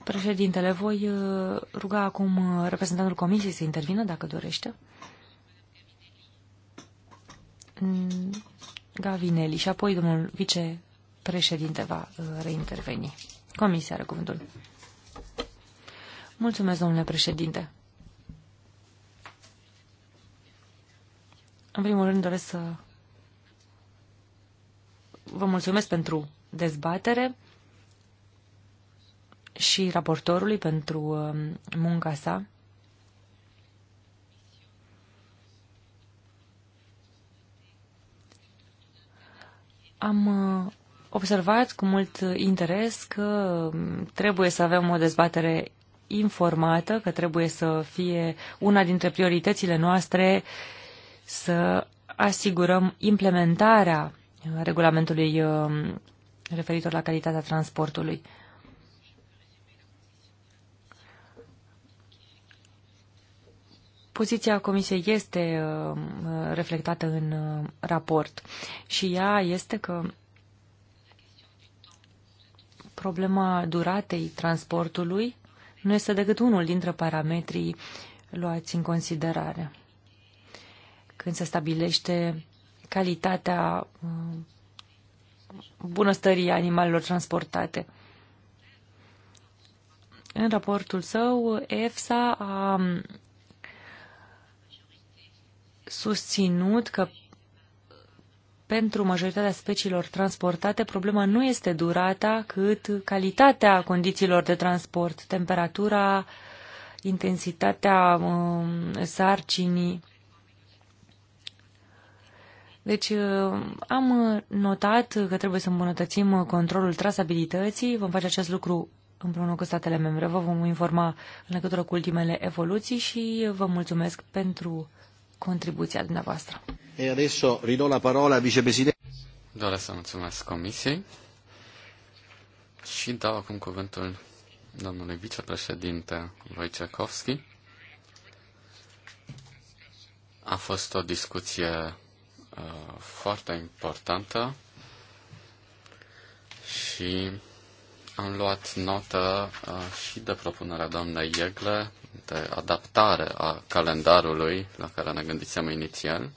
Președintele, voi uh, ruga acum uh, reprezentantul Comisiei să intervină, dacă dorește. Gavinelli și apoi domnul vicepreședinte va uh, reinterveni. Comisia are cuvântul. Mulțumesc, domnule președinte. În primul rând doresc să vă mulțumesc pentru dezbatere și raportorului pentru um, munca sa. Am uh, observat cu mult interes că um, trebuie să avem o dezbatere informată, că trebuie să fie una dintre prioritățile noastre să asigurăm implementarea regulamentului um, referitor la calitatea transportului. Poziția Comisiei este uh, reflectată în uh, raport și ea este că problema duratei transportului nu este decât unul dintre parametrii luați în considerare când se stabilește calitatea uh, bunăstării animalelor transportate. În raportul său, EFSA a susținut că pentru majoritatea speciilor transportate, problema nu este durata, cât calitatea condițiilor de transport, temperatura, intensitatea um, sarcinii. Deci uh, am notat că trebuie să îmbunătățim controlul trasabilității. Vom face acest lucru împreună cu statele membre. Vă vom informa în legătură cu ultimele evoluții și vă mulțumesc pentru contribuția dumneavoastră. E adesso ridò la parola vicepresidente. Doresc să mulțumesc comisiei și dau acum cuvântul domnului vicepreședinte Wojciechowski. A fost o discuție uh, foarte importantă și am luat notă uh, și de propunerea doamnei Iegle de adaptare a calendarului la care ne gândisem inițial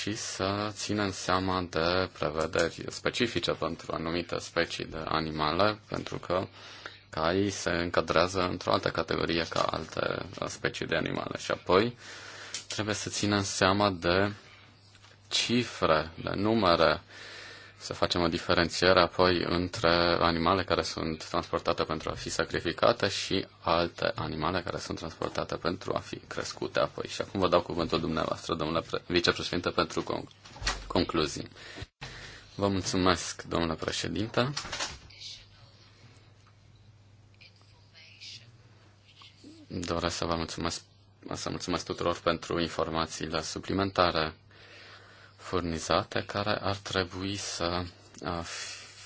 și să ținem seama de prevederi specifice pentru anumite specii de animale, pentru că cai se încadrează într-o altă categorie ca alte uh, specii de animale. Și apoi trebuie să ținem seama de cifre, de numere să facem o diferențiere apoi între animale care sunt transportate pentru a fi sacrificate și alte animale care sunt transportate pentru a fi crescute apoi. Și acum vă dau cuvântul dumneavoastră, domnule vicepreședinte, pentru con- concluzii. Vă mulțumesc, domnule președinte. Doresc să vă mulțumesc, să mulțumesc tuturor pentru informațiile suplimentare furnizate care ar trebui să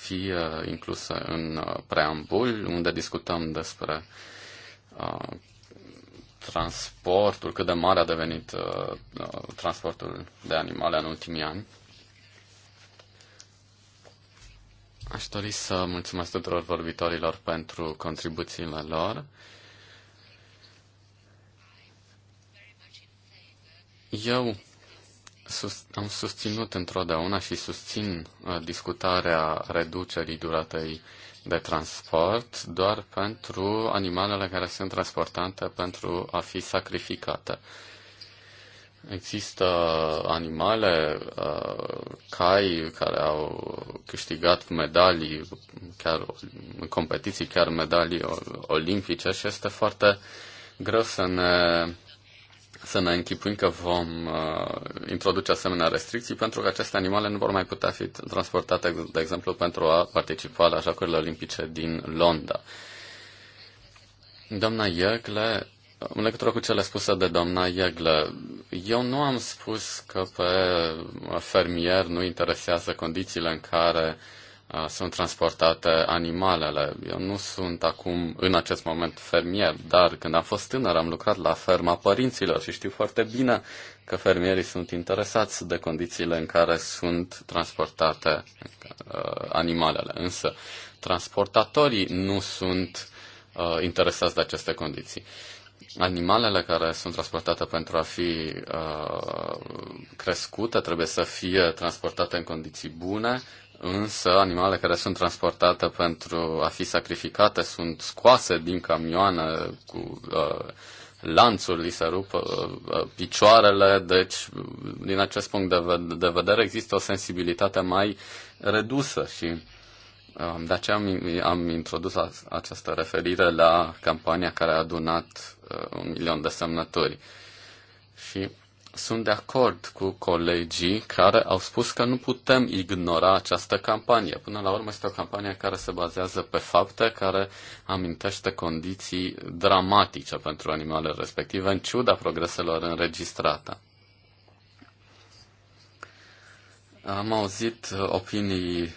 fie incluse în preambul, unde discutăm despre transportul, cât de mare a devenit transportul de animale în ultimii ani. Aș dori să mulțumesc tuturor vorbitorilor pentru contribuțiile lor. Eu sus, am susținut întotdeauna și susțin uh, discutarea reducerii duratei de transport doar pentru animalele care sunt transportate pentru a fi sacrificate. Există animale, uh, cai care au câștigat medalii, chiar în competiții, chiar medalii olimpice și este foarte greu să ne să ne închipuim că vom uh, introduce asemenea restricții pentru că aceste animale nu vor mai putea fi transportate, de exemplu, pentru a participa la Jocurile Olimpice din Londra. Doamna Iegle, în legătură cu cele spuse de doamna Iegle, eu nu am spus că pe fermier nu interesează condițiile în care uh, Uh, sunt transportate animalele. Eu nu sunt acum, în acest moment, fermier, dar când am fost tânăr am lucrat la ferma părinților și știu foarte bine că fermierii sunt interesați de condițiile în care sunt transportate uh, animalele. Însă, transportatorii nu sunt uh, interesați de aceste condiții. Animalele care sunt transportate pentru a fi uh, crescute trebuie să fie transportate în condiții bune, Însă animale care sunt transportate pentru a fi sacrificate sunt scoase din camioană cu uh, lanțuri, li se rupă uh, uh, picioarele, deci din acest punct de, ved- de vedere există o sensibilitate mai redusă și uh, de aceea am, am introdus a- această referire la campania care a adunat uh, un milion de semnături. Și sunt de acord cu colegii care au spus că nu putem ignora această campanie. Până la urmă este o campanie care se bazează pe fapte, care amintește condiții dramatice pentru animalele respective, în ciuda progreselor înregistrate. Am auzit uh, opinii uh,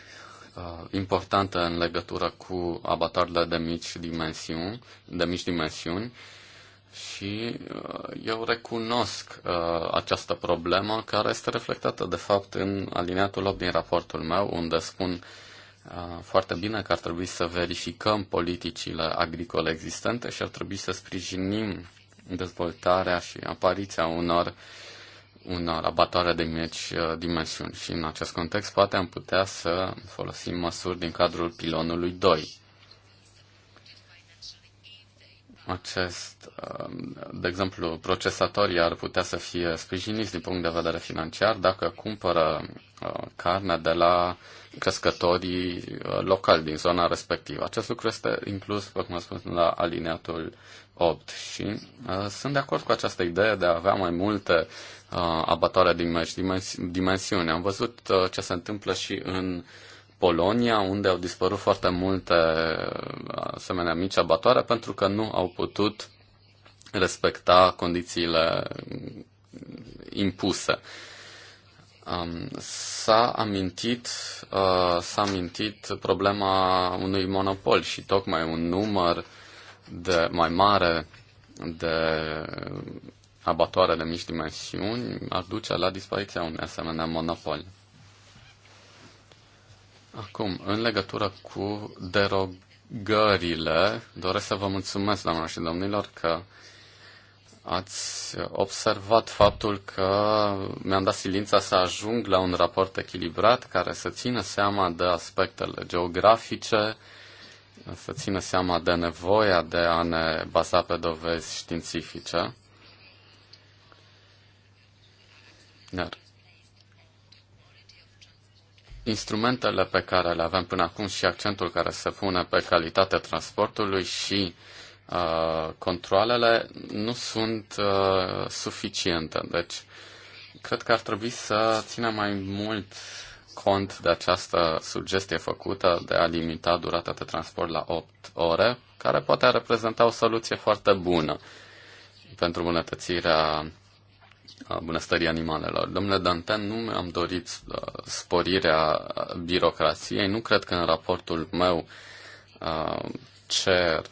importante în legătură cu abatările de mici dimensiuni, de mici dimensiuni și uh, eu recunosc uh, această problemă care este reflectată de fapt în alineatul 8 din raportul meu, unde spun uh, foarte bine că ar trebui să verificăm politicile agricole existente și ar trebui să sprijinim dezvoltarea și apariția unor unor abatoare de mici dimensiuni. Și în acest context poate am putea să folosim măsuri din cadrul pilonului 2 acest, um, de exemplu, procesatorii ar putea să fie sprijiniți din punct de vedere financiar dacă cumpără uh, carne de la crescătorii uh, locali din zona respectivă. Acest lucru este inclus, după cum am spus, la alineatul 8 și uh, sunt de acord cu această idee de a avea mai multe abatoare din dimensiune. Am văzut ce se întâmplă și în Polonia, unde au dispărut foarte multe asemenea mici abatoare pentru că nu au putut respecta condițiile impuse. Um, s-a amintit, uh, s-a amintit problema unui monopol și tocmai un număr de mai mare de abatoare de mici dimensiuni ar duce la dispariția unui asemenea monopol. Acum, în legătură cu derogările, doresc să vă mulțumesc, doamnelor și domnilor, că ați observat faptul că mi-am dat silința să ajung la un raport echilibrat care să țină seama de aspectele geografice, să țină seama de nevoia de a ne baza pe dovezi științifice. Iar instrumentele pe care le avem până acum și accentul care se pune pe calitatea transportului și uh, controlele nu sunt uh, suficiente. Deci, cred că ar trebui să ținem mai mult cont de această sugestie făcută de a limita durata de transport la 8 ore, care poate reprezenta o soluție foarte bună pentru bunătățirea bunăstării animalelor. Domnule Dantean, nu am dorit uh, sporirea birocrației. Nu cred că în raportul meu uh, cer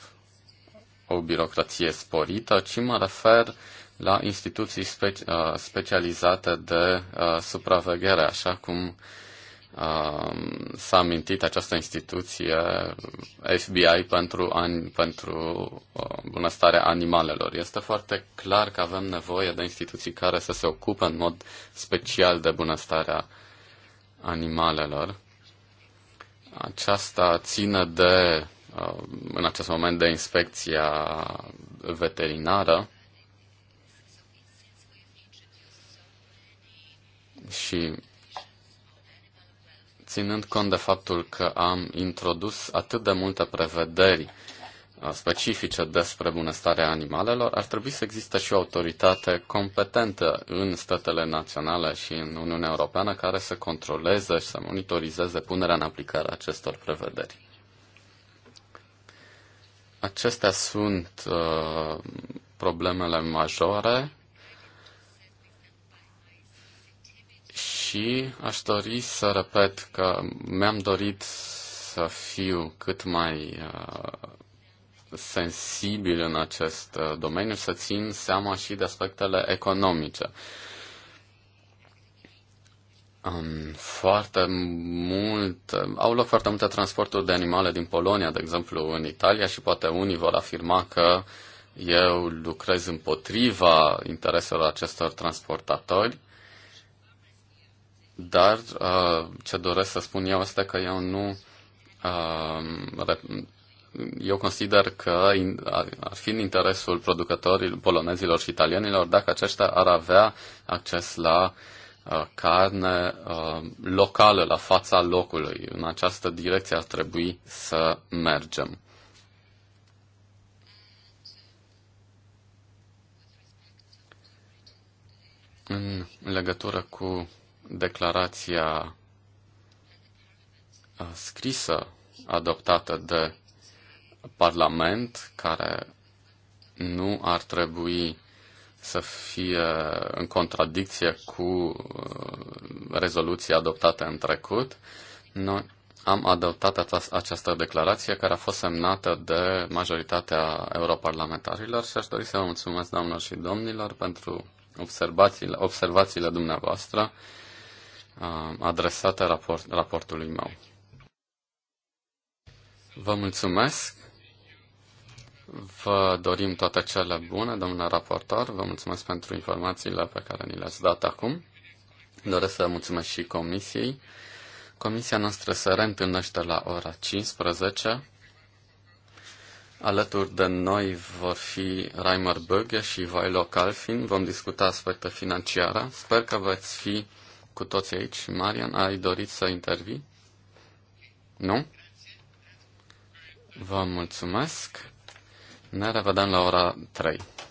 o birocrație sporită, ci mă refer la instituții uh, specializate de supraveghere, așa cum Um, s-a amintit această instituție FBI pentru, an, pentru uh, bunăstarea animalelor. Este foarte clar că avem nevoie de instituții care să se ocupe în mod special de bunăstarea animalelor. Aceasta ține de, uh, în acest moment, de inspecția veterinară și ținând cont de faptul că am introdus atât de multe prevederi uh, specifice despre bunăstarea animalelor, ar trebui să existe și o autoritate competentă în statele naționale și în Uniunea Europeană care să controleze și să monitorizeze punerea în aplicare a acestor prevederi. Acestea sunt uh, problemele majore și aș dori să repet că mi-am dorit să fiu cât mai uh, sensibil în acest uh, domeniu, să țin seama și de aspectele economice. Um, foarte mult, au loc foarte multe transporturi de animale din Polonia, de exemplu, în Italia și poate unii vor afirma că eu lucrez împotriva intereselor acestor transportatori, dar uh, ce doresc să spun eu este că eu nu uh, eu consider că ar fi în interesul producătorilor polonezilor și italienilor dacă aceștia ar avea acces la uh, carne locală, la fața locului. În această direcție ar trebui să mergem. În legătură cu declarația scrisă adoptată de Parlament, care nu ar trebui să fie în contradicție cu rezoluția adoptată în trecut, noi am adoptat această declarație care a fost semnată de majoritatea europarlamentarilor și aș dori să vă mulțumesc, doamnelor și domnilor, pentru observațiile, observațiile dumneavoastră adresate raport, raportului meu. Vă mulțumesc. Vă dorim toate cele bune, domnule raportor. Vă mulțumesc pentru informațiile pe care ni le-ați dat acum. Doresc să mulțumesc și comisiei. Comisia noastră se reîntâlnește la ora 15. Alături de noi vor fi Reimer Böge și Vailo Calfin. Vom discuta aspecte financiare. Sper că veți fi cu toții aici. Marian, ai dorit să intervii? Nu? Vă mulțumesc. Ne revedem la ora 3.